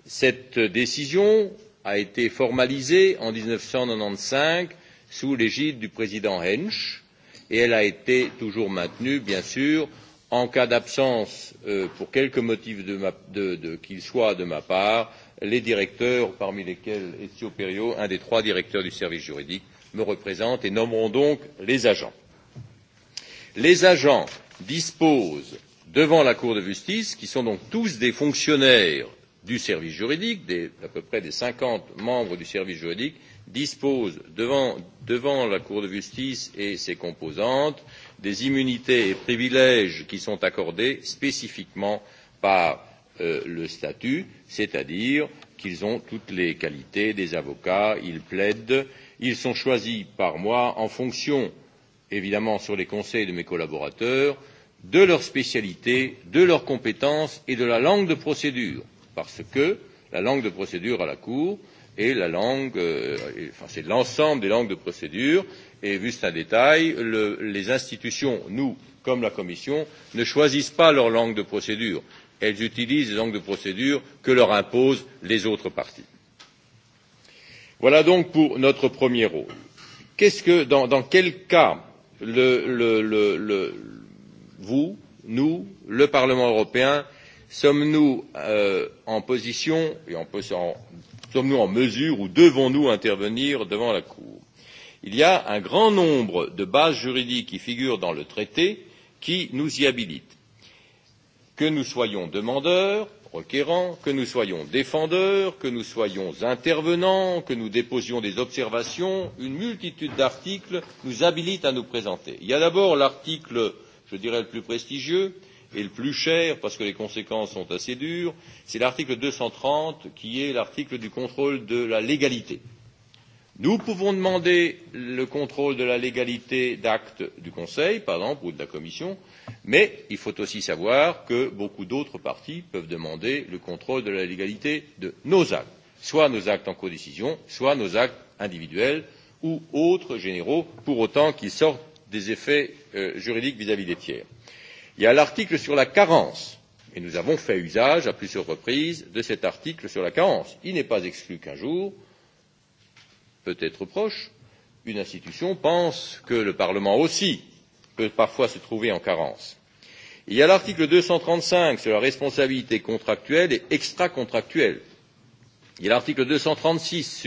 Cette décision a été formalisée en 1995 sous l'égide du président Hensch et elle a été toujours maintenue, bien sûr, en cas d'absence, euh, pour quelque motif de de, de, qu'il soit de ma part, les directeurs, parmi lesquels Ezio Perio, un des trois directeurs du service juridique, me représentent et nommeront donc les agents les agents disposent devant la cour de justice qui sont donc tous des fonctionnaires du service juridique des, à peu près des cinquante membres du service juridique disposent devant, devant la cour de justice et ses composantes des immunités et privilèges qui sont accordés spécifiquement par euh, le statut c'est à dire qu'ils ont toutes les qualités des avocats ils plaident ils sont choisis par moi en fonction évidemment sur les conseils de mes collaborateurs, de leur spécialité, de leurs compétences et de la langue de procédure, parce que la langue de procédure à la Cour est la langue, euh, et, enfin c'est l'ensemble des langues de procédure, et vu un détail, le, les institutions, nous comme la Commission, ne choisissent pas leur langue de procédure, elles utilisent les langues de procédure que leur imposent les autres parties. Voilà donc pour notre premier rôle. Qu'est-ce que, dans, dans quel cas vous, nous, le Parlement européen, sommes-nous euh, en position et sommes-nous en mesure ou devons-nous intervenir devant la Cour Il y a un grand nombre de bases juridiques qui figurent dans le traité qui nous y habilitent. Que nous soyons demandeurs, requérant que nous soyons défendeurs que nous soyons intervenants que nous déposions des observations une multitude d'articles nous habilite à nous présenter. il y a d'abord l'article je dirais le plus prestigieux et le plus cher parce que les conséquences sont assez dures c'est l'article deux cent trente qui est l'article du contrôle de la légalité. Nous pouvons demander le contrôle de la légalité d'actes du Conseil, par exemple, ou de la Commission, Mais il faut aussi savoir que beaucoup d'autres parties peuvent demander le contrôle de la légalité de nos actes, soit nos actes en codécision, soit nos actes individuels ou autres généraux, pour autant qu'ils sortent des effets euh, juridiques vis à vis des tiers. Il y a l'article sur la carence et nous avons fait usage à plusieurs reprises de cet article sur la carence. Il n'est pas exclu qu'un jour, peut être proche, une institution pense que le Parlement aussi peut parfois se trouver en carence. il y a l'article deux cent trente cinq sur la responsabilité contractuelle et extracontractuelle. et l'article deux cent trente six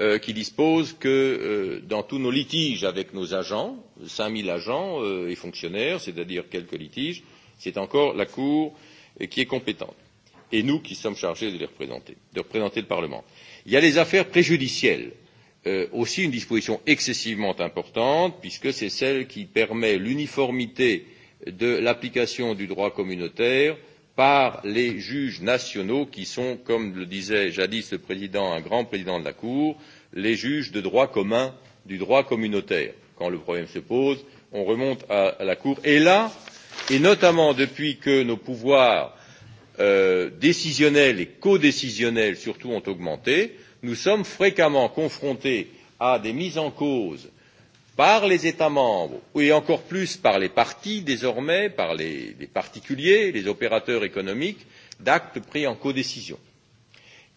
euh, qui dispose que euh, dans tous nos litiges avec nos agents cinq zéro agents euh, et fonctionnaires c'est à dire quelques litiges c'est encore la cour qui est compétente et nous qui sommes chargés de représenter le parlement. il y a les affaires préjudicielles Euh, aussi une disposition excessivement importante puisque c'est celle qui permet l'uniformité de l'application du droit communautaire par les juges nationaux qui sont comme le disait jadis le président un grand président de la cour les juges de droit commun du droit communautaire. quand le problème se pose on remonte à la cour et là et notamment depuis que nos pouvoirs euh, décisionnels et codécisionnels surtout ont augmenté nous sommes fréquemment confrontés à des mises en cause par les états membres et encore plus par les partis désormais par les, les particuliers les opérateurs économiques d'actes pris en codécision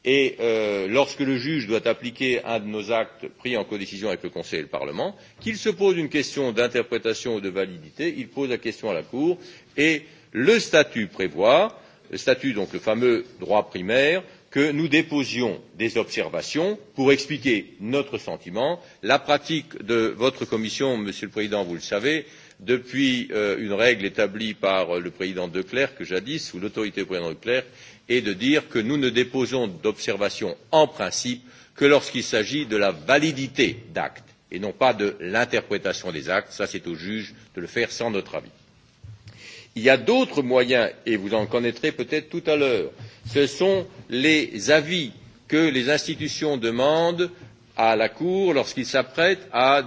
et euh, lorsque le juge doit appliquer un de nos actes pris en codécision avec le conseil et le parlement qu'il se pose une question d'interprétation ou de validité il pose la question à la cour et le statut prévoit le statut donc le fameux droit primaire que nous déposions des observations pour expliquer notre sentiment. La pratique de votre commission, Monsieur le Président, vous le savez, depuis euh, une règle établie par le président De clerck jadis, sous l'autorité du président De clerck est de dire que nous ne déposons d'observations en principe que lorsqu'il s'agit de la validité d'actes et non pas de l'interprétation des actes. c'est au juge de le faire sans notre avis il y a d'autres moyens et vous en connaîtrez peut être tout à l'heure ce sont les avis que les institutions demandent à la cour lorsqu'elle s'apprête à,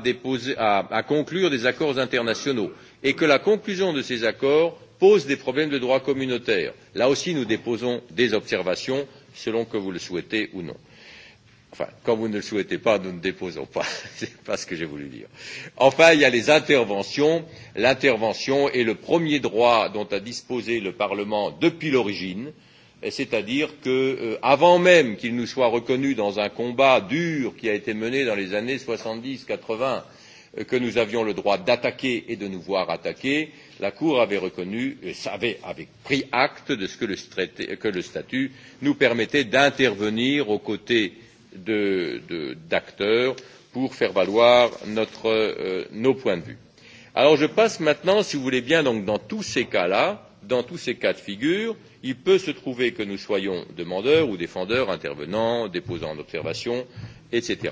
à conclure des accords internationaux et que la conclusion de ces accords pose des problèmes de droit communautaire. là aussi nous déposons des observations selon que vous le souhaitez ou non. Enfin, quand vous ne le souhaitez pas, nous ne déposons pas. C'est pas ce que j'ai voulu dire. Enfin, il y a les interventions. L'intervention est le premier droit dont a disposé le Parlement depuis l'origine, c'est-à-dire que, euh, avant même qu'il nous soit reconnu dans un combat dur qui a été mené dans les années 70-80, euh, que nous avions le droit d'attaquer et de nous voir attaquer, la Cour avait reconnu, euh, avait, avait pris acte de ce que le, traité, que le statut nous permettait d'intervenir aux côtés d'acteurs pour faire valoir euh, nos points de vue. Alors je passe maintenant, si vous voulez bien, donc dans tous ces cas-là, dans tous ces cas de figure, il peut se trouver que nous soyons demandeurs ou défendeurs, intervenants, déposants en observation, etc.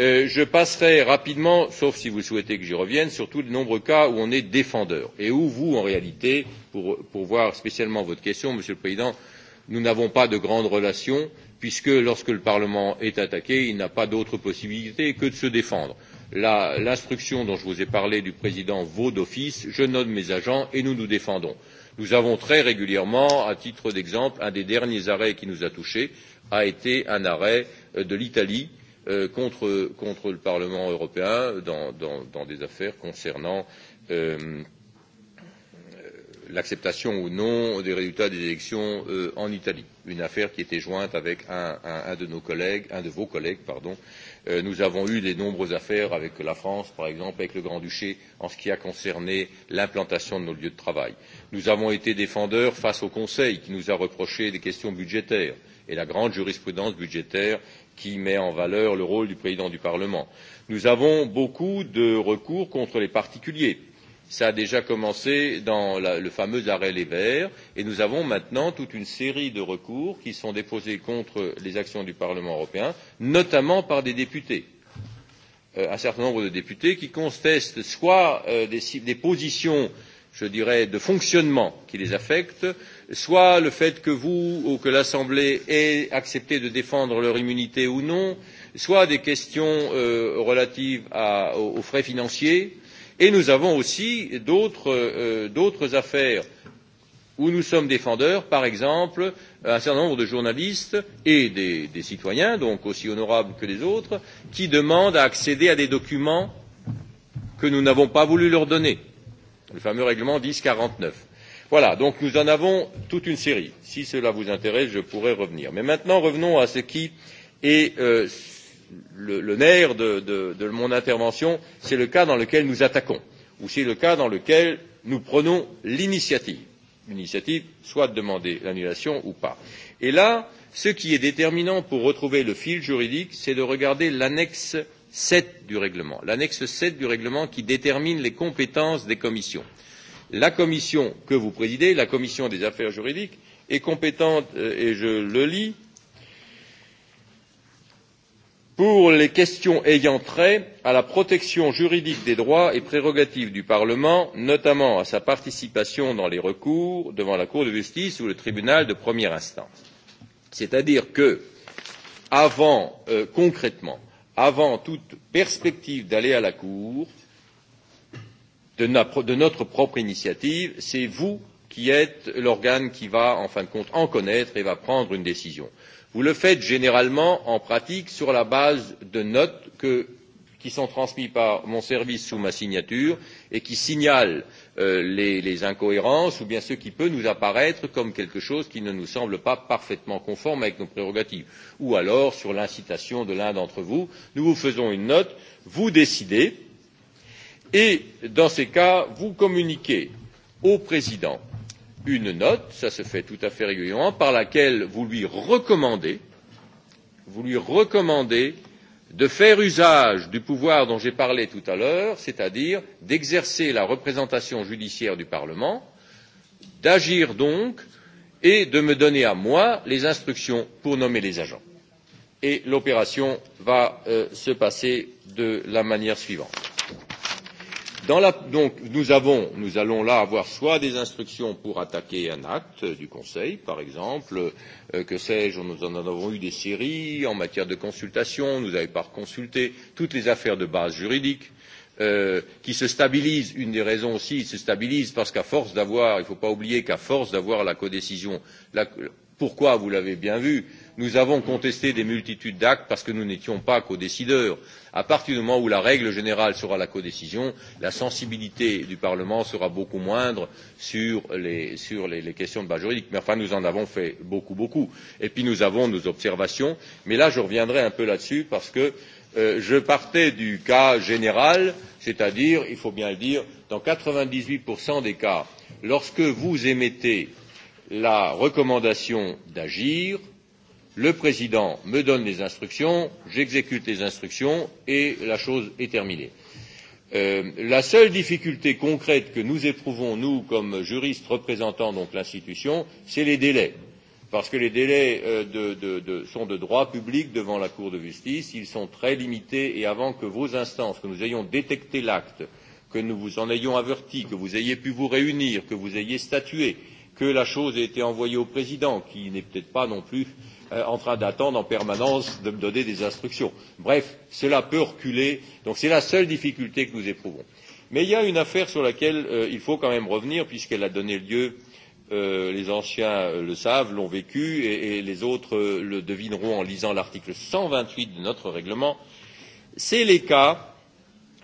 Euh, je passerai rapidement, sauf si vous souhaitez que j'y revienne, sur tous les nombreux cas où on est défendeur et où vous, en réalité, pour, pour voir spécialement votre question, Monsieur le Président, nous n'avons pas de grandes relations puisque lorsque le Parlement est attaqué, il n'a pas d'autre possibilité que de se défendre. L'instruction dont je vous ai parlé du président vaut d'office, je nomme mes agents et nous nous défendons. Nous avons très régulièrement, à titre d'exemple, un des derniers arrêts qui nous a touchés a été un arrêt euh, de l'Italie euh, contre, contre le Parlement européen dans, dans, dans des affaires concernant euh, l'acceptation ou non des résultats des élections euh, en Italie, une affaire qui était jointe avec un, un, un de nos collègues, un de vos collègues, pardon. Euh, nous avons eu des nombreuses affaires avec la France, par exemple, avec le Grand-Duché, en ce qui a concerné l'implantation de nos lieux de travail. Nous avons été défendeurs face au Conseil, qui nous a reproché des questions budgétaires et la grande jurisprudence budgétaire qui met en valeur le rôle du président du Parlement. Nous avons beaucoup de recours contre les particuliers Cela a déjà commencé dans la, le fameux arrêt Les Verts et nous avons maintenant toute une série de recours qui sont déposés contre les actions du Parlement européen, notamment par des députés euh, un certain nombre de députés qui contestent soit euh, des, des positions je dirais de fonctionnement qui les affectent soit le fait que vous ou que l'assemblée ait accepté de défendre leur immunité ou non soit des questions euh, relatives à, aux, aux frais financiers et nous avons aussi euh, d'autres affaires où nous sommes défendeurs par exemple un certain nombre de journalistes et des, citoyens donc aussi honorables que les autres qui demandent à accéder à des documents que nous n'avons pas voulu leur donner le fameux règlement dix quarante neuf voilà donc nous en avons toute une série si cela vous intéresse je pourrais revenir mais maintenant revenons à ce qui est euh, le, le nerf de, de, de mon intervention, c'est le cas dans lequel nous attaquons ou c'est le cas dans lequel nous prenons l'initiative, l'initiative soit de demander l'annulation ou pas. Et là, ce qui est déterminant pour retrouver le fil juridique, c'est de regarder l'annexe 7 du règlement, l'annexe 7 du règlement qui détermine les compétences des commissions. La commission que vous présidez, la commission des affaires juridiques, est compétente, euh, et je le lis, pour les questions ayant trait à la protection juridique des droits et prérogatives du parlement notamment à sa participation dans les recours devant la cour de justice ou le tribunal de première instance c'est à dire que euh, concrètement avant toute perspective d'aller à la cour de, de notre propre initiative c'est vous qui êtes l'organe qui va en fin de compte en connaître et va prendre une décision vous le faites généralement en pratique sur la base de notes qui sont transmises par mon service sous ma signature et qui signalent euh, les, les incohérences ou bien ce qui peut nous apparaître comme quelque chose qui ne nous semble pas parfaitement conforme avec nos prérogatives ou alors sur l'incitation de l'un d'entre vous nous vous faisons une note vous décidez et dans ces cas vous communiquez au président une note cela se fait tout à fait régulièrement par laquelle vous lui recommandez vous lui recommandez de faire usage du pouvoir dont j'ai parlé tout à l'heure c'est à dire d'exercer la représentation judiciaire du parlement d'agir donc et de me donner à moi les instructions pour nommer les agents. et l'opération va euh, se passer de la manière suivante Dans la, donc nous, avons, nous allons là avoir soit des instructions pour attaquer un acte du Conseil, par exemple, euh, que sais-je, nous en avons eu des séries en matière de consultation, nous n'avons pas consulté toutes les affaires de base juridique euh, qui se stabilisent. Une des raisons aussi, se stabilisent parce qu'à force d'avoir, il ne faut pas oublier qu'à force d'avoir la codécision, la, pourquoi vous l'avez bien vu, nous avons contesté des multitudes d'actes parce que nous n'étions pas codécideurs. à partir du moment où la règle générale sera la codécision la sensibilité du parlement sera beaucoup moindre sur les, sur les, les questions de base juridique mais enfin nous en avons fait beaucoup beaucoup. et puis nous avons nos observations mais là je reviendrai un peu là dessus parce que euh, je partais du cas général c'est à dire il faut bien le dire dans quatre vingt dix huit des cas lorsque vous émettez la recommandation d'agir le président me donne les instructions j'exécute les instructions et la chose est terminée. Euh, la seule difficulté concrète que nous éprouvons nous comme juristes représentant donc l'institution c'est les délais parce que les délais euh, de, de, de, sont de droit public devant la cour de justice ils sont très limités et avant que vos instances que nous ayons détecté l'acte que nous vous en ayons averti que vous ayez pu vous réunir que vous ayez statué que la chose ait été envoyée au président qui n'est peut être pas non plus Euh, en train d'attendre en permanence de me donner des instructions. Bref, cela peut reculer. Donc c'est la seule difficulté que nous éprouvons. Mais il y a une affaire sur laquelle euh, il faut quand même revenir puisqu'elle a donné lieu euh, les anciens euh, le savent, l'ont vécu et, et les autres euh, le devineront en lisant l'article 128 de notre règlement, c'est les cas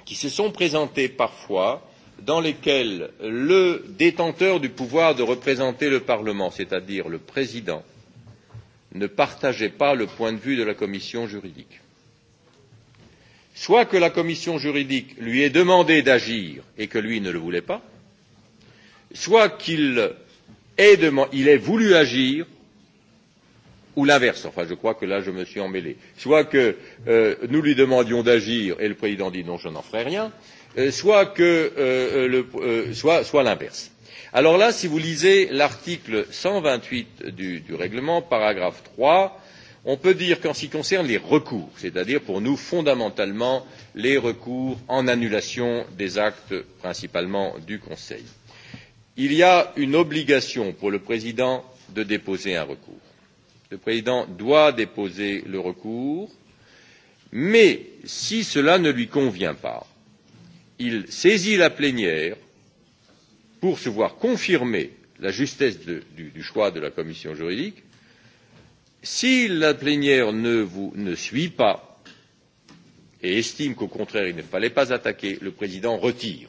qui se sont présentés parfois dans lesquels le détenteur du pouvoir de représenter le Parlement, c'est-à-dire le président, ne partageait pas le point de vue de la commission juridique. soit que la commission juridique lui ait demandé d'agir et que lui ne le voulait pas soit qu'il ait, ait voulu agir ou l'inverse enfin je crois que là je me suis emmêlé soit que euh, nous lui demandions d'agir et le président dit non je n'en ferai rien euh, soit, euh, euh, euh, soit, soit l'inverse alors là si vous lisez l'article cent vingt huit du règlement paragraphe trois on peut dire qu'en ce qui concerne les recours c'est à dire pour nous fondamentalement les recours en annulation des actes principalement du conseil il y a une obligation pour le président de déposer un recours le président doit déposer le recours mais si cela ne lui convient pas il saisit la plénière pour se voir confirmer la justesse de, du, du choix de la commission juridique, si la plénière ne, vous, ne suit pas et estime qu'au contraire il ne fallait pas attaquer, le président retire.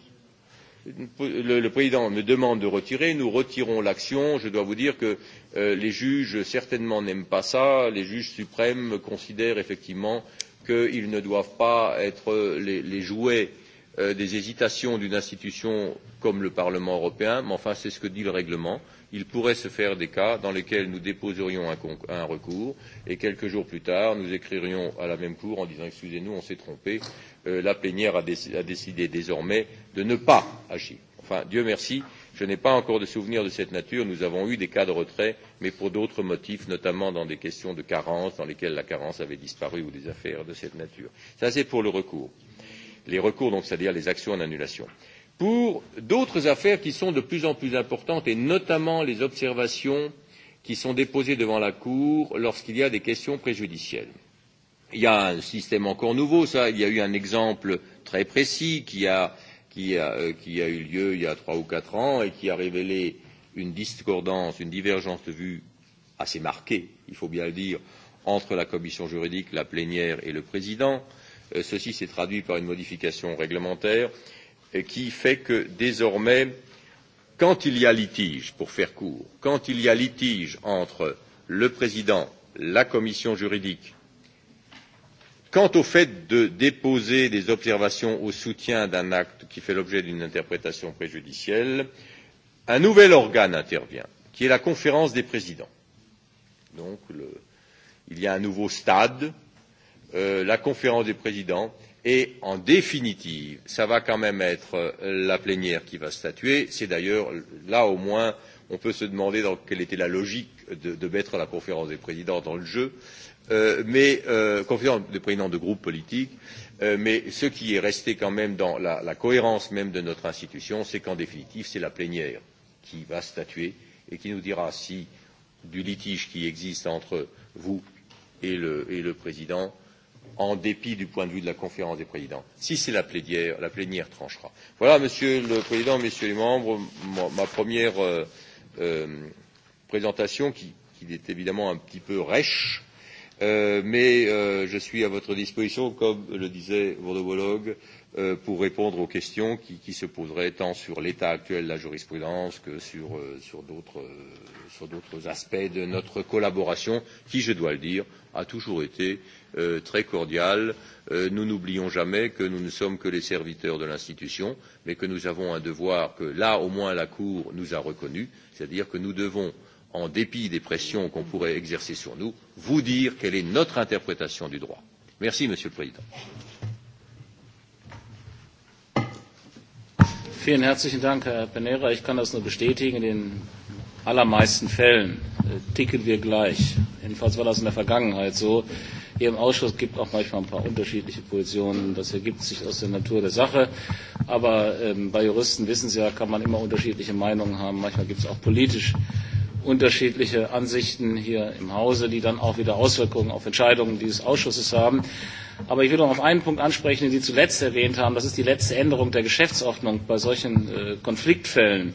Le, le président me demande de retirer, nous retirons l'action. Je dois vous dire que euh, les juges certainement n'aiment pas ça. Les juges suprêmes considèrent effectivement qu'ils ne doivent pas être euh, les, les jouets euh, Euh, des hésitations d'une institution comme le Parlement européen, mais enfin c'est ce que dit le règlement. Il pourrait se faire des cas dans lesquels nous déposerions un, un recours et quelques jours plus tard nous écririons à la même cour en disant excusez-nous, on s'est trompé, euh, la plénière a, déc a décidé désormais de ne pas agir. Enfin, Dieu merci, je n'ai pas encore de souvenirs de cette nature. Nous avons eu des cas de retrait, mais pour d'autres motifs, notamment dans des questions de carence, dans lesquelles la carence avait disparu, ou des affaires de cette nature. Ça, c'est pour le recours les recours, donc c'est-à-dire les actions en annulation. Pour d'autres affaires qui sont de plus en plus importantes, et notamment les observations qui sont déposées devant la Cour lorsqu'il y a des questions préjudicielles. Il y a un système encore nouveau, ça. Il y a eu un exemple très précis qui a, qui a, euh, qui a eu lieu il y a trois ou quatre ans et qui a révélé une discordance, une divergence de vues assez marquée, il faut bien le dire, entre la commission juridique, la plénière et le président. Euh, Euh, ceci s'est traduit par une modification réglementaire euh, qui fait que désormais, quand il y a litige, pour faire court, quand il y a litige entre le président, la commission juridique, quant au fait de déposer des observations au soutien d'un acte qui fait l'objet d'une interprétation préjudicielle, un nouvel organe intervient, qui est la conférence des présidents. Donc, le, il y a un nouveau stade Euh, la conférence des présidents et en définitive, ça va quand même être euh, la plénière qui va statuer. C'est d'ailleurs là au moins, on peut se demander dans quelle était la logique de, de mettre la conférence des présidents dans le jeu, euh, mais euh, conférence des présidents de groupes politiques. Euh, mais ce qui est resté quand même dans la, la cohérence même de notre institution, c'est qu'en définitive, c'est la plénière qui va statuer et qui nous dira si du litige qui existe entre vous et le, et le président en dépit du point de vue de la conférence des présidents. Si c'est la plénière, la plénière tranchera. Voilà, Monsieur le Président, Messieurs les membres, ma, ma première euh, euh, présentation qui, qui est évidemment un petit peu rêche, euh, mais euh, je suis à votre disposition, comme le disait votre homologue, euh, Euh, pour répondre aux questions qui, qui se poseraient tant sur l'état actuel de la jurisprudence que sur, euh, euh, sur d'autres aspects de notre collaboration, qui, je dois le dire, a toujours été euh, très cordiale. Euh, nous n'oublions jamais que nous ne sommes que les serviteurs de l'institution, mais que nous avons un devoir que là, au moins, la Cour nous a reconnu, c'est-à-dire que nous devons en dépit des pressions qu'on pourrait exercer sur nous, vous dire quelle est notre interprétation du droit. Merci, Monsieur le Président. Vielen herzlichen Dank, Herr Penera. Ich kann das nur bestätigen. In den allermeisten Fällen äh, ticken wir gleich. Jedenfalls war das in der Vergangenheit so. Hier im Ausschuss gibt es auch manchmal ein paar unterschiedliche Positionen. Das ergibt sich aus der Natur der Sache. Aber ähm, bei Juristen wissen Sie ja, kann man immer unterschiedliche Meinungen haben. Manchmal gibt es auch politisch unterschiedliche Ansichten hier im Hause, die dann auch wieder Auswirkungen auf Entscheidungen dieses Ausschusses haben. Aber ich will noch auf einen Punkt ansprechen, den Sie zuletzt erwähnt haben. Das ist die letzte Änderung der Geschäftsordnung bei solchen äh, Konfliktfällen.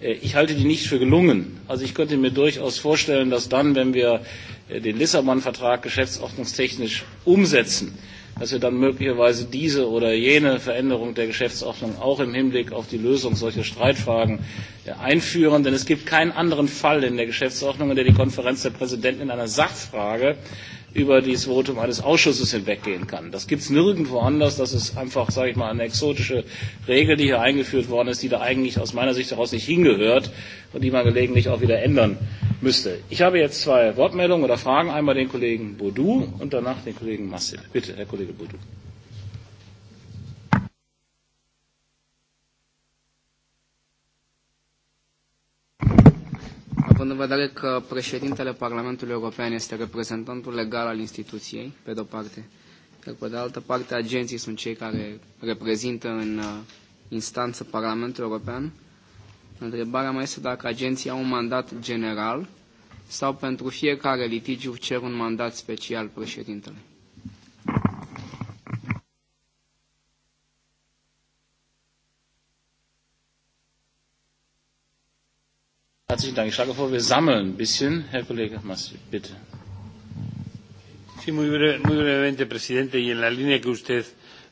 Äh, ich halte die nicht für gelungen. Also ich könnte mir durchaus vorstellen, dass dann, wenn wir äh, den Lissabon-Vertrag geschäftsordnungstechnisch umsetzen, dass wir dann möglicherweise diese oder jene Veränderung der Geschäftsordnung auch im Hinblick auf die Lösung solcher Streitfragen einführen. Denn es gibt keinen anderen Fall in der Geschäftsordnung, in der die Konferenz der Präsidenten in einer Sachfrage über das Votum eines Ausschusses hinweggehen kann. Das gibt es nirgendwo anders. Das ist einfach, sage ich mal, eine exotische Regel, die hier eingeführt worden ist, die da eigentlich aus meiner Sicht heraus nicht hingehört und die man gelegentlich auch wieder ändern müsste. Ich habe jetzt zwei Wortmeldungen oder Fragen. Einmal den Kollegen Boudou und danach den Kollegen Massip. Bitte, Herr Kollege Boudou. având în vedere că președintele Parlamentului European este reprezentantul legal al instituției, pe de-o parte, iar pe de altă parte agenții sunt cei care reprezintă în uh, instanță Parlamentul European, întrebarea mea este dacă agenții au un mandat general sau pentru fiecare litigiu cer un mandat special președintele. Herzlichen Dank. Ich schlage vor, wir sammeln ein bisschen. Herr Kollege Massi, bitte. Sí, muy, breve, muy brevemente, presidente, y en la línea que usted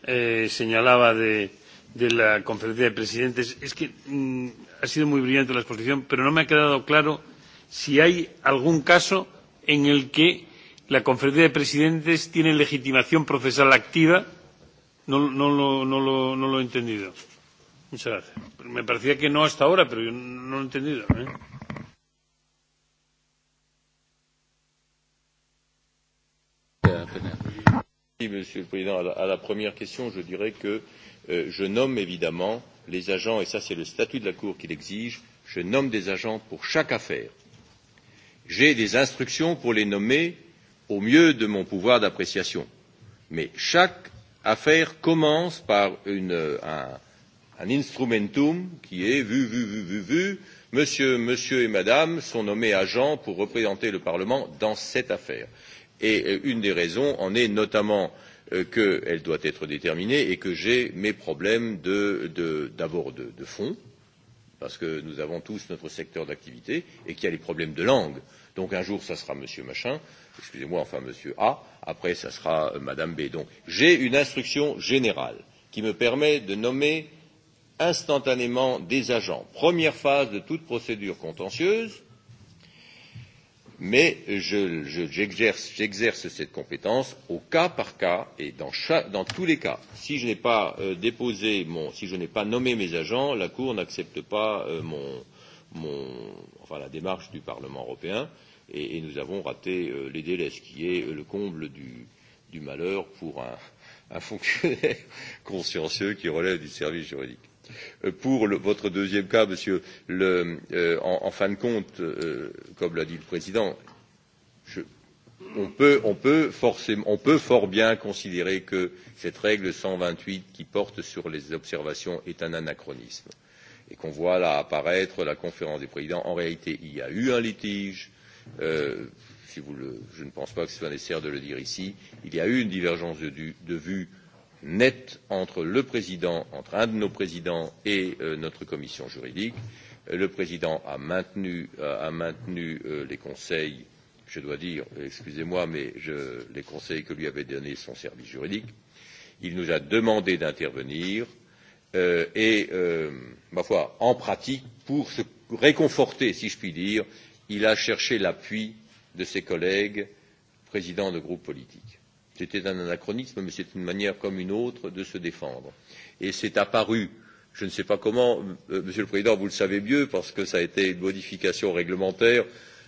eh, señalaba de, de la conferencia de presidentes, es que mm, ha sido muy brillante la exposición, pero no me ha quedado claro si hay algún caso en el que la conferencia de presidentes tiene legitimación procesal activa. No, no, lo, no, lo, no lo he entendido. Muchas gracias. Me parecía que no hasta ahora, pero yo no lo he entendido. ¿eh? Merci, Monsieur le Président. À la, première question, je dirais que euh, je nomme évidemment les agents, et ça c'est le statut de la Cour qui l'exige, je nomme des agents pour chaque affaire. J'ai des instructions pour les nommer au mieux de mon pouvoir d'appréciation. Mais chaque affaire commence par une, un, un instrumentum qui est vu, vu, vu, vu, vu. Monsieur, monsieur et madame sont nommés agents pour représenter le Parlement dans cette affaire. Et euh, une des raisons en est notamment euh, qu'elle doit être déterminée et que j'ai mes problèmes d'abord de, de, de, de fond, parce que nous avons tous notre secteur d'activité, et qu'il y a les problèmes de langue. Donc un jour, ça sera Monsieur Machin, excusez-moi, enfin Monsieur A, après, ça sera euh, Madame B. Donc j'ai une instruction générale qui me permet de nommer instantanément des agents. Première phase de toute procédure contentieuse, mais j'exerce je, je, cette compétence au cas par cas et dans, chaque, dans tous les cas. Si je n'ai pas euh, déposé mon, si je n'ai pas nommé mes agents, la Cour n'accepte pas euh, mon, mon, enfin la démarche du Parlement européen et, et nous avons raté euh, les délais, ce qui est euh, le comble du, du malheur pour un, un fonctionnaire consciencieux qui relève du service juridique. Euh, pour le, votre deuxième cas, monsieur, le, euh, en, en fin de compte, euh, comme l'a dit le président, je, on, peut, on, peut forcément, on peut fort bien considérer que cette règle 128 qui porte sur les observations est un anachronisme et qu'on voit là apparaître la conférence des présidents. En réalité, il y a eu un litige. Euh, si vous le, je ne pense pas que ce soit nécessaire de le dire ici. Il y a eu une divergence de, de vues net entre le président, entre un de nos présidents et euh, notre commission juridique. Le président a maintenu, euh, a, maintenu euh, les conseils, je dois dire, excusez-moi, mais je, les conseils que lui avait donnés son service juridique. Il nous a demandé d'intervenir euh, et, euh, ma foi, en pratique, pour se réconforter, si je puis dire, il a cherché l'appui de ses collègues présidents de groupes politiques C'était un anachronisme, mais c'est une manière comme une autre de se défendre. Et c'est apparu, je ne sais pas comment, euh, Monsieur le Président, vous le savez mieux, parce que ça a été une modification réglementaire,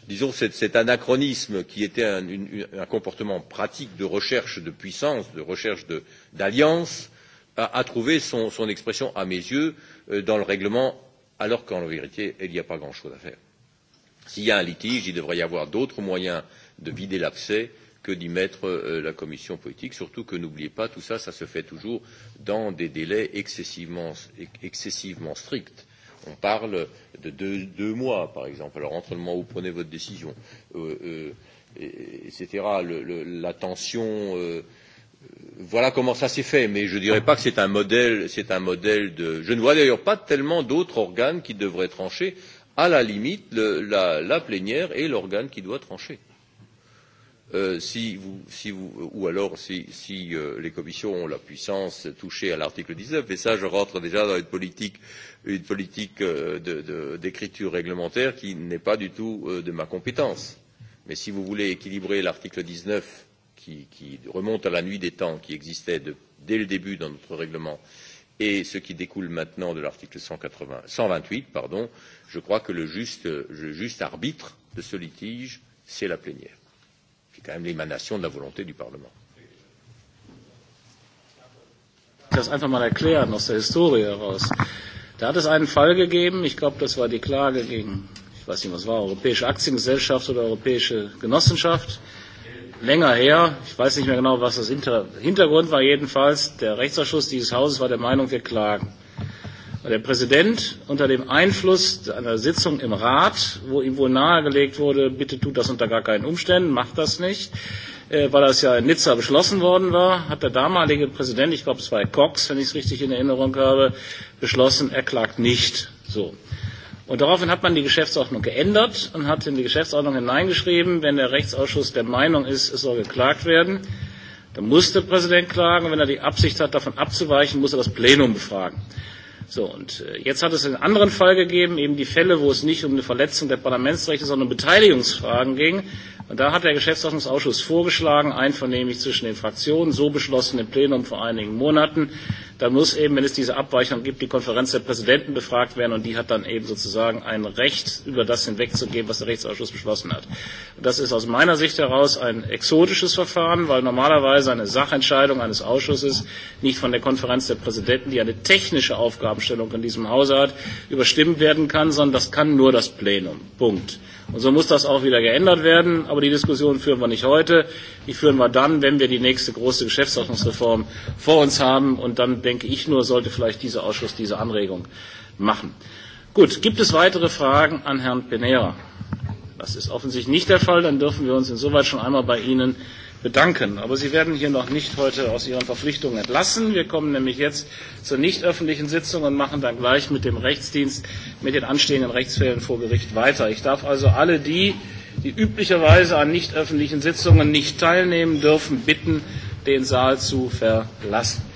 disons cet, cet anachronisme qui était un, une, un comportement pratique de recherche de puissance, de recherche d'alliance, a, a trouvé son, son expression, à mes yeux, euh, dans le règlement, alors qu'en vérité, il n'y a pas grand-chose à faire. S'il y a un litige, il devrait y avoir d'autres moyens de vider l'abcès que d'y mettre euh, la commission politique, surtout que n'oubliez pas, tout ça, ça se fait toujours dans des délais excessivement, excessivement stricts. On parle de deux, deux mois, par exemple. Alors, entre le moment où vous prenez votre décision, euh, euh, et, etc., le, le, la tension. Euh, voilà comment ça s'est fait, mais je ne dirais pas que c'est un modèle, c'est un modèle de. Je ne vois d'ailleurs pas tellement d'autres organes qui devraient trancher. À la limite, le, la, la plénière est l'organe qui doit trancher Euh, si vous, si vous, ou alors si, si euh, les commissions ont la puissance touchée à l'article 19. Et ça, je rentre déjà dans une politique, une politique euh, d'écriture réglementaire qui n'est pas du tout euh, de ma compétence. Mais si vous voulez équilibrer l'article 19 qui, qui remonte à la nuit des temps, qui existait de, dès le début dans notre règlement, et ce qui découle maintenant de l'article 128, pardon, je crois que le juste, le juste arbitre de ce litige, c'est la plénière est quand même l'émanation de la volonté du Parlement. Das einfach mal erklären aus der Historie heraus. Da hat es einen Fall gegeben, ich glaube, das war die Klage gegen, ich weiß nicht, was war, Europäische Aktiengesellschaft oder Europäische Genossenschaft. Länger her, ich weiß nicht mehr genau, was das Hintergrund war, jedenfalls, der Rechtsausschuss dieses Hauses war der Meinung, wir klagen weil der Präsident unter dem Einfluss einer Sitzung im Rat, wo ihm wohl nahegelegt wurde, bitte tut das unter gar keinen Umständen, macht das nicht, äh, weil das ja in Nizza beschlossen worden war, hat der damalige Präsident, ich glaube es war Cox, wenn ich es richtig in Erinnerung habe, beschlossen, er klagt nicht. So. Und daraufhin hat man die Geschäftsordnung geändert und hat in die Geschäftsordnung hineingeschrieben, wenn der Rechtsausschuss der Meinung ist, es soll geklagt werden, dann muss der Präsident klagen. Wenn er die Absicht hat, davon abzuweichen, muss er das Plenum befragen. So, und äh, jetzt hat es einen anderen Fall gegeben, eben die Fälle, wo es nicht um eine Verletzung der Parlamentsrechte, sondern um Beteiligungsfragen ging. Und da hat der Geschäftsordnungsausschuss vorgeschlagen, einvernehmlich zwischen den Fraktionen, so beschlossen im Plenum vor einigen Monaten, Da muss eben, wenn es diese Abweichung gibt, die Konferenz der Präsidenten befragt werden und die hat dann eben sozusagen ein Recht, über das hinwegzugehen, was der Rechtsausschuss beschlossen hat. Das ist aus meiner Sicht heraus ein exotisches Verfahren, weil normalerweise eine Sachentscheidung eines Ausschusses nicht von der Konferenz der Präsidenten, die eine technische Aufgabenstellung in diesem Hause hat, überstimmt werden kann, sondern das kann nur das Plenum. Punkt. Und so muss das auch wieder geändert werden. Aber die Diskussion führen wir nicht heute. Die führen wir dann, wenn wir die nächste große Geschäftsordnungsreform vor uns haben. Und dann denke ich nur, sollte vielleicht dieser Ausschuss diese Anregung machen. Gut, gibt es weitere Fragen an Herrn Penera? Das ist offensichtlich nicht der Fall. Dann dürfen wir uns insoweit schon einmal bei Ihnen bedanken. Aber Sie werden hier noch nicht heute aus Ihren Verpflichtungen entlassen. Wir kommen nämlich jetzt zur nicht öffentlichen Sitzung und machen dann gleich mit dem Rechtsdienst, mit den anstehenden Rechtsfällen vor Gericht weiter. Ich darf also alle die, die üblicherweise an nicht öffentlichen Sitzungen nicht teilnehmen dürfen, bitten, den Saal zu verlassen.